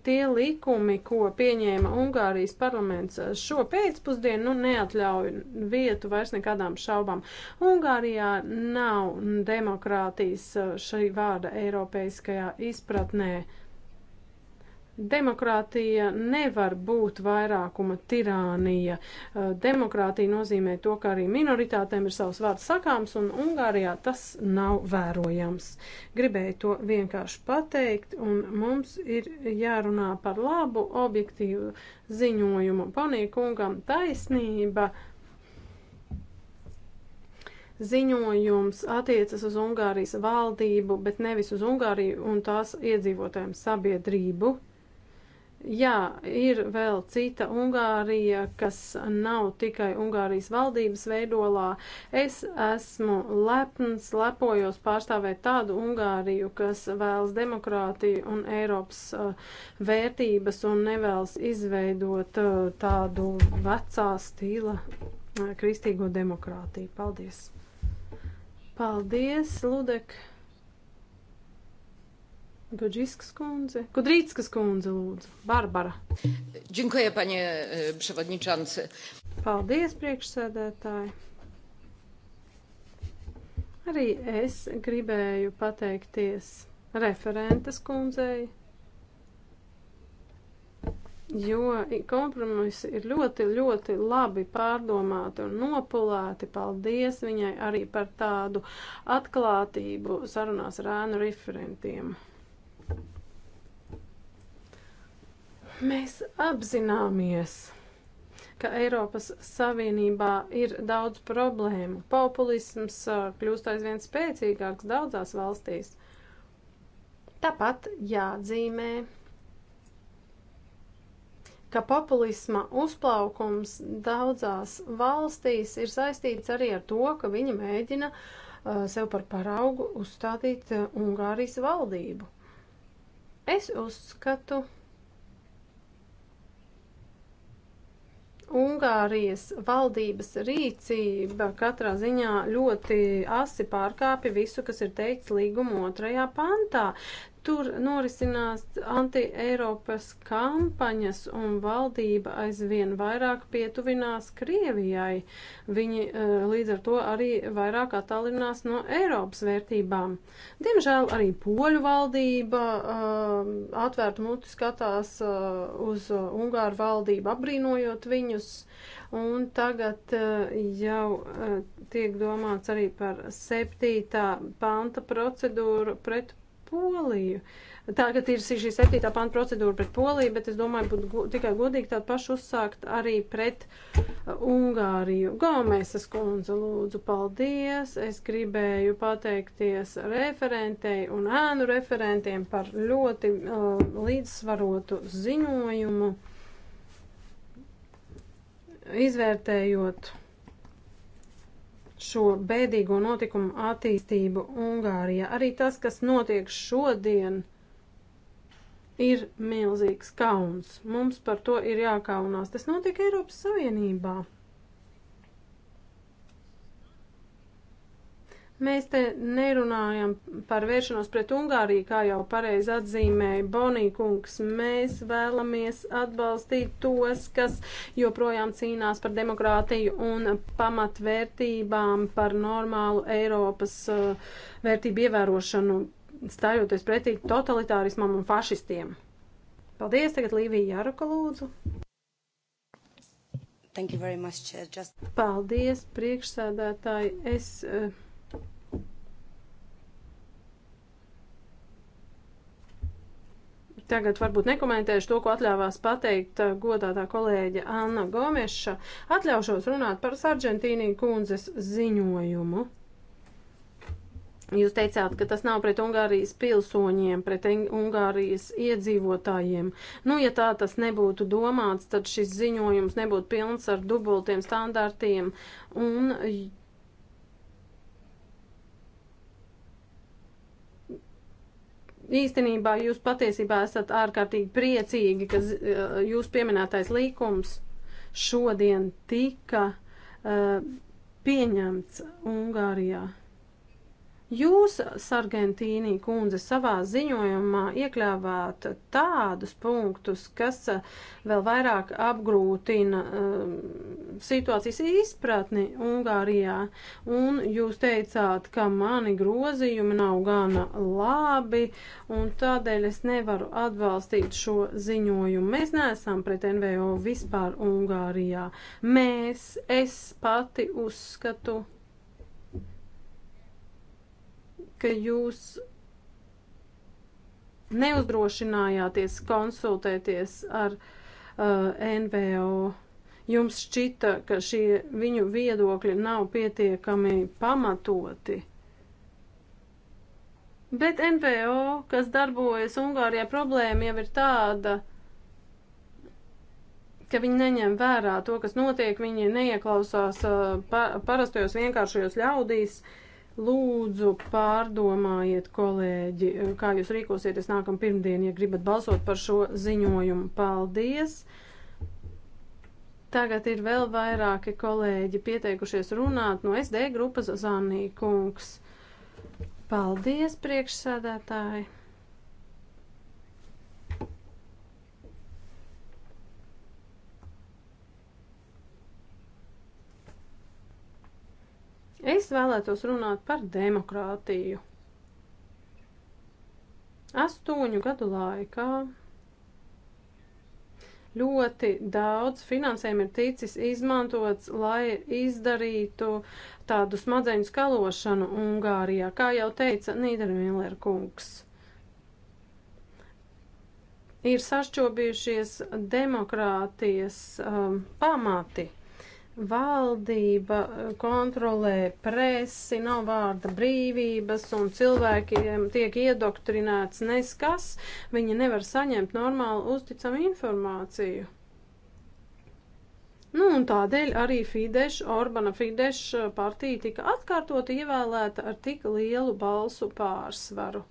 tie likumi, ko pieņēma Ungārijas parlaments šo pēcpusdienu, nu, neatļauj vietu vairs nekādām šaubām. Ungārijā nav demokrātijas šī vārda eiropeiskajā izpratnē. Uh, Demokrātija nevar būt vairākuma tirānija. Eh, demokrātija nozīmē to, ka arī minoritātēm ir savs vārds sakāms, un Ungārijā tas nav vērojams. Gribēju to vienkārši pateikt, un mums ir jārunā par labu, objektīvu ziņojumu. Panīkungam taisnība ziņojums attiecas uz Ungārijas valdību, bet nevis uz Ungāriju un tās iedzīvotājiem sabiedrību. Jā, ir vēl cita Ungārija, kas nav tikai Ungārijas valdības veidolā. Es esmu lepns, lepojos pārstāvēt tādu Ungāriju, kas vēlas demokrātiju un Eiropas uh, vērtības un nevēlas izveidot uh, tādu vecā stīla uh, kristīgo demokrātiju. Paldies! Paldies, Ludek! Godziskas kundze, Kudrītskas kundze, lūdzu, Barbara. Džinkoja, paņē, e, prievodničance. Paldies, priekšsēdētāji. Arī es gribēju pateikties referentes kundzei, jo kompromisi ir ļoti, ļoti labi pārdomāti un nopulēti. Paldies viņai arī par tādu atklātību sarunās ar ēnu referentiem. Mēs apzināmies, ka Eiropas Savienībā ir daudz problēmu. Populisms kļūst aizvien spēcīgāks daudzās valstīs. Tāpat jāatzīmē, ka populisma uzplaukums daudzās valstīs ir saistīts arī ar to, ka viņi mēģina uh, sev par paraugu uzstādīt Ungārijas valdību. Es uzskatu, ka Ungārijas valdības rīcība katrā ziņā ļoti asi pārkāpja visu, kas ir teikts līguma otrajā pantā. Tur norisinās anti-Eiropas kampaņas un valdība aizvien vairāk pietuvinās Krievijai. Viņi eh, līdz ar to arī vairāk attālinās no Eiropas vērtībām. Diemžēl arī poļu valdība eh, atvērtu muti skatās eh, uz Ungāru valdību apbrīnojot viņus. Un tagad jau tiek domāts arī par septītā panta procedūru pret Poliju. Tagad ir šī septītā panta procedūra pret Poliju, bet es domāju, būtu tikai godīgi tādu pašu uzsākt arī pret uh, Ungāriju. Gaumēsas kundze, lūdzu, paldies. Es gribēju pateikties referentei un ēnu referentiem par ļoti uh, līdzsvarotu ziņojumu. Izvērtējot šo bēdīgo notikumu attīstību Ungārijā. Arī tas, kas notiek šodien, ir milzīgs kauns. Mums par to ir jākaunās. Tas notika Eiropas Savienībā. Mēs te nerunājam par vēršanos pret Ungāriju, kā jau pareizi atzīmēja Bonīkungs. Mēs vēlamies atbalstīt tos, kas joprojām cīnās par demokrātiju un pamatvērtībām, par normālu Eiropas uh, vērtību ievērošanu, stājoties pretī totalitārismam un fašistiem. Paldies, tagad Līvija Jāruka lūdzu. Thank you very much, Chair. Just... Paldies, priekšsēdētāji. Es uh, Tagad varbūt nekomentēšu to, ko atļāvās pateikt eh, godātā kolēģa Anna Gomeša. Atļaušos runāt par Sargentīnī kundzes ziņojumu. Jūs teicāt, ka tas nav pret Ungārijas pilsoņiem, pret Ungārijas iedzīvotājiem. Nu, ja tā tas nebūtu domāts, tad šis ziņojums nebūtu pilns ar dubultiem standartiem un īstenībā jūs patiesībā esat ārkārtīgi priecīgi, ka jūs pieminētais līkums šodien tika uh, pieņemts Ungārijā. Jūs, Sargentīnī kundze, savā ziņojumā iekļāvāt tādus punktus, kas eh, vēl vairāk apgrūtina um, situācijas izpratni Ungārijā, un jūs teicāt, ka mani grozījumi nav gana labi, un tādēļ es nevaru atbalstīt šo ziņojumu. Mēs neesam pret NVO vispār Ungārijā. Mēs, es pati uzskatu, ka jūs neuzdrošinājāties konsultēties ar uh, NVO. Jums šķita, ka šie viņu viedokļi nav pietiekami pamatoti. Bet NVO, kas darbojas Ungārijā, problēma jau ir tāda, ka viņi neņem vērā to, kas notiek, viņi neieklausās uh, pa, parastajos vienkāršajos ļaudīs. Uh, Lūdzu, pārdomājiet, kolēģi, kā jūs rīkosieties nākam pirmdien, ja gribat balsot par šo ziņojumu. Paldies! Tagad ir vēl vairāki kolēģi pieteikušies runāt no SD grupas Zanī Kungs. Paldies, priekšsēdētāji! Es vēlētos runāt par demokrātiju. Astoņu gadu laikā ļoti daudz finansējuma ir ticis izmantots, lai izdarītu tādu smadzeņu skalošanu Ungārijā, kā jau teica Nīdermiller kungs. Ir sašķobījušies demokrātijas um, pamati. Valdība eh, kontrolē presi, nav vārda brīvības, un cilvēkiem tiek iedoktrinēts neskas, viņi nevar saņemt normālu uzticamu informāciju. Nu, un tādēļ arī Fidesz, Orbana Fidesz eh, partija tika atkārtot ievēlēta ar tik lielu balsu pārsvaru.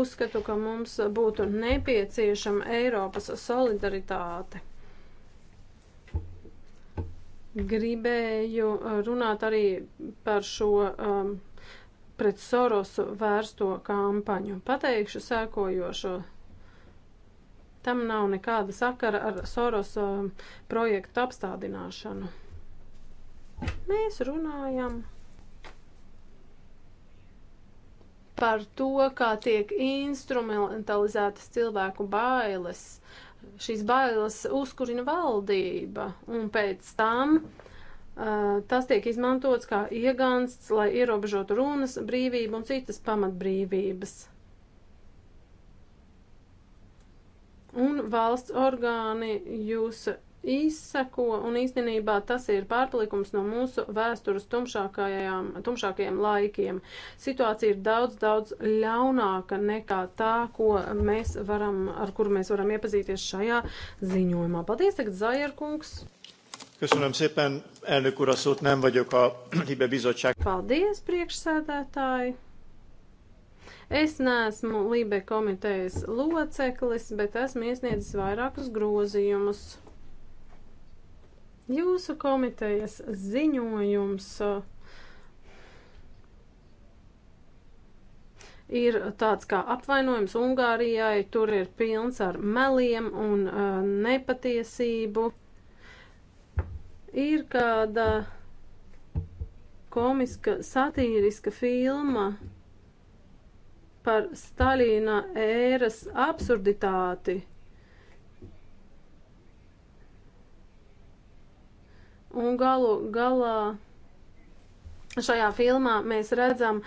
Uzskatu, ka mums būtu nepieciešama Eiropas solidaritāte. Gribēju uh, runāt arī par šo um, pret Sorosu vērsto kampaņu. Pateikšu sēkojošo. Tam nav nekāda sakara ar Sorosa um, projektu apstādināšanu. Mēs runājam par to, kā tiek instrumentalizētas cilvēku bailes. Uh, šīs bailes uzkurina valdība, un pēc tam uh, tas tiek izmantots kā iegansts, lai ierobežotu runas brīvību un citas pamatbrīvības. Un valsts orgāni jūs izseko, un īstenībā tas ir pārpalikums no mūsu vēstures tumšākajām, tumšākajiem laikiem. Situācija ir daudz, daudz ļaunāka nekā tā, ko mēs varam, ar kuru mēs varam iepazīties šajā ziņojumā. Paldies, tagad Zajerkungs! Köszönöm szépen, elnök úr, a szót nem vagyok a Libe Bizottság. Paldies, priekšsēdētāji! Es neesmu Libe komitejas loceklis, bet esmu iesniedzis vairākus grozījumus. Jūsu komitejas ziņojums uh, ir tāds kā apvainojums Ungārijai, tur ir pilns ar meliem un uh, nepatiesību. Ir kāda komiska, satīriska filma par Stalīna ēras absurditāti. Un galu galā šajā filmā mēs redzam,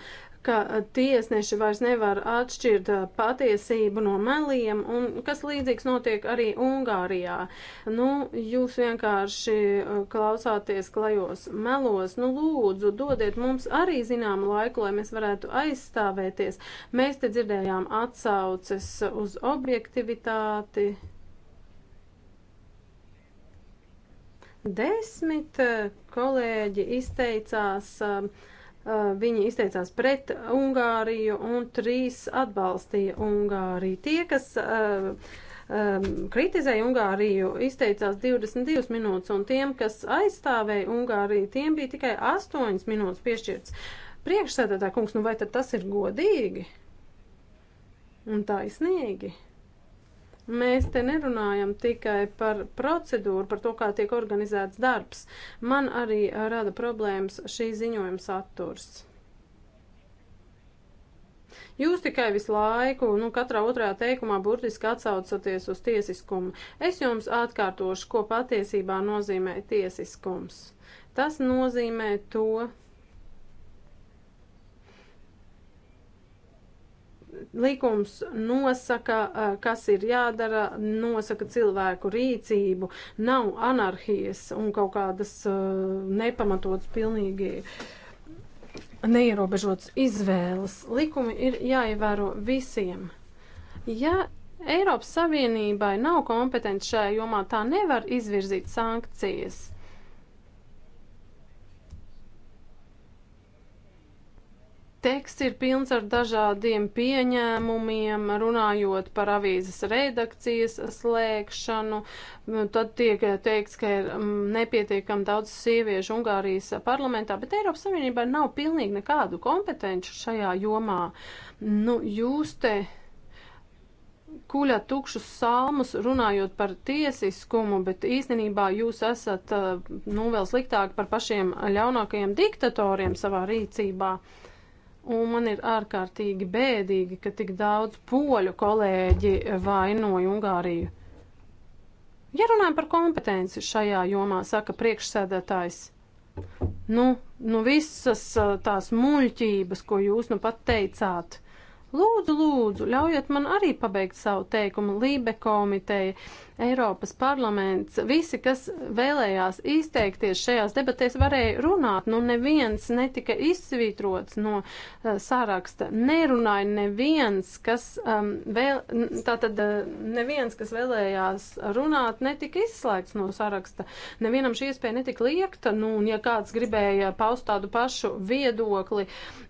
ka tiesneši vairs nevar atšķirt uh, patiesību no meliem, un kas līdzīgs notiek arī Ungārijā. Nu, jūs vienkārši uh, klausāties klajos melos, nu lūdzu, dodiet mums arī zināmu laiku, lai mēs varētu aizstāvēties. Mēs te dzirdējām atsauces uz objektivitāti, Desmit eh, kolēģi izteicās, eh, eh, viņi izteicās pret Ungāriju un trīs atbalstīja Ungāriju. Tie, kas kritizēja Ungāriju, izteicās 22 minūtes, un tiem, kas aizstāvēja Ungāriju, tiem bija tikai 8 minūtes piešķirts. Priekšsēdētā kungs, nu vai tad tas ir godīgi un taisnīgi? Mēs te nerunājam tikai par procedūru, par to, kā tiek organizēts darbs. Man arī rada problēmas šī ziņojuma saturs. Jūs tikai visu laiku, nu, katrā otrajā teikumā burtiski atsaucaties uz tiesiskumu. Es jums atkārtošu, ko patiesībā nozīmē tiesiskums. Tas nozīmē to, likums nosaka, kas ir jādara, nosaka cilvēku rīcību, nav anarhijas un kaut kādas nepamatotas pilnīgi neierobežotas izvēles. Likumi ir jāievēro visiem. Ja Eiropas Savienībai nav kompetence šajā jomā, tā nevar izvirzīt sankcijas. Teksts ir pilns ar dažādiem pieņēmumiem, runājot par avīzes redakcijas slēgšanu. Tad tiek teikts, ka ir mm, nepietiekam daudz sieviešu Ungārijas parlamentā, bet Eiropas Savienībā nav pilnīgi nekādu kompetenci šajā jomā. Nu, jūs te kuļat tukšus salmus, runājot par tiesiskumu, bet īstenībā jūs esat, nu, vēl sliktāk par pašiem ļaunākajiem diktatoriem savā rīcībā. Uh, Un man ir ārkārtīgi bēdīgi, ka tik daudz poļu kolēģi vainoja Ungāriju. Ja runājam par kompetenci šajā jomā, saka priekšsēdētājs, nu, nu visas uh, tās muļķības, ko jūs nu pat teicāt, lūdzu, lūdzu, ļaujiet man arī pabeigt savu teikumu Lībe komiteja Eiropas parlaments, visi, kas vēlējās izteikties šajās debatēs, varēja runāt. Nu, neviens netika izsvītrots no uh, sāraksta. Nerunāja neviens, kas, um, vēl, tātad, uh, neviens, kas vēlējās runāt, netika izslēgts no sāraksta. Nevienam šī iespēja netika liekta. Nu, un ja kāds gribēja paust tādu pašu viedokli,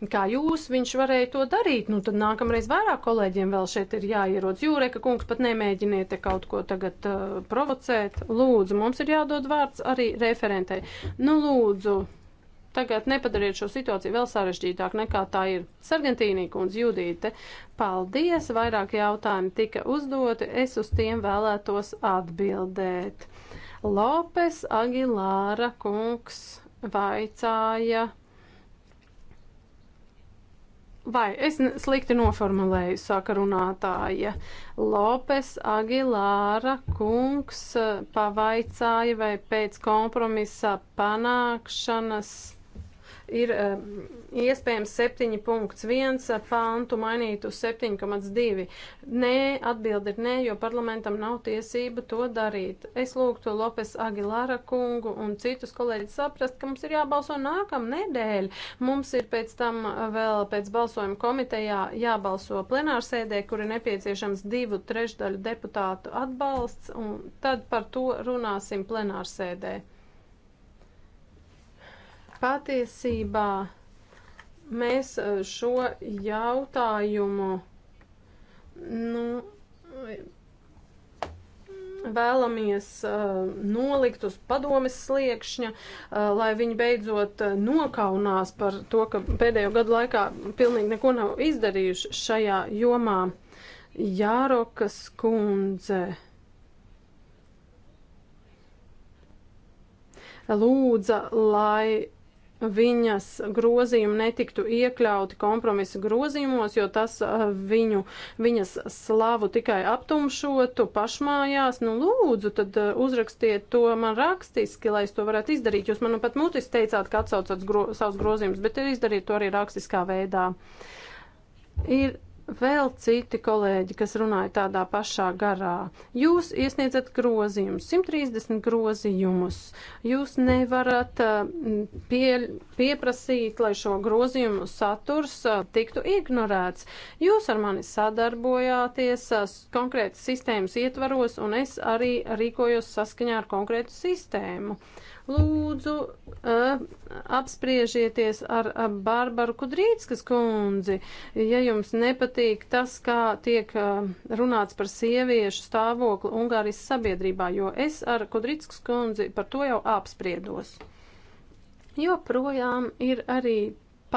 kā jūs, viņš varēja to darīt. Nu, tad nākamreiz vairāk kolēģiem vēl šeit ir jāierodas. Jūreka kungs pat nemēģiniet kaut ko tagad tagad uh, provocēt. Lūdzu, mums ir jādod vārds arī referentei. Nu, lūdzu, tagad nepadariet šo situāciju vēl sarežģītāk nekā tā ir. Sargentīnī kundze Judīte, paldies, vairāk jautājumi tika uzdoti, es uz tiem vēlētos atbildēt. Lopes Agilāra kungs vaicāja Vai es slikti noformulēju, saka runātāja. Lopes Agilāra kungs eh, pavaicāja, vai pēc kompromisa panākšanas ir eh, iespējams 7.1 pāntu mainīt uz 7.2. Nē, atbildi ir nē, jo parlamentam nav tiesība to darīt. Es lūgtu Lopes Agilāra kungu un citus kolēģus saprast, ka mums ir jābalso nākam nedēļ. Mums ir pēc tam eh, vēl pēc balsojuma komitejā jābalso plenārsēdē, kur ir nepieciešams divu trešdaļu deputātu atbalsts, un tad par to runāsim plenārsēdē. Patiesībā mēs e, šo jautājumu nu, vēlamies uh, nolikt uz padomes sliekšņa, uh, lai viņi beidzot uh, nokaunās par to, ka pēdējo gadu laikā pilnīgi neko nav izdarījuši šajā jomā. Jārokas kundze. Lūdza, lai viņas grozījumi netiktu iekļauti kompromisa grozījumos, jo tas eh, viņu, viņas slavu tikai aptumšotu pašmājās. Nu, lūdzu, tad eh, uzrakstiet to man rakstiski, lai es to varētu izdarīt. Jūs man nu pat mutiski teicāt, ka atsaucat gro, savus grozījumus, bet ir izdarīt to arī rakstiskā veidā. Ir vēl citi kolēģi, kas runāja tādā pašā garā. Jūs iesniedzat grozījumus, 130 grozījumus. Jūs nevarat uh, pie, pieprasīt, lai šo grozījumu saturs uh, tiktu ignorēts. Jūs ar mani sadarbojāties uh, konkrētas sistēmas ietvaros, un es arī rīkojos saskaņā ar konkrētu sistēmu. Uh, Lūdzu, uh, apspriežieties ar uh, Barbaru Kudrītskas kundzi, ja jums nepatīk tas, kā tiek uh, runāts par sieviešu stāvokli Ungārijas sabiedrībā, jo es ar Kudrītskas kundzi par to jau apspriedos. Jo projām ir arī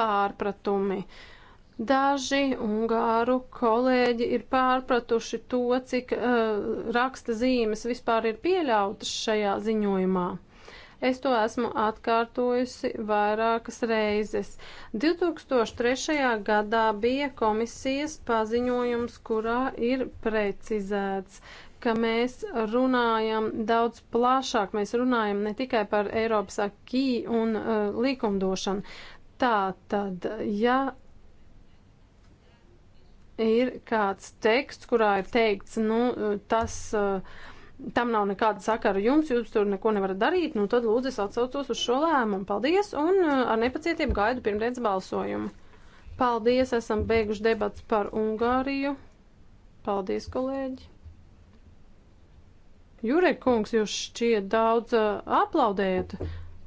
pārpratumi. Uh, Daži ungāru kolēģi ir pārpratuši to, cik uh, raksta zīmes vispār ir pieļautas šajā ziņojumā. Es to esmu atkārtojusi vairākas reizes. 2003. gadā bija komisijas paziņojums, kurā ir precizēts, ka mēs runājam daudz plašāk. Mēs runājam ne tikai par Eiropas akī un uh, likumdošanu. Tā tad, ja ir kāds teksts, kurā ir teikts, nu, tas. Uh, tam nav nekāda sakara jums, jūs tur neko nevarat darīt, nu tad lūdzu es atsaucos uz šo lēmumu. Paldies un uh, ar nepacietību gaidu pirmdienas balsojumu. Paldies, esam beiguši debats par Ungāriju. Paldies, kolēģi. Jurek kungs, jūs šķiet daudz uh, aplaudējat.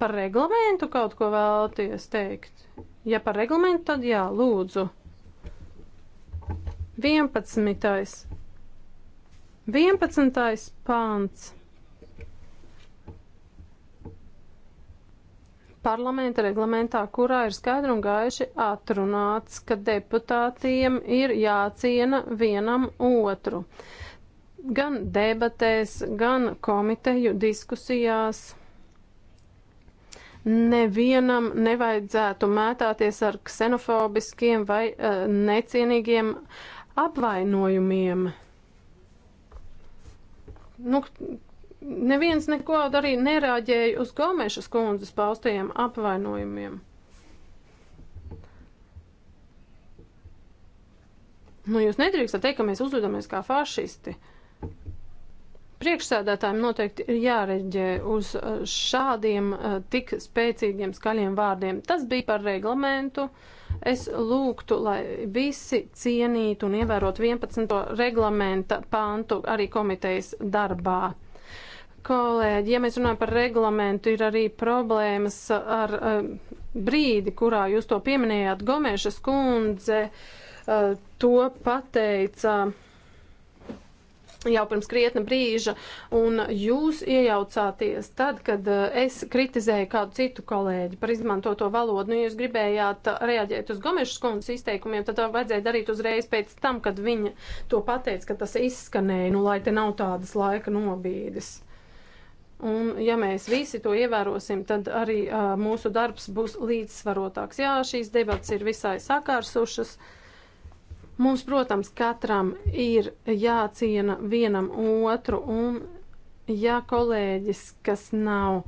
Par reglamentu kaut ko vēlaties teikt? Ja par reglamentu, tad jā, lūdzu. 11. 11. pāns. parlamenta reglamentā, kurā ir skaidri un gaiši atrunāts, ka deputātiem ir jāciena vienam otru. Gan debatēs, gan komiteju diskusijās. Nevienam nevajadzētu mētāties ar ksenofobiskiem vai uh, necienīgiem apvainojumiem nu, neviens neko arī nerāģēja uz Gomešas kundzes paustajiem apvainojumiem. Nu, jūs nedrīkstat teikt, ka mēs uzvedamies kā fašisti. Priekšsēdētājiem noteikti ir jāreģē uz eh, šādiem eh, tik spēcīgiem skaļiem vārdiem. Tas bija par reglamentu. Uh, es lūgtu, lai visi cienītu un ievērotu 11. reglamenta pāntu arī komitejas darbā. Kolēģi, ja mēs runājam par reglamentu, ir arī problēmas ar um, brīdi, kurā jūs to pieminējāt. Gomeša skundze uh, eh, to pateica. Uh, jau pirms krietna brīža, un jūs iejaucāties tad, kad eh, es kritizēju kādu citu kolēģi par izmantoto valodu. Nu, jūs gribējāt eh, reaģēt uz Gomešas kundzes izteikumiem, tad to eh, vajadzēja darīt uzreiz pēc tam, kad viņa to pateica, ka tas izskanēja, nu, lai te nav tādas laika nobīdes. Un, ja mēs visi to ievērosim, tad arī uh, mūsu darbs būs līdzsvarotāks. Jā, šīs debats ir visai sakārsušas. Uh, Mums, protams, katram ir jāciena vienam otru, un ja kolēģis, kas nav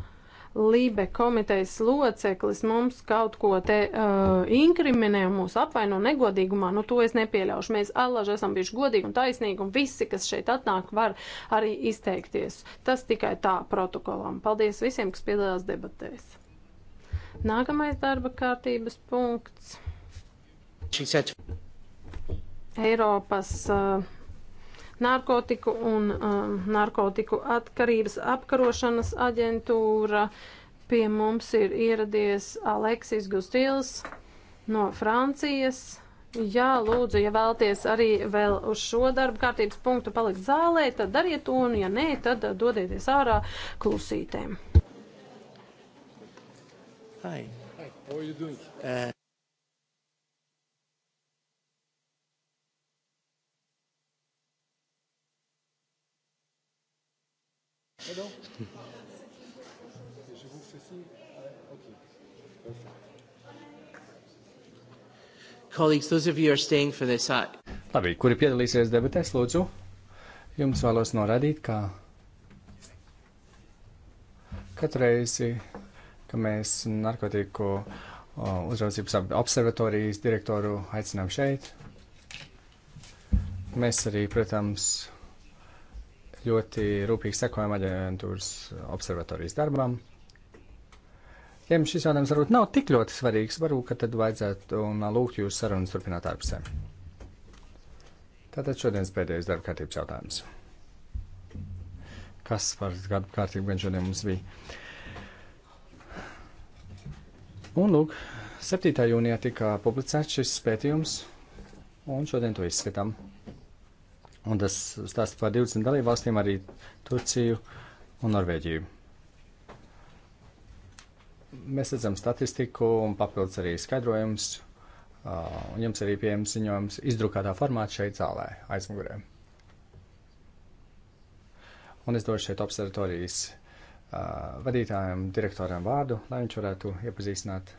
Lībe komitejas loceklis, mums kaut ko te uh, inkriminē un mūs apvaino negodīgumā, nu to es nepieļaušu. Mēs allaž esam bijuši godīgi un taisnīgi, un visi, kas šeit atnāk, var arī izteikties. Tas tikai tā protokolam. Paldies visiem, kas piedalās debatēs. Nākamais darba kārtības punkts. She said. Eiropas uh, narkotiku un um, narkotiku atkarības apkarošanas aģentūra. Pie mums ir ieradies Aleksis Gustils no Francijas. Jā, lūdzu, ja vēlties arī vēl uz šo darbu kārtības punktu palikt zālē, tad dariet to, un ja nē, tad eh, dodieties ārā klusītēm. Hi. Hi. How are you doing? Uh... Hello. Je vous fais signe. Ah, ok. Perfect. Colleagues, those of you are staying for this. I... Uh, Labi, kuri piedalīsies debatēs, lūdzu, jums vēlos norādīt, ka katru reizi, ka mēs narkotiku uzraudzības observatorijas direktoru aicinām šeit, mēs arī, protams, ļoti rūpīgi sekojam aģentūras observatorijas darbam. Tiem šis jautājums varbūt nav tik ļoti svarīgs, varbūt, ka tad vajadzētu un lūgt jūs sarunas turpināt ārpusē. Tātad šodienas pēdējais darba kārtības jautājums. Kas par gadu kārtību gan šodien mums bija? Un lūk, 7. jūnijā tika publicēts šis pētījums, un šodien to izskatām. Un tas stāsta par 20 dalībvalstīm, arī Turciju un Norvēģiju. Mēs redzam statistiku un papildus arī skaidrojums. Uh, jums arī pieejams ziņojums izdrukātā formātā šeit zālē, aizmugurē. Un es došu šeit observatorijas uh, vadītājiem, direktoram vārdu, lai viņš varētu iepazīstināt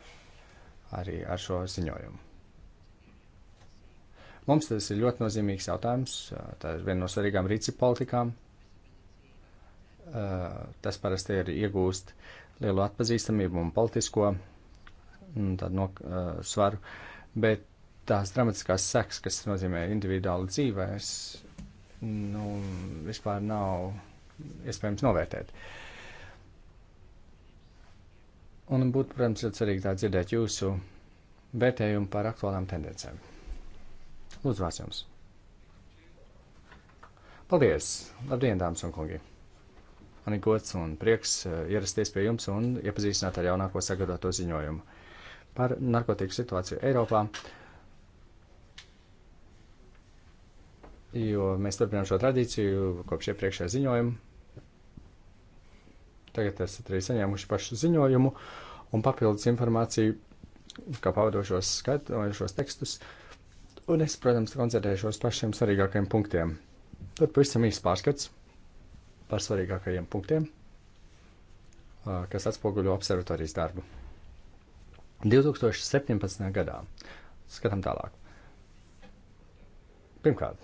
arī ar šo ziņojumu. Mums tas ir ļoti nozīmīgs jautājums. Tā ir viena no svarīgām rīci politikām. Tas parasti ir iegūst lielu atpazīstamību un politisko un mm, tādu no, svaru, bet tās dramatiskās sekas, kas nozīmē individuāli dzīvēs, nu, vispār nav iespējams novērtēt. Un būtu, protams, ļoti svarīgi tā dzirdēt jūsu vērtējumu par aktuālām tendencēm. Lūdzu, vārds jums. Paldies! Labdien, dāmas un kungi! Man ir gods un prieks eh, ierasties pie jums un iepazīstināt ar jaunāko sagatavoto ziņojumu par narkotiku situāciju Eiropā. Jo mēs turpinām šo tradīciju kopš iepriekšējā ziņojuma. Tagad esat arī saņēmuši pašu ziņojumu un papildus informāciju, kā pavadošos skatojušos tekstus. Uh, Un es, protams, koncentrēšos par šiem svarīgākajiem punktiem. Tad pavisam īsts pārskats par svarīgākajiem punktiem, kas atspoguļo observatorijas darbu. 2017. gadā. Skatām tālāk. Pirmkārt,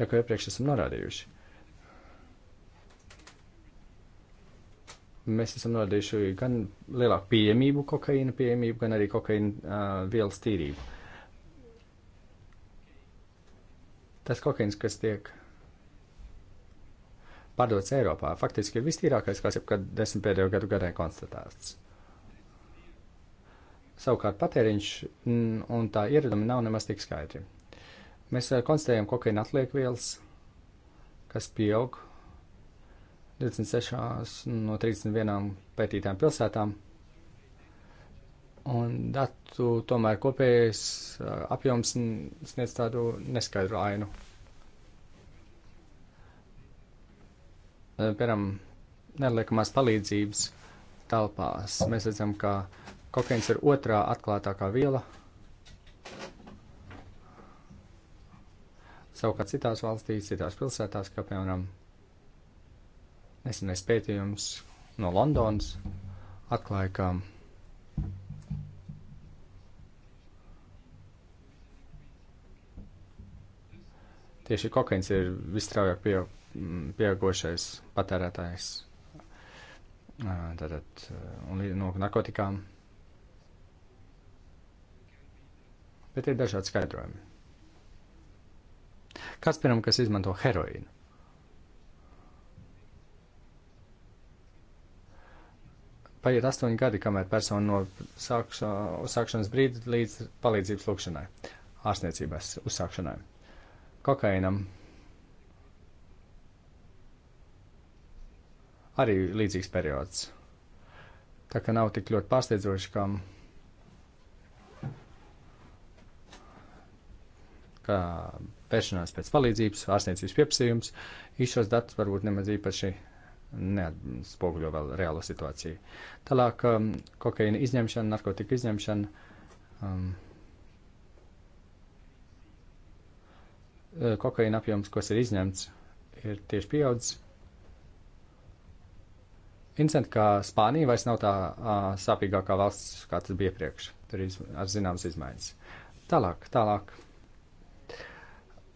jau kā iepriekš esam norādījuši, mēs esam norādījuši gan lielāku pieejamību kokaīna pieejamību, gan arī kokaīna uh, vielas tīrību. Tas kokaīns, kas tiek pārdots Eiropā, faktiski ir vistīrākais, kas jebkad desmit pēdējo gadu garē konstatēts. Savukārt patēriņš un tā ieradumi nav nemaz tik skaidri. Mēs eh, konstatējam kokaīna atliekvielas, kas pieaug 26 no 31 pētītām pilsētām Un datu tomēr kopējais apjoms sniedz tādu neskaidru ainu. Piemēram, neliekamās palīdzības telpās mēs redzam, ka kokains ir otrā atklātākā viela. Savukārt citās valstīs, citās pilsētās, kā piemēram nesenais pētījums no Londonas, atklāja, ka Tieši kokains ir visstraujāk pie, mm, pieaugošais patērētājs. Tātad, un no narkotikām. Bet ir dažādi skaidrojumi. Kāds, piemēram, kas izmanto heroīnu? paiet astoņi gadi, kamēr persona no sākšanas brīdi līdz palīdzības lūkšanai, ārstniecības uzsākšanai kokainam. Arī līdzīgs periods. Tā kā nav tik ļoti pārsteidzoši, ka, ka pēršanās pēc palīdzības, ārstniecības pieprasījums, īšos datus varbūt nemaz īpaši neatspoguļo vēl reālo situāciju. Tālāk um, kokaīna izņemšana, narkotika izņemšana. Um, Eh, kokaīna apjoms, kas ir izņemts, ir tieši pieaudzis. Incidents, ka Spānija vairs nav tā a, sāpīgākā valsts, kā tas bija iepriekš. Tur ir iz, zināmas izmaiņas. Tālāk, tālāk.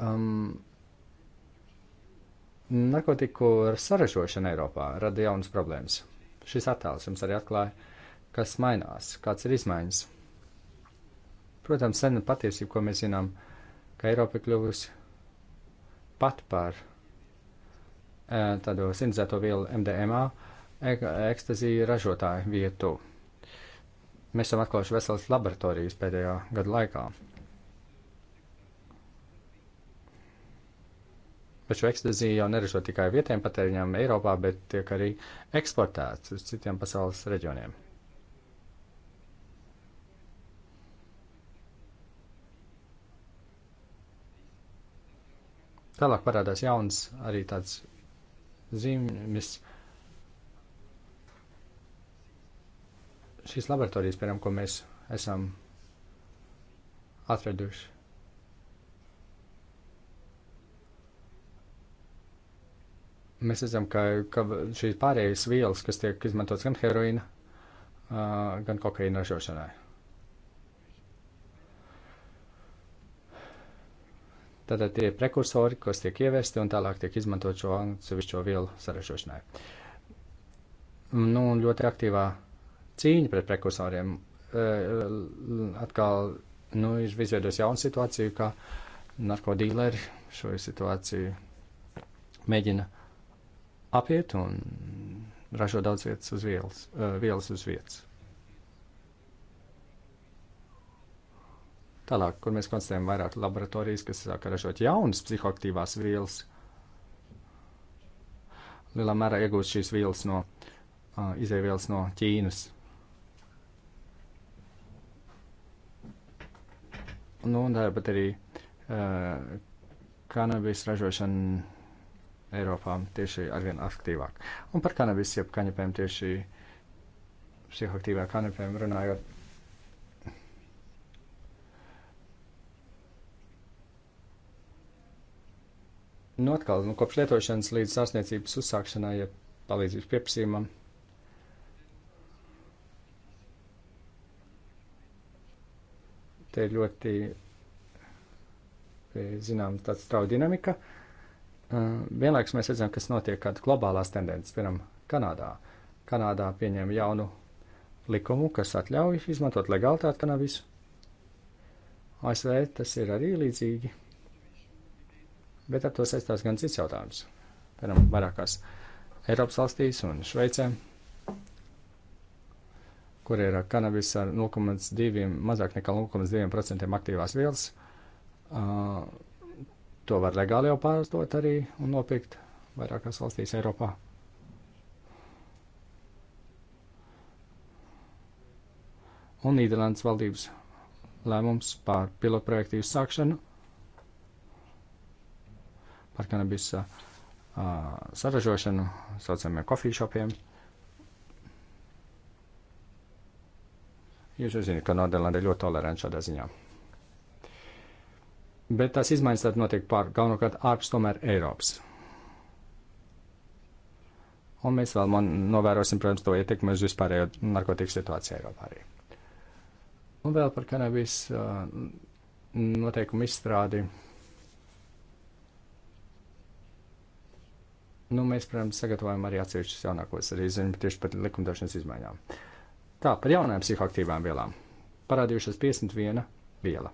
Um, narkotiku saražošana Eiropā rada jaunas problēmas. Šis attēls jums arī atklāja, kas mainās, kāds ir izmaiņas. Protams, sena patiesība, ko mēs zinām, ka Eiropa ir kļuvusi pat par e, tādu sintetizēto vielu MDMA e, ekstaziju ražotāju vietu. Mēs esam atklājuši veselas laboratorijas pēdējā gada laikā. Bet šo ekstaziju jau neražo tikai vietējiem patēriņiem Eiropā, bet tiek arī eksportēts uz citiem pasaules reģioniem. Tālāk parādās jauns arī tāds zīmes. Šīs laboratorijas, piemēram, ko mēs esam atraduši. Mēs redzam, ka, ka šīs pārējais vielas, kas tiek izmantotas gan heroīna, gan kokaīna ražošanai. Tātad tie ir prekursori, kas tiek ievesti un tālāk tiek izmantot šo atsevišķo vielu sarežošanai. Nu, un ļoti aktīvā cīņa pret prekursoriem e, atkal, nu, ir izveidos jaunu situāciju, kā narkodīleri šo situāciju mēģina apiet un ražo daudz vietas uz vielas, e, vielas uz vietas. Tālāk, kur mēs konstatējam vairāk laboratorijas, kas sāk ražot jaunas psihoaktīvās vielas, lielā mērā iegūst šīs vielas no uh, izēvielas no Ķīnas. Nu, un tāpat arī uh, kanabis ražošana Eiropā tieši arvien aktīvāk. Un par kanabis, jeb kanapēm tieši psihoaktīvā kanapēm runājot Nu, atkal, nu, kopš lietošanas līdz sārsniecības uzsākšanai, ja palīdzības pieprasījumam. Te ir ļoti, eh, zinām, tāds strauja dinamika. Eh, vienlaikus mēs redzam, kas notiek kāda globālās tendences, piemēram, Kanādā. Kanādā pieņēma jaunu likumu, kas atļauj izmantot legāli tādu kanabisu. ASV tas ir arī līdzīgi bet ar to saistās gan cits jautājums. Piemēram, vairākās Eiropas valstīs un Šveicē, kur ir kanabis ar 0,2, mazāk nekā 0,2% aktīvās vielas. Uh, to var legāli jau pārdot arī un nopirkt vairākās valstīs Eiropā. Un Nīderlandes valdības lēmums par pilotprojektu uzsākšanu ar kanabisa uh, saražošanu, saucamiem kofīšopiem. Jūs jau zināt, ka Nordēlanda ir ļoti toleranta šādā ziņā. Bet tās izmaiņas tad notiek pār galvenokārt ārpus tomēr Eiropas. Un mēs vēl novērosim, protams, to ietekmi uz vispārējo narkotiku situāciju Eiropā arī. Un vēl par kanabis uh, noteikumu izstrādi Nu, mēs, protams, sagatavojam arī atsevišķus jaunākos, arī zinām tieši par likumdošanas izmaiņām. Tā, par jaunajām psihoaktīvām vielām. Parādījušās 51 viela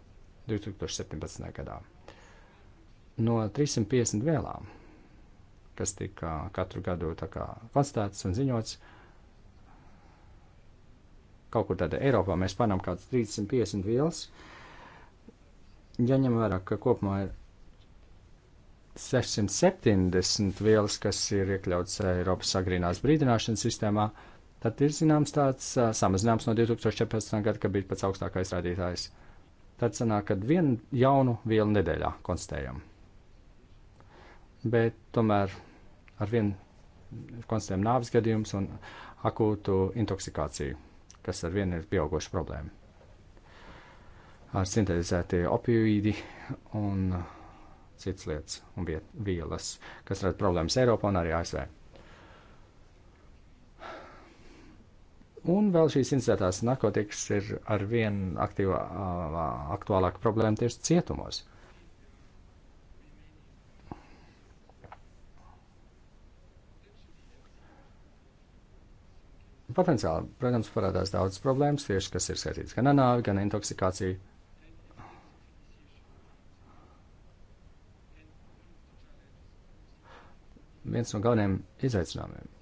2017. gadā. No 350 vielām, kas tika katru gadu konstatētas un ziņots, kaut kur tādā Eiropā mēs panām kaut kādas 350 vielas. Ja ņem vērā, ka kopumā ir 670 vielas, kas ir iekļauts eh, Eiropas agrīnās brīdināšanas sistēmā, tad ir zināms tāds uh, samazinājums no 2014. gada, kad bija pats augstākais rādītājs. Tad sanāk, ka vienu jaunu vielu nedēļā konstatējam. Bet tomēr ar vienu konstatējam nāvis gadījumus un akūtu intoksikāciju, kas ar vienu ir pieauguša problēma. Ar sintetizētie opioīdi un uh, citas lietas un viet, vielas, kas rada problēmas Eiropā un arī ASV. Un vēl šīs incidentās narkotikas ir ar vien aktīvā, aktuālāka problēma tieši cietumos. Potenciāli, protams, parādās daudzas problēmas, tieši kas ir saistīts gan ar nāvi, gan intoksikāciju. viens no galvenajiem izaicinājumiem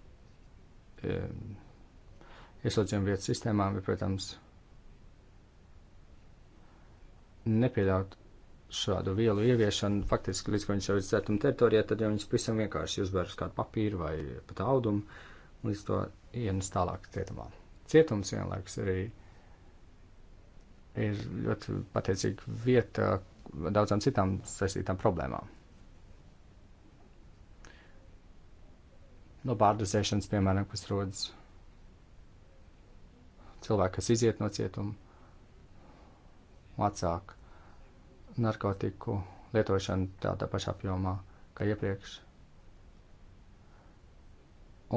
ieslodzījumu vietu sistēmām ir, protams, nepieļaut šādu vielu ieviešanu faktiski līdz, ka viņš jau ir cetuma teritorijā, tad jau viņš pavisam vienkārši uzver uz kādu papīru vai pat audumu, līdz to ienes tālāk cietumā. Cietums vienlaikus arī ir ļoti pateicīga vieta daudzām citām saistītām problēmām. no bārdozēšanas, piemēram, kas rodas cilvēki, kas iziet no cietuma, atsāk narkotiku lietošanu tādā pašā apjomā kā iepriekš.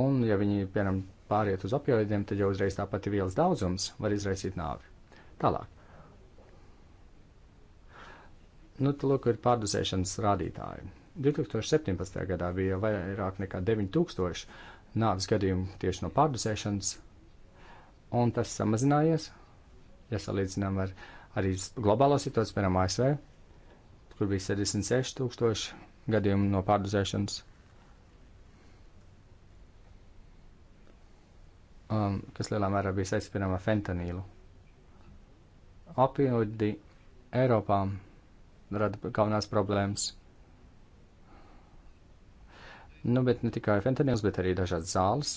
Un, ja viņi, piemēram, pāriet uz opioidiem, tad jau uzreiz tā pati vielas daudzums var izraisīt nāvi. Tālāk. Nu, lūk, ir pārdozēšanas rādītāji. 2017. gadā bija vairāk nekā 9000 nāves gadījumu tieši no pārdozēšanas, un tas samazinājies, ja salīdzinām ar arī globālo situāciju, piemēram, ASV, kur bija 76,000 gadījumu no pārdozēšanas. Um, kas lielā mērā bija saistīts piemēram ar fentanīlu. Opioidi Eiropā rada galvenās problēmas Nu, bet ne tikai fentanils, bet arī dažādas zāles.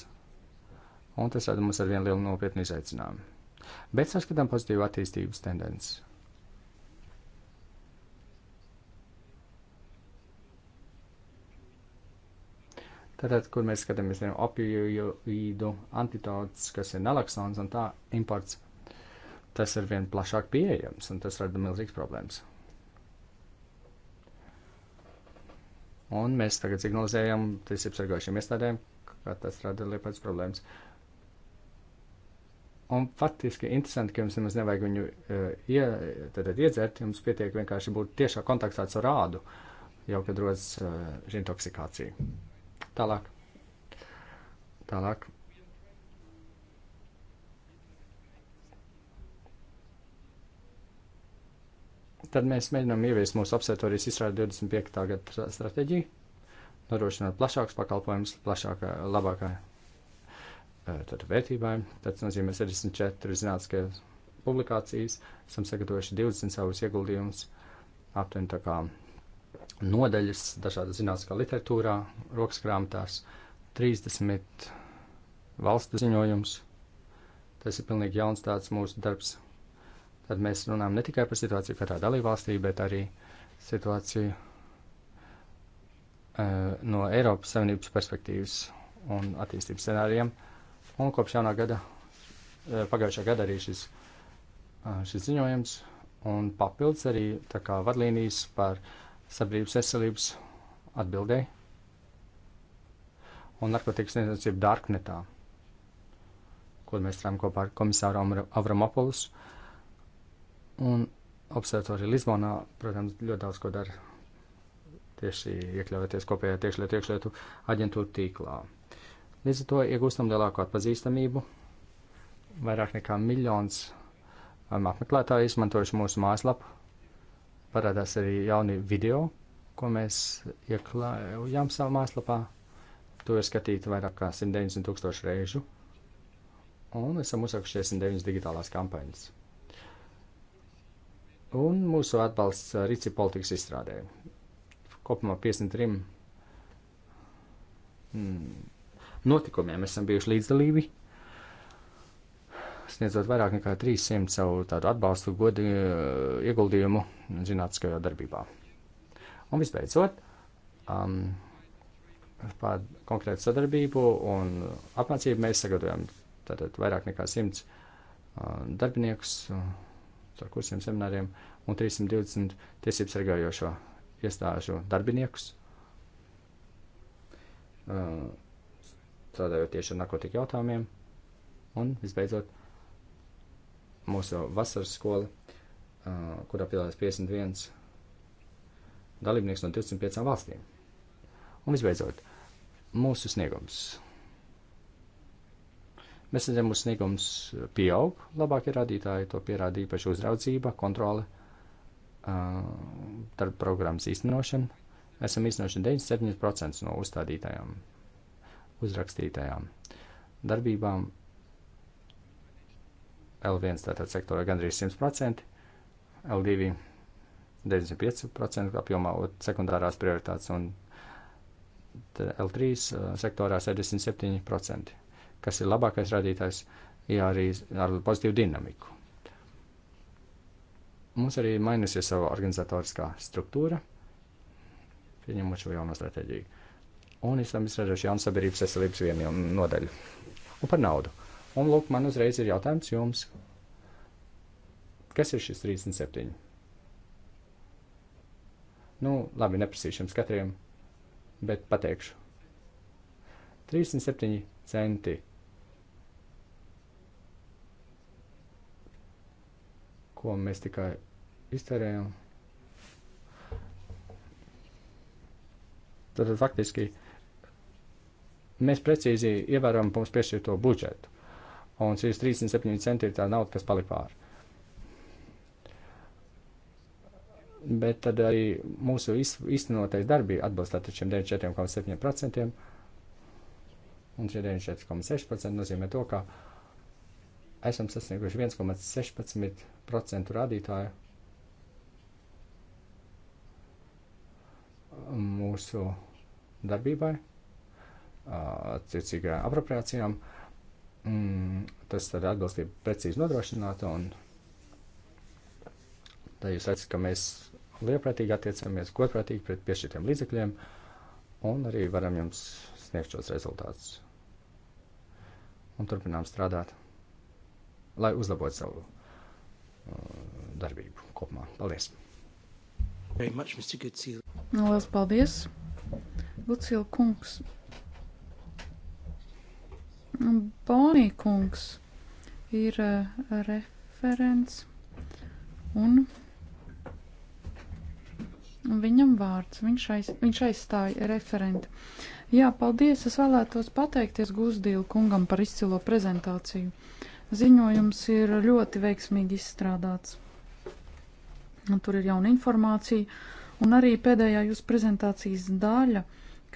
Un tas rada mums ar vienu lielu nopietnu izaicinājumu. Bet saskatām pozitīvu attīstības tendenci. Tātad, kur mēs skatāmies no opioīdu antitods, kas ir nalaksons un tā imports, tas ir vien plašāk pieejams un tas rada milzīgas problēmas. Un mēs tagad signalizējam tiesību sargājušiem iestādēm, ka tas rada liepais problēmas. Un faktiski interesanti, ka jums nemaz nevajag viņu e, ie, tad, iedzert, jums pietiek vienkārši būt tiešā kontaktā ar rādu, jau kad rodas e, šī intoksikācija. Tālāk. Tālāk Tad mēs mēģinām ieviest mūsu observatorijas izstrādi 25. gada stratēģiju, nodrošinot plašākus pakalpojumus, plašākā, labākā eh, tad vērtībai. Tas nozīmē 64 zinātniskie publikācijas, esam sagatavojuši 20 savus ieguldījumus, aptuveni tā kā nodaļas dažādas zinātniskā literatūrā, rokasgrāmatās, 30 valstu ziņojums. Tas ir pilnīgi jauns tāds mūsu darbs tad mēs runājam ne tikai par situāciju katrā dalībvalstī, bet arī situāciju uh, no Eiropas Savienības perspektīvas un attīstības scenārijiem. Un kopš jaunā gada, uh, pagājušā gada arī šis, uh, šis ziņojums un papildus arī tā kā vadlīnijas par sabiedrības veselības atbildēji un narkotikas nezinācību darknetā, ko mēs strādājam kopā ar komisāru Avramopulus. Avram Un observatorija Lisbonā, protams, ļoti daudz ko dara tieši iekļaujoties kopējā tiekšlietu iekšlietu aģentūra tīklā. Līdz ar to iegūstam lielāku atpazīstamību. Vairāk nekā miljons um, apmeklētāju izmantojuši mūsu mājaslapu. Parādās arī jauni video, ko mēs iekļaujam savā mājaslapā. To ir skatīti vairāk kā 190 tūkstoši reižu. Un esam uzsākuši 69 digitālās kampaņas un mūsu atbalsts uh, rīci politikas izstrādē. Kopumā 53 mm, notikumiem esam bijuši līdzdalībi, sniedzot vairāk nekā 300 savu tādu atbalstu godi uh, ieguldījumu zinātniskajā darbībā. Un visbeidzot, um, par konkrētu sadarbību un apmācību mēs sagatavojam tātad vairāk nekā 100 uh, darbiniekus. Uh, caur kursiem, semināriem un 320 tiesību sargājošo iestāžu darbiniekus, uh, strādājot tieši ar narkotiku jautājumiem. Un visbeidzot, mūsu vasaras skola, uh, kurā piedalās 51 dalībnieks no 25 valstīm. Un visbeidzot, mūsu sniegums. Mēs redzam, mūsu sniegums pieaug, labākie rādītāji to pierāda īpaši uzraudzība, kontrole, darba programmas īstenošana. Esam īstenoši 97% no uzstādītajām, uzrakstītajām darbībām. L1 tātad sektorā gandrīz 100%, L2 95% apjomā sekundārās prioritātes un L3 sektorā 77% kas ir labākais rādītājs, ja arī ar pozitīvu dinamiku. Mums arī mainīsies sava organizatoriskā struktūra, pieņemot šo jauno stratēģiju. Un es tam izstrādāšu jaunu sabiedrības veselības vienu nodaļu. Un par naudu. Un lūk, man uzreiz ir jautājums jums. Kas ir šis 37? Nu, labi, neprasīšams katriem, bet pateikšu. 37 centi ko mēs tikai iztērējam. Tad faktiski mēs precīzi ievērojam mums piešķirto budžetu. Un šīs 37 centi ir tā nauda, kas palika pāri. Bet tad arī mūsu īstenotais darbi atbilst tātad šiem 94,7%. Un šie 94,6% nozīmē to, ka uh, esam sasnieguši 1,16% rādītāju mūsu darbībai, attiecīgā apropriācijām. Mm, tas tad atbilstība precīzi nodrošināta un tad jūs redzat, ka mēs lielprātīgi attiecamies, godprātīgi pret piešķirtiem līdzekļiem un arī varam jums sniegt šos rezultātus. Un turpinām strādāt lai uzlabotu savu uh, darbību kopumā. Paldies! Lielas paldies, Lucila kungs! Bonija kungs ir uh, referents un viņam vārds. Viņš, aiz, viņš aizstāja referentu. Jā, paldies! Es vēlētos pateikties Guzdīlu kungam par izcilo prezentāciju. Ziņojums ir ļoti veiksmīgi izstrādāts. Tur ir jauna informācija, un arī pēdējā jūsu prezentācijas daļa,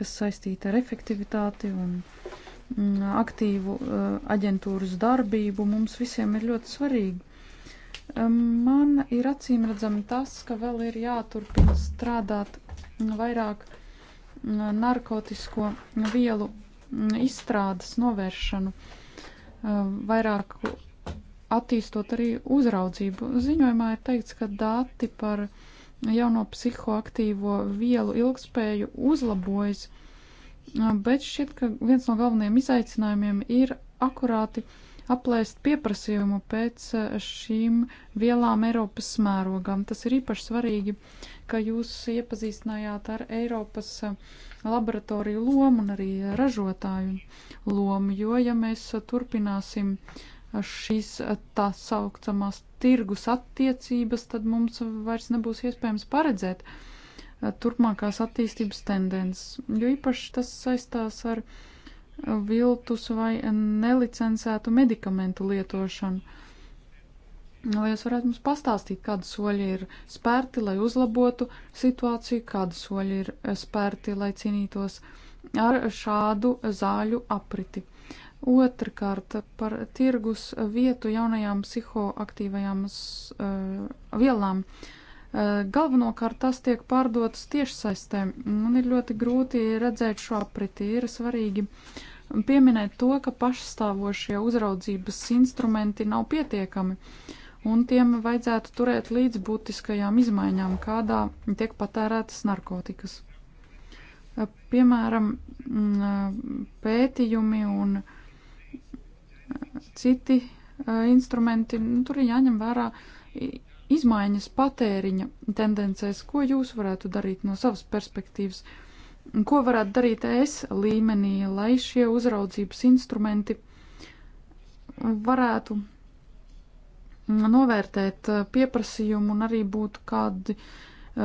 kas saistīta ar efektivitāti un mm, aktīvu eh, aģentūras darbību, mums visiem ir ļoti svarīgi. Eh, man ir acīm redzami tas, ka vēl ir jāturpina strādāt mm, vairāk mm, narkotisko vielu izstrādes novēršanu. Uh, Um, vairāk attīstot arī uzraudzību. Ziņojumā ir teikts, ka dati par jauno psihoaktīvo vielu ilgspēju uzlabojas, um, bet šķiet, ka viens no galvenajiem izaicinājumiem ir akurāti aplēst pieprasījumu pēc uh, šīm vielām Eiropas mērogam. Tas ir īpaši svarīgi, ka jūs iepazīstinājāt ar Eiropas uh, laboratoriju lomu un arī ražotāju lomu, jo ja mēs turpināsim šīs tā saucamās tirgus attiecības, tad mums vairs nebūs iespējams paredzēt turpmākās attīstības tendences, jo īpaši tas saistās ar viltus vai nelicencētu medikamentu lietošanu Nu, vai jūs varētu mums pastāstīt, kādi soļi ir spērti, lai uzlabotu situāciju, kādi soļi ir eh, spērti, lai cīnītos ar šādu zāļu apriti? Otrakārt, par tirgus vietu jaunajām psihoaktīvajām uh, vielām. Uh, galvenokārt tas tiek pārdotas tiešsaistē, un ir ļoti grūti redzēt šo apriti. Ir svarīgi pieminēt to, ka pašstāvošie uzraudzības instrumenti nav pietiekami. Uh, un tiem vajadzētu turēt līdz būtiskajām izmaiņām, kādā tiek patērētas narkotikas. Eh, piemēram, mm, eh, pētījumi un eh, citi instrumenti, nu, tur ir jāņem vērā izmaiņas patēriņa tendencēs, ko jūs varētu darīt no savas perspektīvas, ko varētu darīt es līmenī, lai šie uzraudzības instrumenti varētu novērtēt eh, pieprasījumu un arī būtu kādi, eh,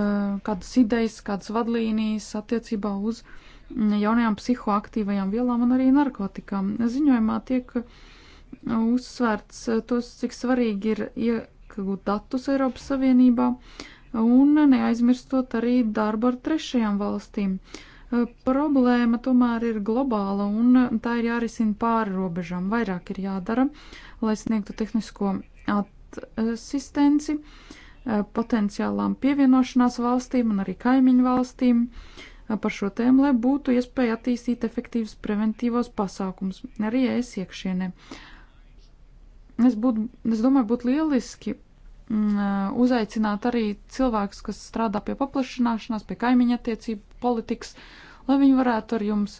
kādas idejas, kādas vadlīnijas attiecībā uz mm, jaunajām psihoaktīvajām vielām un arī narkotikām. Ziņojumā tiek eh, uzsvērts tos, cik svarīgi ir iegūt datus Eiropas Savienībā un neaizmirstot arī darbu ar trešajām valstīm. Problēma tomēr ir globāla un tā ir jārisina pāri robežām. Vairāk ir jādara, lai sniegtu tehnisko asistenci eh, potenciālām pievienošanās valstīm un arī kaimiņu valstīm eh, par šo tēmu, lai būtu iespēja attīstīt efektīvus preventīvos pasākums arī es iekšienē. Es, būtu, es domāju, būtu lieliski mm, eh, uzaicināt arī cilvēkus, kas strādā pie paplašināšanās, pie kaimiņa attiecību politikas, lai viņi varētu ar jums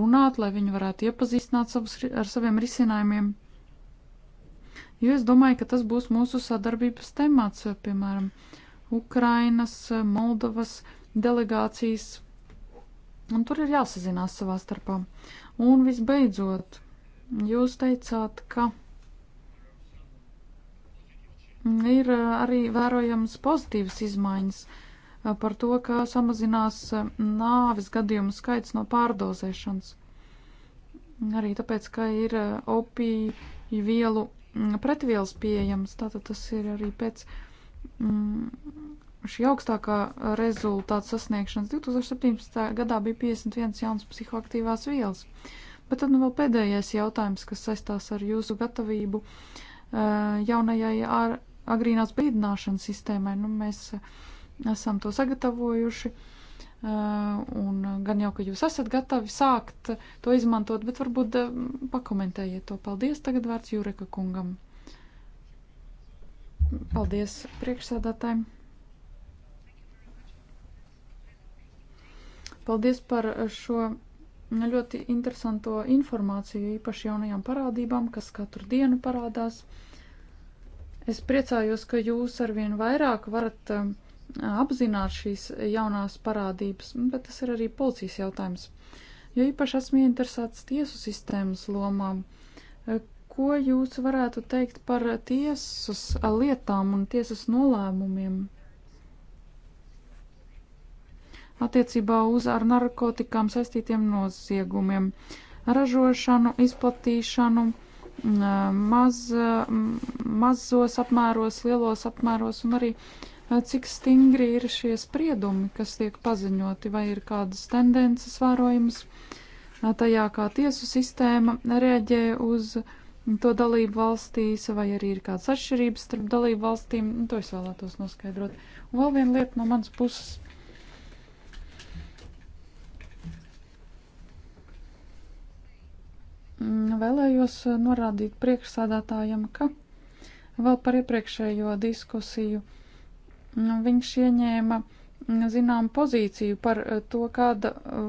runāt, lai viņi varētu iepazīstināt savus, ar saviem risinājumiem jo es domāju, ka tas būs mūsu sadarbības temats, piemēram, Ukrainas, Moldovas delegācijas, un tur ir jāsazinās savā starpā. Un visbeidzot, jūs teicāt, ka ir uh, arī vērojams pozitīvas izmaiņas uh, par to, ka samazinās uh, nāvis gadījumu skaits no pārdozēšanas. Arī tāpēc, ka ir opiju vielu Mm, pretvielas pieejamas. Tātad tas ir arī pēc mm, šī augstākā rezultāta sasniegšanas. 2017. gadā bija 51 jaunas psihoaktīvās vielas. Bet tad nu vēl pēdējais jautājums, kas saistās ar jūsu gatavību eh, jaunajai agrīnās brīdināšanas sistēmai. Nu, mēs eh, esam to sagatavojuši. Uh, Eh, un gan jau, ka jūs esat gatavi sākt to izmantot, bet varbūt eh, pakomentējiet to. Paldies, tagad vārds Jureka kungam. Paldies priekšsēdātājiem. Paldies par šo ļoti interesanto informāciju, īpaši jaunajām parādībām, kas katru dienu parādās. Es priecājos, ka jūs arvien vairāk varat uh, apzināt šīs jaunās parādības, bet tas ir arī policijas jautājums. Jo īpaši esmu interesēts tiesu sistēmas lomām. Eh, ko jūs varētu teikt par tiesas lietām un tiesas nolēmumiem? Attiecībā uz ar narkotikām saistītiem noziegumiem, ražošanu, izplatīšanu, eh, maz, mazos apmēros, lielos apmēros un arī uh, cik stingri ir šie spriedumi, kas tiek paziņoti, vai ir kādas tendences vērojamas tajā, kā tiesu sistēma reaģē uz to dalību valstīs, vai arī ir kādas atšķirības starp dalību valstīm. To es vēlētos noskaidrot. Un vēl viena lieta no manas puses. Mm, vēlējos norādīt priekšsādātājam, ka vēl par iepriekšējo diskusiju uh, Nu, viņš ieņēma nu, zinām pozīciju par eh, to, kāda eh,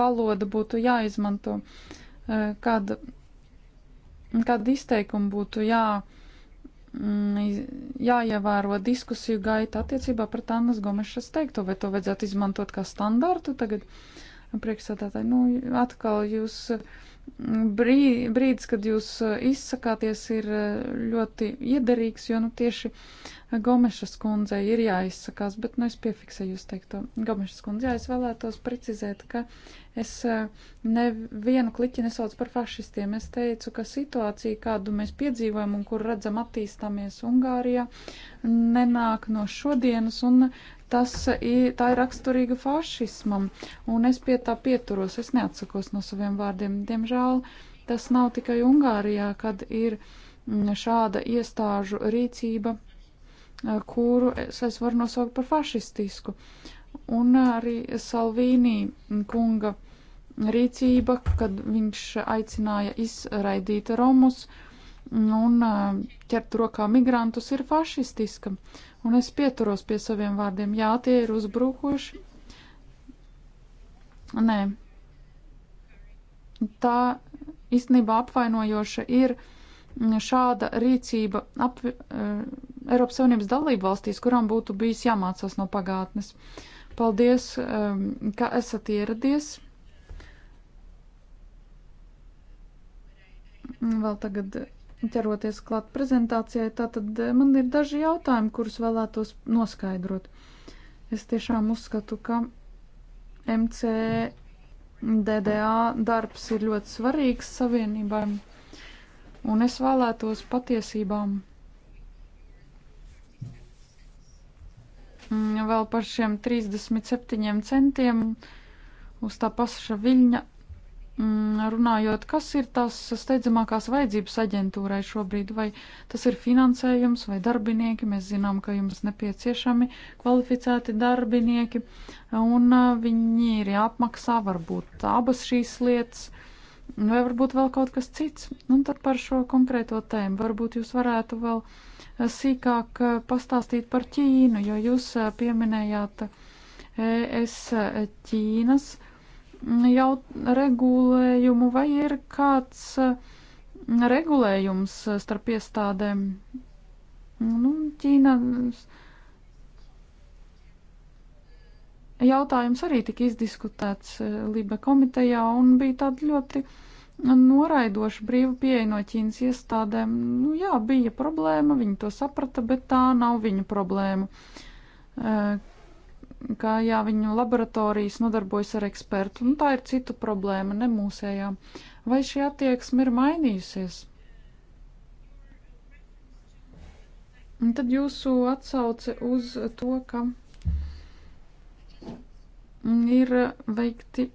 valoda būtu jāizmanto, eh, kāda, kāda izteikuma būtu jā, mm, jāievēro diskusiju gaita attiecībā pret Annas Gomešas teikto, vai to vajadzētu izmantot kā standārtu tagad. Priekšsēdētāji, nu, atkal jūs brī, brīdis, kad jūs uh, izsakāties, ir uh, ļoti iederīgs, jo nu, tieši uh, Gomešas kundzei ir jāizsakās, bet nu, es piefiksēju jūs teikto. Gomešas kundze, jā, es vēlētos precizēt, ka es nevienu kliķi nesaucu par fašistiem. Es teicu, ka situācija, kādu mēs piedzīvojam un kur redzam attīstāmies Ungārijā, nenāk no šodienas un tas ir, tā ir raksturīga fašismam, un es pie tā pieturos, es neatsakos no saviem vārdiem. Diemžēl tas nav tikai Ungārijā, kad ir mm, šāda iestāžu rīcība, kuru es, es varu nosaukt par fašistisku. Un arī Salvīnī kunga rīcība, kad viņš aicināja izraidīt romus un ķert rokā migrantus, ir fašistiska. Uh, Un es pieturos pie saviem vārdiem. Jā, tie ir uzbrukoši. Nē. Tā īstenībā apvainojoša ir šāda rīcība ap, uh, Eiropas Savienības dalību valstīs, kurām būtu bijis jāmācās no pagātnes. Paldies, um, ka esat ieradies. Vēl tagad ķeroties klāt prezentācijai, tātad eh, man ir daži jautājumi, kurus vēlētos noskaidrot. Es tiešām uzskatu, ka MCDDA darbs ir ļoti svarīgs savienībai, un es vēlētos patiesībām mm, vēl par šiem 37 centiem uz tā paša viļņa Mm, runājot, kas ir tas steidzamākās vajadzības aģentūrai šobrīd, vai tas ir finansējums vai darbinieki, mēs zinām, ka jums nepieciešami kvalificēti darbinieki, un uh, viņi ir jāapmaksā varbūt abas šīs lietas, vai varbūt vēl kaut kas cits. Un tad par šo konkrēto tēmu varbūt jūs varētu vēl uh, sīkāk uh, pastāstīt par Ķīnu, jo jūs pieminējāt es Ķīnas jau regulējumu, vai ir kāds mm, regulējums starp iestādēm? Nu, Ķīna. Jautājums arī tika izdiskutēts eh, Libe komitejā un bija tāda ļoti noraidoša brīva pieeja no Ķīnas iestādēm. Nu, jā, bija problēma, viņi to saprata, bet tā nav viņu problēma eh, ka jā, viņu laboratorijas nodarbojas ar ekspertu, un nu, tā ir citu problēma, ne mūsējā. Vai šī attieksme ir mainījusies? Un tad jūsu atsauce uz to, ka ir veikti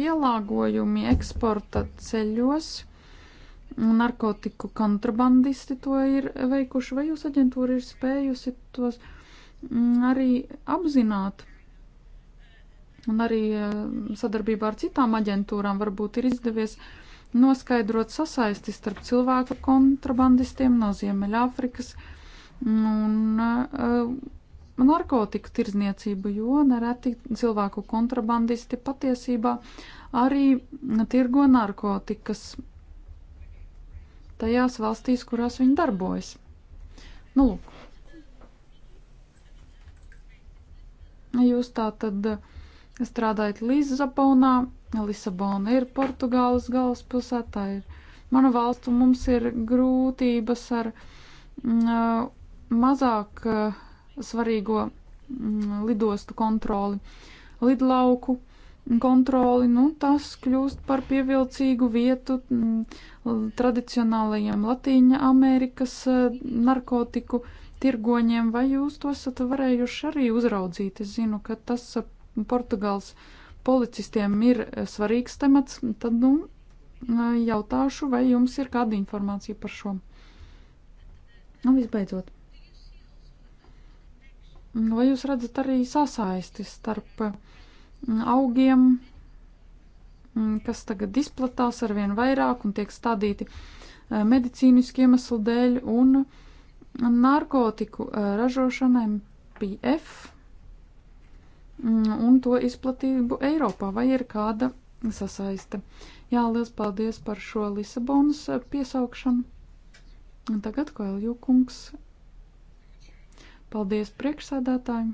pielāgojumi eksporta ceļos, narkotiku kontrabandisti to ir veikuši, vai jūsu aģentūra ir spējusi tos. Uh, Mm, arī apzināt. Un arī eh, sadarbībā ar citām aģentūrām varbūt ir izdevies noskaidrot sasaisti starp cilvēku kontrabandistiem no Ziemeļāfrikas un uh, narkotiku tirzniecību, jo nereti cilvēku kontrabandisti patiesībā arī tirgo narkotikas tajās valstīs, kurās viņi darbojas. Nu, lūk, Jūs tā tad strādājat Lisabonā. Lisabona ir Portugāles galvaspilsēta, tā ir mana valsts, un mums ir grūtības ar m, mm, uh, mazāk uh, svarīgo m, mm, lidostu kontroli, lidlauku kontroli, nu, tas kļūst par pievilcīgu vietu m, mm, tradicionālajiem Latīņa Amerikas uh, narkotiku uh, tirgoņiem, vai jūs to esat varējuši arī uzraudzīt? Es zinu, ka tas eh, Portugāls policistiem ir eh, svarīgs temats, tad, nu, eh, jautāšu, vai jums ir kāda informācija par šo. Nu, visbeidzot. Vai jūs redzat arī sasaisti starp augiem, mm, kas tagad izplatās ar vien vairāk un tiek stādīti medicīnisku iemeslu dēļ un uh, narkotiku eh, ražošanai PF mm, un to izplatību Eiropā, vai ir kāda sasaiste. Jā, liels paldies par šo Lisabonas eh, piesaukšanu. Un tagad Koelju kungs. Paldies priekšsēdētājiem.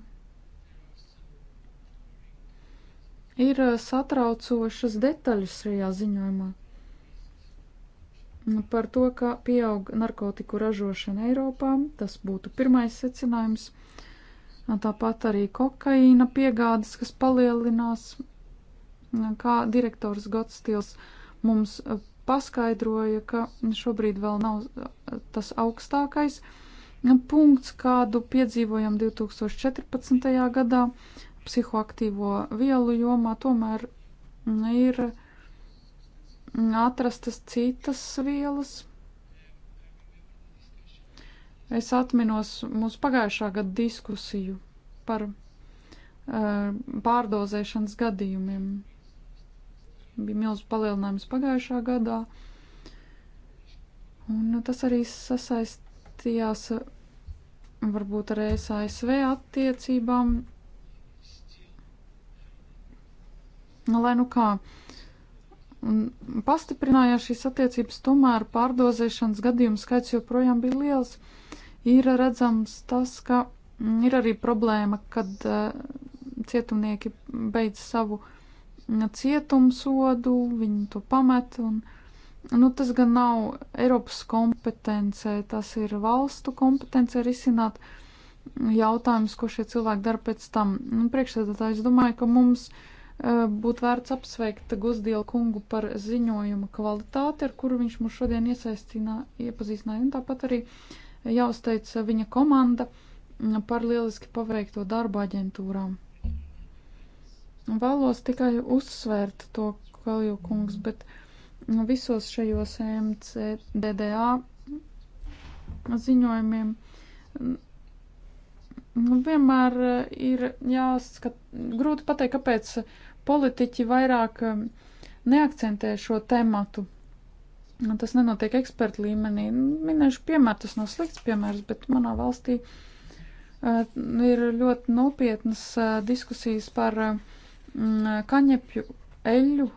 Ir eh, satraucošas detaļas šajā ziņojumā. Nu, par to, ka pieaug narkotiku ražošana Eiropā. Tas būtu pirmais secinājums. Tāpat arī kokaīna piegādes, kas palielinās, kā direktors Gotstils mums paskaidroja, ka šobrīd vēl nav tas augstākais punkts, kādu piedzīvojam 2014. gadā psihoaktīvo vielu jomā, tomēr ir atrastas citas vielas. Es atminos mūsu pagājušā gada diskusiju par uh, pārdozēšanas gadījumiem. Bija milzīgs palielinājums pagājušā gadā, un tas arī sasaistījās eh, varbūt ar e ASV attiecībām. Lai nu kā, uh, pastiprinājās šīs attiecības, tomēr pārdozēšanas gadījumu skaits joprojām bija liels. Ir redzams tas, ka mm, ir arī problēma, kad eh, cietumnieki beidz savu mm, cietumsodu, viņi to pamet. Un, nu, tas gan nav Eiropas kompetencē, tas ir valstu kompetencē risināt jautājumus, ko šie cilvēki dara pēc tam. Nu, Priekšsēdētāji, es domāju, ka mums ir Eh, būtu vērts apsveikt Gusdielu kungu par ziņojuma kvalitāti, ar kuru viņš mums šodien iepazīstināja, un tāpat arī jāuzteic viņa komanda par lieliski paveikto darbu aģentūrām. Vēlos tikai uzsvērt to, Kalju kungs, bet visos šajos MCDDA ziņojumiem mm, vienmēr ir jāskat, grūti pateikt, kāpēc politiķi vairāk um, neakcentē šo tematu. Tas nenotiek ekspertu līmenī. Minēšu piemēru, tas nav slikts piemērs, bet manā valstī uh, ir ļoti nopietnas uh, diskusijas par uh, mm, kaņepju eļu.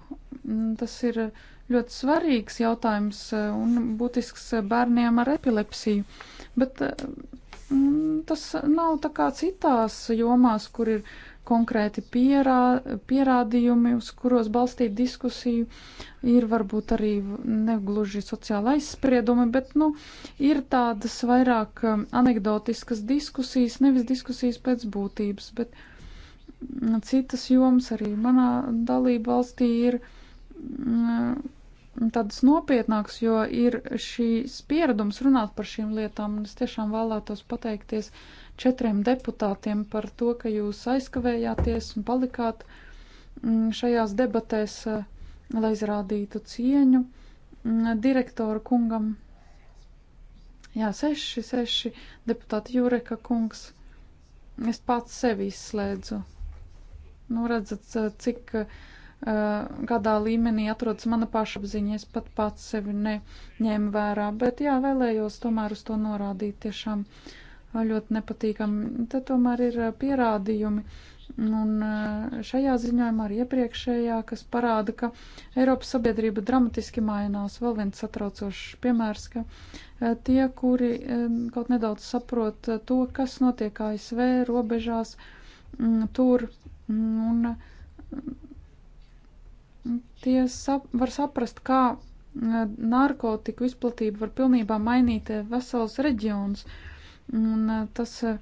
Mm, tas ir ļoti svarīgs jautājums un būtisks bērniem ar epilepsiju. Bet mm, tas nav tā kā citās jomās, kur ir konkrēti pierā, pierādījumi, uz kuros balstīt diskusiju, ir varbūt arī negluži sociāla aizspriedumi, bet, nu, ir tādas vairāk um, anegdotiskas diskusijas, nevis diskusijas pēc būtības, bet mm, citas jomas arī manā dalība valstī ir mm, tādas nopietnākas, jo ir šīs pieredums runāt par šīm lietām, un es tiešām vēlētos pateikties četriem deputātiem par to, ka jūs aizkavējāties un palikāt mm, šajās debatēs, eh, lai izrādītu cieņu mm, direktoru kungam. Jā, seši, seši deputāti Jureka kungs. Es pats sevi izslēdzu. Nu, redzat, eh, cik uh, gadā līmenī atrodas mana pašapziņa. Es pat pats sevi neņēmu vērā, bet jā, vēlējos tomēr uz to norādīt tiešām. Uh, ļoti nepatīkami. Tad tomēr ir pierādījumi. Un šajā ziņojumā arī iepriekšējā, kas parāda, ka Eiropas sabiedrība dramatiski mainās. Vēl viens satraucošs piemērs, ka tie, kuri kaut nedaudz saprot to, kas notiek ASV robežās, mm, tur un tie sap, var saprast, kā narkotiku izplatība var pilnībā mainīt vesels reģions. Uh, Un eh, tas eh,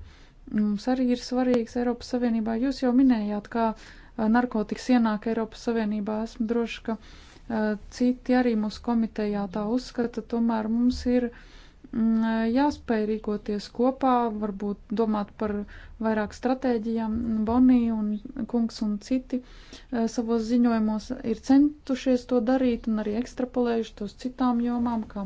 mums arī ir svarīgs Eiropas Savienībā. Jūs jau minējāt, kā eh, narkotikas ienāk Eiropas Savienībā. Esmu droši, ka citi arī mūsu komitejā tā uzskata. Tomēr mums ir uh, Mm, jāspēj rīkoties kopā, varbūt domāt par vairāk stratēģijām. Bonija un kungs un citi eh, savos ziņojumos ir centušies to darīt un arī ekstrapolējuši tos citām jomām, kā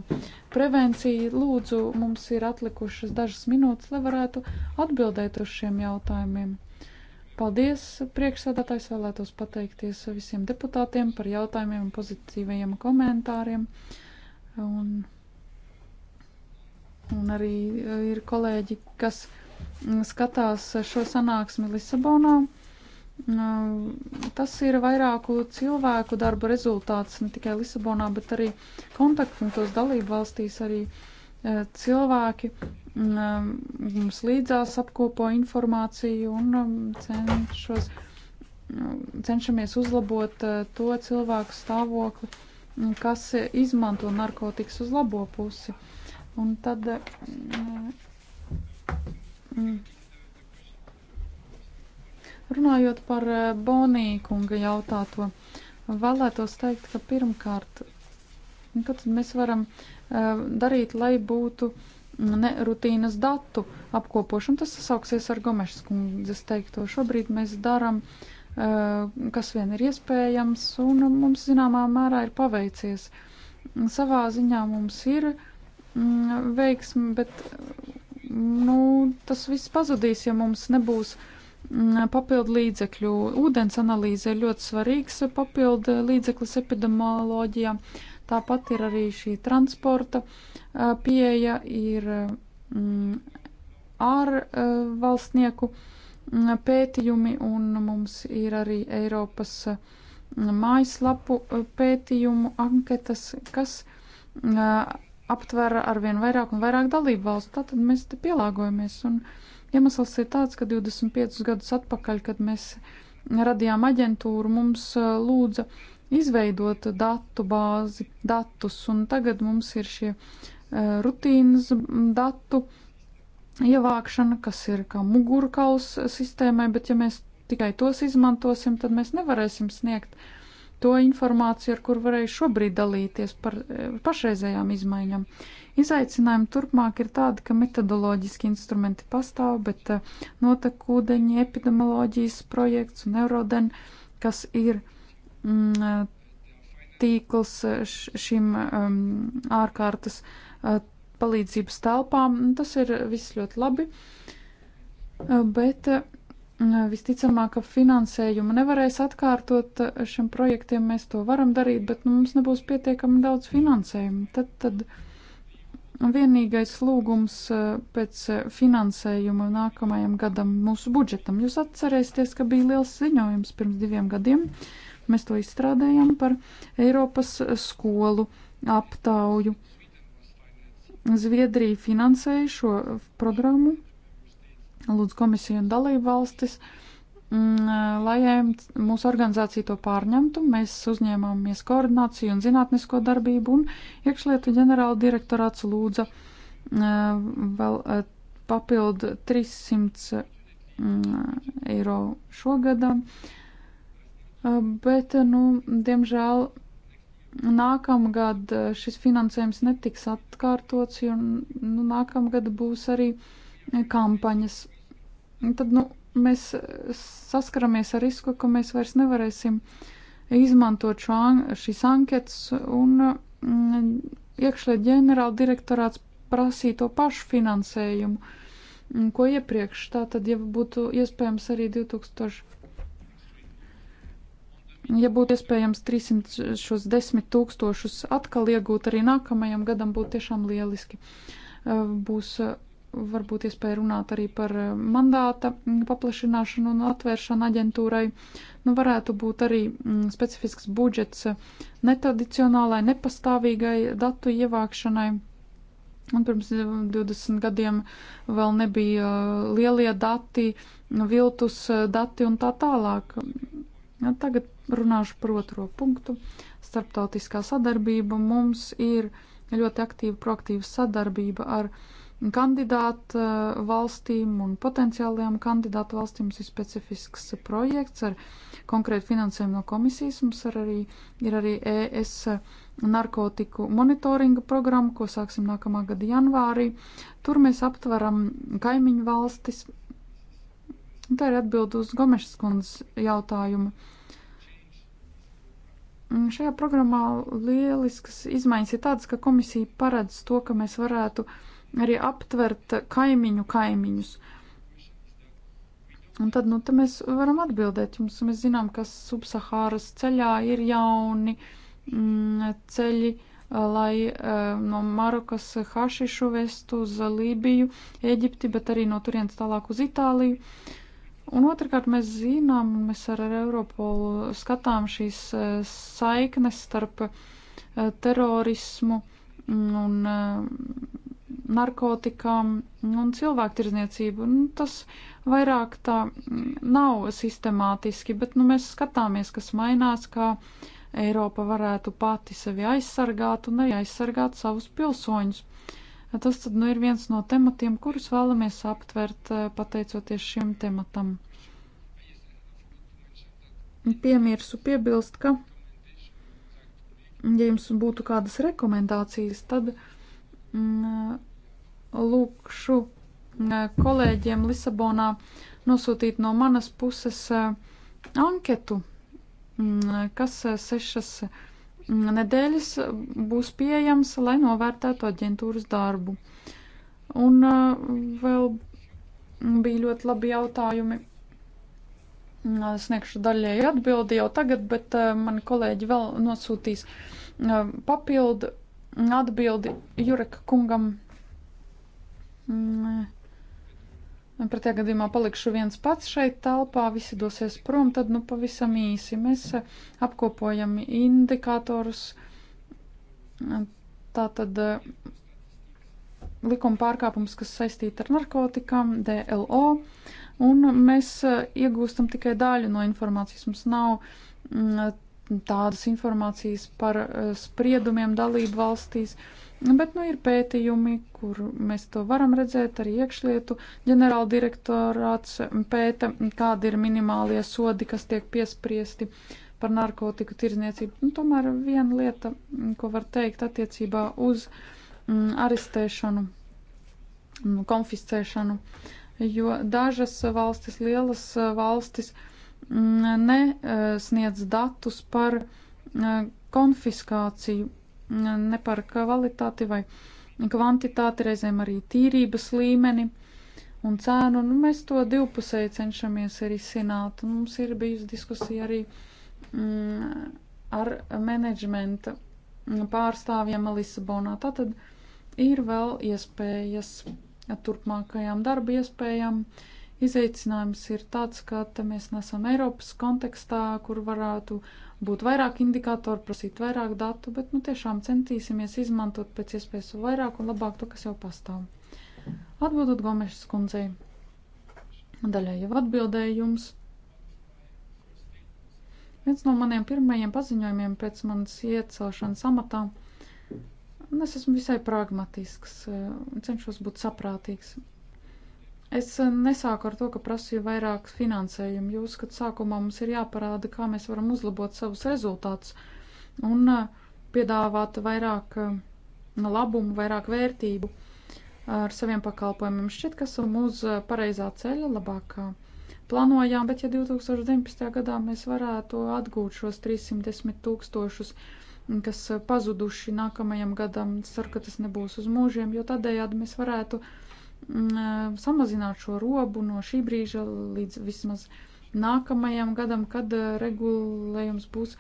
prevencija. Lūdzu, mums ir atlikušas dažas minūtes, lai varētu atbildēt uz šiem jautājumiem. Paldies, priekšsēdētājs vēlētos pateikties visiem deputātiem par jautājumiem un pozitīvajiem komentāriem. Un un arī eh, ir kolēģi, kas mm, skatās šo sanāksmi Lisabonā. Mm, tas ir vairāku cilvēku darba rezultāts ne tikai Lisabonā, bet arī kontaktpunktos dalību valstīs arī eh, cilvēki mm, eh, mums līdzās apkopo informāciju un cenšos, cenšamies uzlabot to cilvēku stāvokli, kas izmanto narkotikas uz labo pusi. Un tad. Eh, mm, runājot par eh, Bonīkunga jautāto, vēlētos teikt, ka pirmkārt, nu, ko tad mēs varam eh, darīt, lai būtu mm, nerutīnas datu apkopošana? Tas sasauksies ar Gomešas kundzes teikto. Šobrīd mēs darām, kas vien ir iespējams, un mums zināmā mērā ir paveicies. Savā ziņā mums ir uh, Mm, veiksmi, bet nu, tas viss pazudīs, ja mums nebūs mm, papildu līdzekļu. Ūdens analīze ir ļoti svarīgs papildu līdzeklis epidemioloģijā. Tāpat ir arī šī transporta pieeja, ir mm, ārvalstnieku pētījumi un mums ir arī Eiropas mājaslapu pētījumu anketas, kas aptver arvien vairāk un vairāk dalību valstu. Tātad mēs te pielāgojamies. Un iemesls ir tāds, ka 25 gadus atpakaļ, kad mēs radījām aģentūru, mums uh, lūdza izveidot datu bāzi, datus, un tagad mums ir šie uh, rutīnas mm, datu ievākšana, kas ir kā mugurkauls sistēmai, bet ja mēs tikai tos izmantosim, tad mēs nevarēsim sniegt uh, to informāciju, ar kur varēju šobrīd dalīties par eh, pašreizējām izmaiņām. Izaicinājumi turpmāk ir tādi, ka metodoloģiski instrumenti pastāv, bet eh, notekūdeņi, epidemioloģijas projekts un euroden, kas ir mm, eh, tīkls šīm um, ehm, ārkārtas uh, palīdzības telpām, tas ir viss ļoti labi, uh, bet uh, Visticamāk, ka finansējumu nevarēs atkārtot eh, šiem projektiem, mēs to varam darīt, bet nu, mums nebūs pietiekami daudz finansējumu. Tad, tad vienīgais lūgums eh, pēc eh, finansējuma nākamajam gadam mūsu budžetam. Jūs atcerēsieties, ka bija liels ziņojums pirms diviem gadiem. Mēs to izstrādājām par Eiropas skolu aptauju. Zviedrija finansēja šo programmu lūdz komisiju un dalību valstis, mm, lai mūsu organizācija to pārņemtu. Mēs uzņēmāmies koordināciju un zinātnisko darbību, un iekšlietu ģenerāla direktorāts lūdza vēl papildu 300 mm, eiro šogadam. Bet, nu, diemžēl nākamgad šis finansējums netiks atkārtots, jo nu, nākamgad būs arī uh, kampaņas, tad nu, mēs saskaramies ar risku, ka mēs vairs nevarēsim izmantot šo, šīs anketas un mm, iekšļiet ģenerāla direktorāts prasīja to pašu finansējumu, mm, ko iepriekš. Tā tad, ja būtu iespējams arī 2000, ja būtu iespējams 300 šos 10 tūkstošus atkal iegūt arī nākamajam gadam, būtu tiešām lieliski. Būs varbūt iespēja runāt arī par eh, mandāta mm, paplašināšanu un atvēršanu aģentūrai. Nu, varētu būt arī mm, specifisks budžets eh, netradicionālai, nepastāvīgai datu ievākšanai. Un pirms 20 eh, gadiem vēl nebija lielie dati, viltus dati un tā tālāk. Tagad runāšu par otro punktu. Starptautiskā sadarbība mums ir ļoti aktīva, proaktīva sadarbība ar uh, kandidātu eh, valstīm un potenciālajām kandidātu valstīm ir specifisks projekts ar konkrētu finansējumu no komisijas. Mums ar arī, ir arī ES narkotiku monitoringa programma, ko sāksim nākamā gada janvārī. Tur mēs aptveram kaimiņu valstis. Tā ir atbild uz Gomešas kundzes jautājumu. Šajā programmā lieliskas izmaiņas ir tādas, ka komisija paredz to, ka mēs varētu uh, arī aptvert kaimiņu kaimiņus. Un tad, nu, te mēs varam atbildēt jums, mēs zinām, ka subsahāras ceļā ir jauni mm, ceļi, eh, lai eh, no Marokas hašišu vestu uz Lībiju, Eģipti, bet arī no turienes tālāk uz Itāliju. Un otrkārt, mēs zinām, un mēs ar, ar Europolu skatām šīs eh, saiknes starp terorismu un narkotikām un cilvēktirzniecību. Nu, tas vairāk tā mm, nav sistemātiski, bet nu, mēs skatāmies, kas mainās, kā Eiropa varētu pati sevi aizsargāt un arī aizsargāt savus pilsoņus. Tas tad nu, ir viens no tematiem, kurus vēlamies aptvert eh, pateicoties šim tematam. Piemirsu piebilst, ka, ja jums būtu kādas rekomendācijas, tad uh, Mm, lūkšu mm, kolēģiem Lisabonā nosūtīt no manas puses mm, anketu, kas eh, sešas nedēļas būs pieejams, lai novērtētu aģentūras darbu. Un eh, vēl bija ļoti labi jautājumi. Sniegšu daļēji atbildi jau tagad, bet eh, mani kolēģi vēl nosūtīs papildu atbildi Jureka kungam. Mm. Pretējā gadījumā palikšu viens pats šeit telpā, visi dosies prom, tad nu pavisam īsi mēs eh, apkopojam indikatorus. Tātad eh, likuma pārkāpums, kas saistīta ar narkotikām, DLO, un mēs eh, iegūstam tikai daļu no informācijas. Mums nav mm, tādas informācijas par eh, spriedumiem dalību valstīs, bet nu ir pētījumi, kur mēs to varam redzēt, arī iekšlietu ģenerāla direktorāts pēta, kādi ir minimālie sodi, kas tiek piespriesti par narkotiku tirzniecību. Nu, tomēr viena lieta, ko var teikt attiecībā uz mm, arestēšanu, mm, konfiscēšanu, jo dažas valstis, lielas valstis, uh, Mm, nesniedz eh, datus par eh, konfiskāciju, mm, ne par kvalitāti vai kvantitāti, reizēm arī tīrības līmeni un cēnu. Nu, mēs to divpusēji cenšamies risināt. Mums ir bijusi diskusija arī mm, ar menedžmenta pārstāvjiem Lisabonā. Tātad ir vēl iespējas turpmākajām darba iespējām. Uh, Izaicinājums ir tāds, ka mēs nesam Eiropas kontekstā, kur varētu būt vairāk indikātoru, prasīt vairāk datu, bet nu, tiešām centīsimies izmantot pēc iespējas vairāk un labāk to, kas jau pastāv. Atbildot Gomešas kundzei, daļai jau atbildēju jums. Viens no maniem pirmajiem paziņojumiem pēc manas iecelšanas amatā. Es esmu visai pragmatisks, eh, cenšos būt saprātīgs. Es eh, nesāku ar to, ka prasīju vairāk finansējumu. Jūs, kad sākumā mums ir jāparāda, kā mēs varam uzlabot savus rezultātus un eh, piedāvāt vairāk eh, labumu, vairāk vērtību ar saviem pakalpojumiem. Šķiet, ka esam uz pareizā ceļa, labākā plānojām, bet ja 2019. gadā mēs varētu atgūt šos 310 tūkstošus, kas pazuduši nākamajam gadam, ceru, ka tas nebūs uz mūžiem, jo tādējādi mēs varētu uh, Mm, eh, samazināt šo robu no šī brīža līdz vismaz nākamajam gadam, kad eh, regulējums būs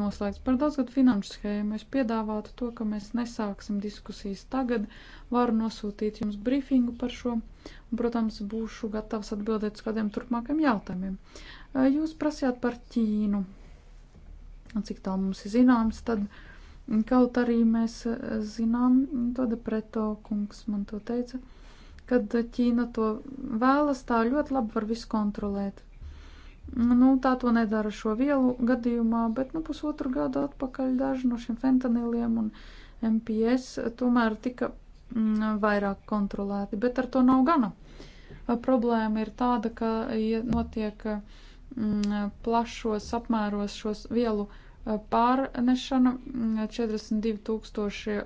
noslēgts par daudzgadu finanšu schēmu. Es piedāvātu to, ka mēs nesāksim diskusijas tagad. Varu nosūtīt jums brīfingu par šo, un, protams, būšu gatavs atbildēt uz kādiem turpmākiem jautājumiem. Eh, jūs prasījāt par Ķīnu. Cik tālu mums ir zināms, tad kaut arī mēs zinām, to depreto kungs man to teica. Uh, Kad Ķīna to vēlas, tā ļoti labi var visu kontrolēt. Nu, tā to nedara šo vielu gadījumā, bet nu, pusotru gadu atpakaļ daži no šiem fentaniliem un MPS tomēr tika mm, vairāk kontrolēti, bet ar to nav gana. Problēma ir tāda, ka ja notiek mm, plašos apmēros šos vielu pārnešana 42 mm, tūkstoši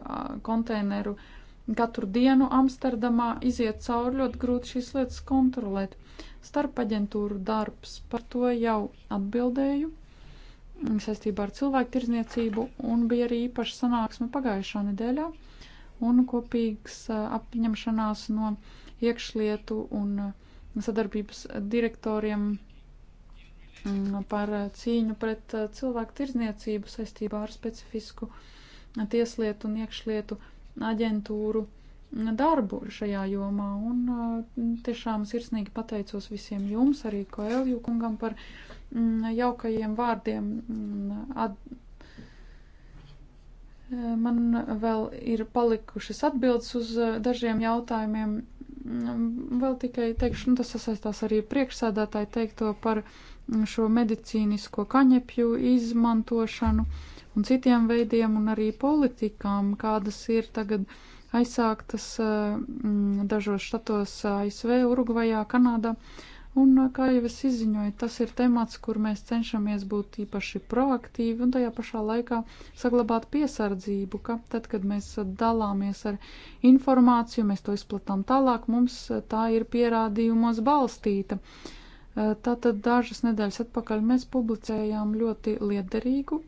konteineru uh, katru dienu Amsterdamā iziet cauri ļoti grūti šīs lietas kontrolēt. Starpaģentūru darbs par to jau atbildēju mm, saistībā ar cilvēku tirzniecību un bija arī īpaša sanāksme pagājušā nedēļā un kopīgs apņemšanās no iekšlietu un sadarbības direktoriem mm, par cīņu pret cilvēku tirzniecību saistībā ar specifisku tieslietu un iekšlietu uh, aģentūru darbu šajā jomā. Un uh, tiešām sirsnīgi pateicos visiem jums, arī Koelju kungam par mm, jaukajiem vārdiem. Mm, Ad... Man vēl ir palikušas atbildes uz uh, dažiem jautājumiem. Mm, vēl tikai teikšu, nu, tas sasaistās arī priekšsēdētāji teikto par šo medicīnisko kaņepju izmantošanu. Uh, un citiem veidiem un arī politikām, kādas ir tagad aizsāktas eh, mm, dažos štatos eh, ASV, Urugvajā, Kanādā. Un, eh, kā jau es izziņoju, tas ir temats, kur mēs cenšamies būt īpaši proaktīvi un tajā pašā laikā saglabāt piesardzību, ka tad, kad mēs dalāmies ar informāciju, mēs to izplatām tālāk, mums tā ir pierādījumos balstīta. Tātad dažas nedēļas atpakaļ mēs publicējām ļoti liederīgu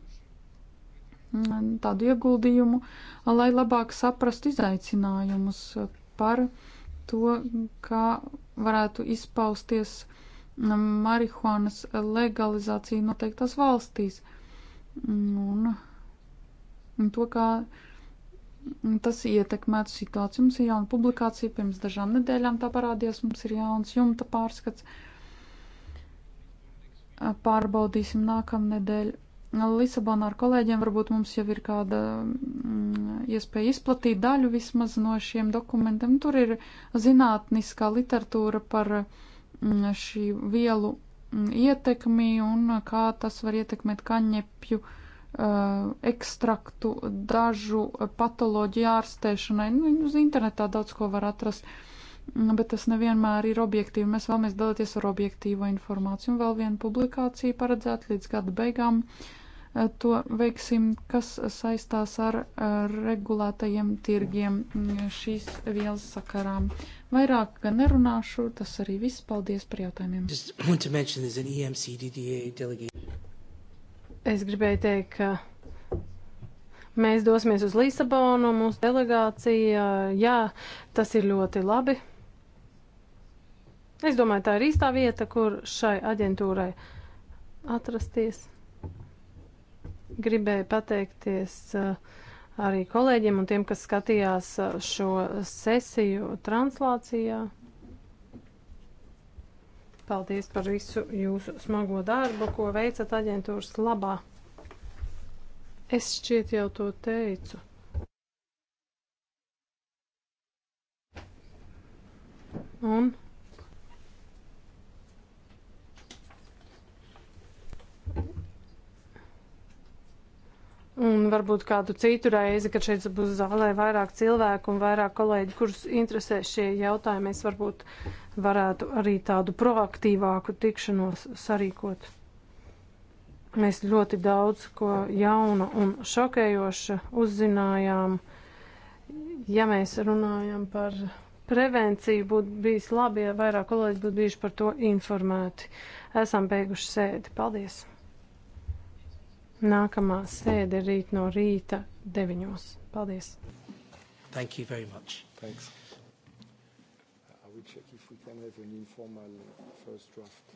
Mm, tādu ieguldījumu, lai labāk saprastu izaicinājumus par to, kā varētu izpausties mm, marihuānas legalizācija noteiktās valstīs. Un to, kā tas ietekmētu situāciju. Mums ir jauna publikācija, pirms dažām nedēļām tā parādījās, mums ir jauns jumta pārskats. Pārbaudīsim nākamnedēļ Lisabonā ar kolēģiem varbūt mums jau ir kāda mm, iespēja izplatīt daļu vismaz no šiem dokumentiem. Tur ir zinātniskā literatūra par mm, šī vielu mm, ietekmi un kā tas var ietekmēt kaņepju uh, ekstraktu dažu patoloģiju ārstēšanai. Nu, uz internetā daudz ko var atrast. Uh, Mm, bet tas nevienmēr ir objektīvi. Mēs vēlamies dalīties ar objektīvo informāciju. Un vēl viena publikācija paredzēta līdz gada beigām. Eh, to veiksim, kas saistās ar regulētajiem tirgiem mm, šīs vielas sakarām. Vairāk gan nerunāšu, tas arī viss. Paldies par jautājumiem. E es gribēju teikt, ka mēs dosimies uz Lisabonu, mūsu delegācija, jā, tas ir ļoti labi. Es domāju, tā ir īstā vieta, kur šai aģentūrai atrasties. Gribēju pateikties eh, arī kolēģiem un tiem, kas skatījās eh, šo sesiju translācijā. Paldies par visu jūsu smago darbu, ko veicat aģentūras labā. Es šķiet jau to teicu. Un Un varbūt kādu citu reizi, kad šeit būs zālē vairāk cilvēku un vairāk kolēģi, kurus interesē šie jautājumi, mēs varbūt varētu arī tādu proaktīvāku tikšanos sarīkot. Mēs ļoti daudz ko jauna un šokējoša uzzinājām. Ja mēs runājam par prevenciju, būtu bijis labi, ja vairāk kolēģi būtu bijuši par to informēti. Esam beiguši sēdi. Paldies! Nākamā sēde rīt no rīta deviņos. Paldies! Thank you very much. Thanks. Uh, I will check if we can have an informal first draft.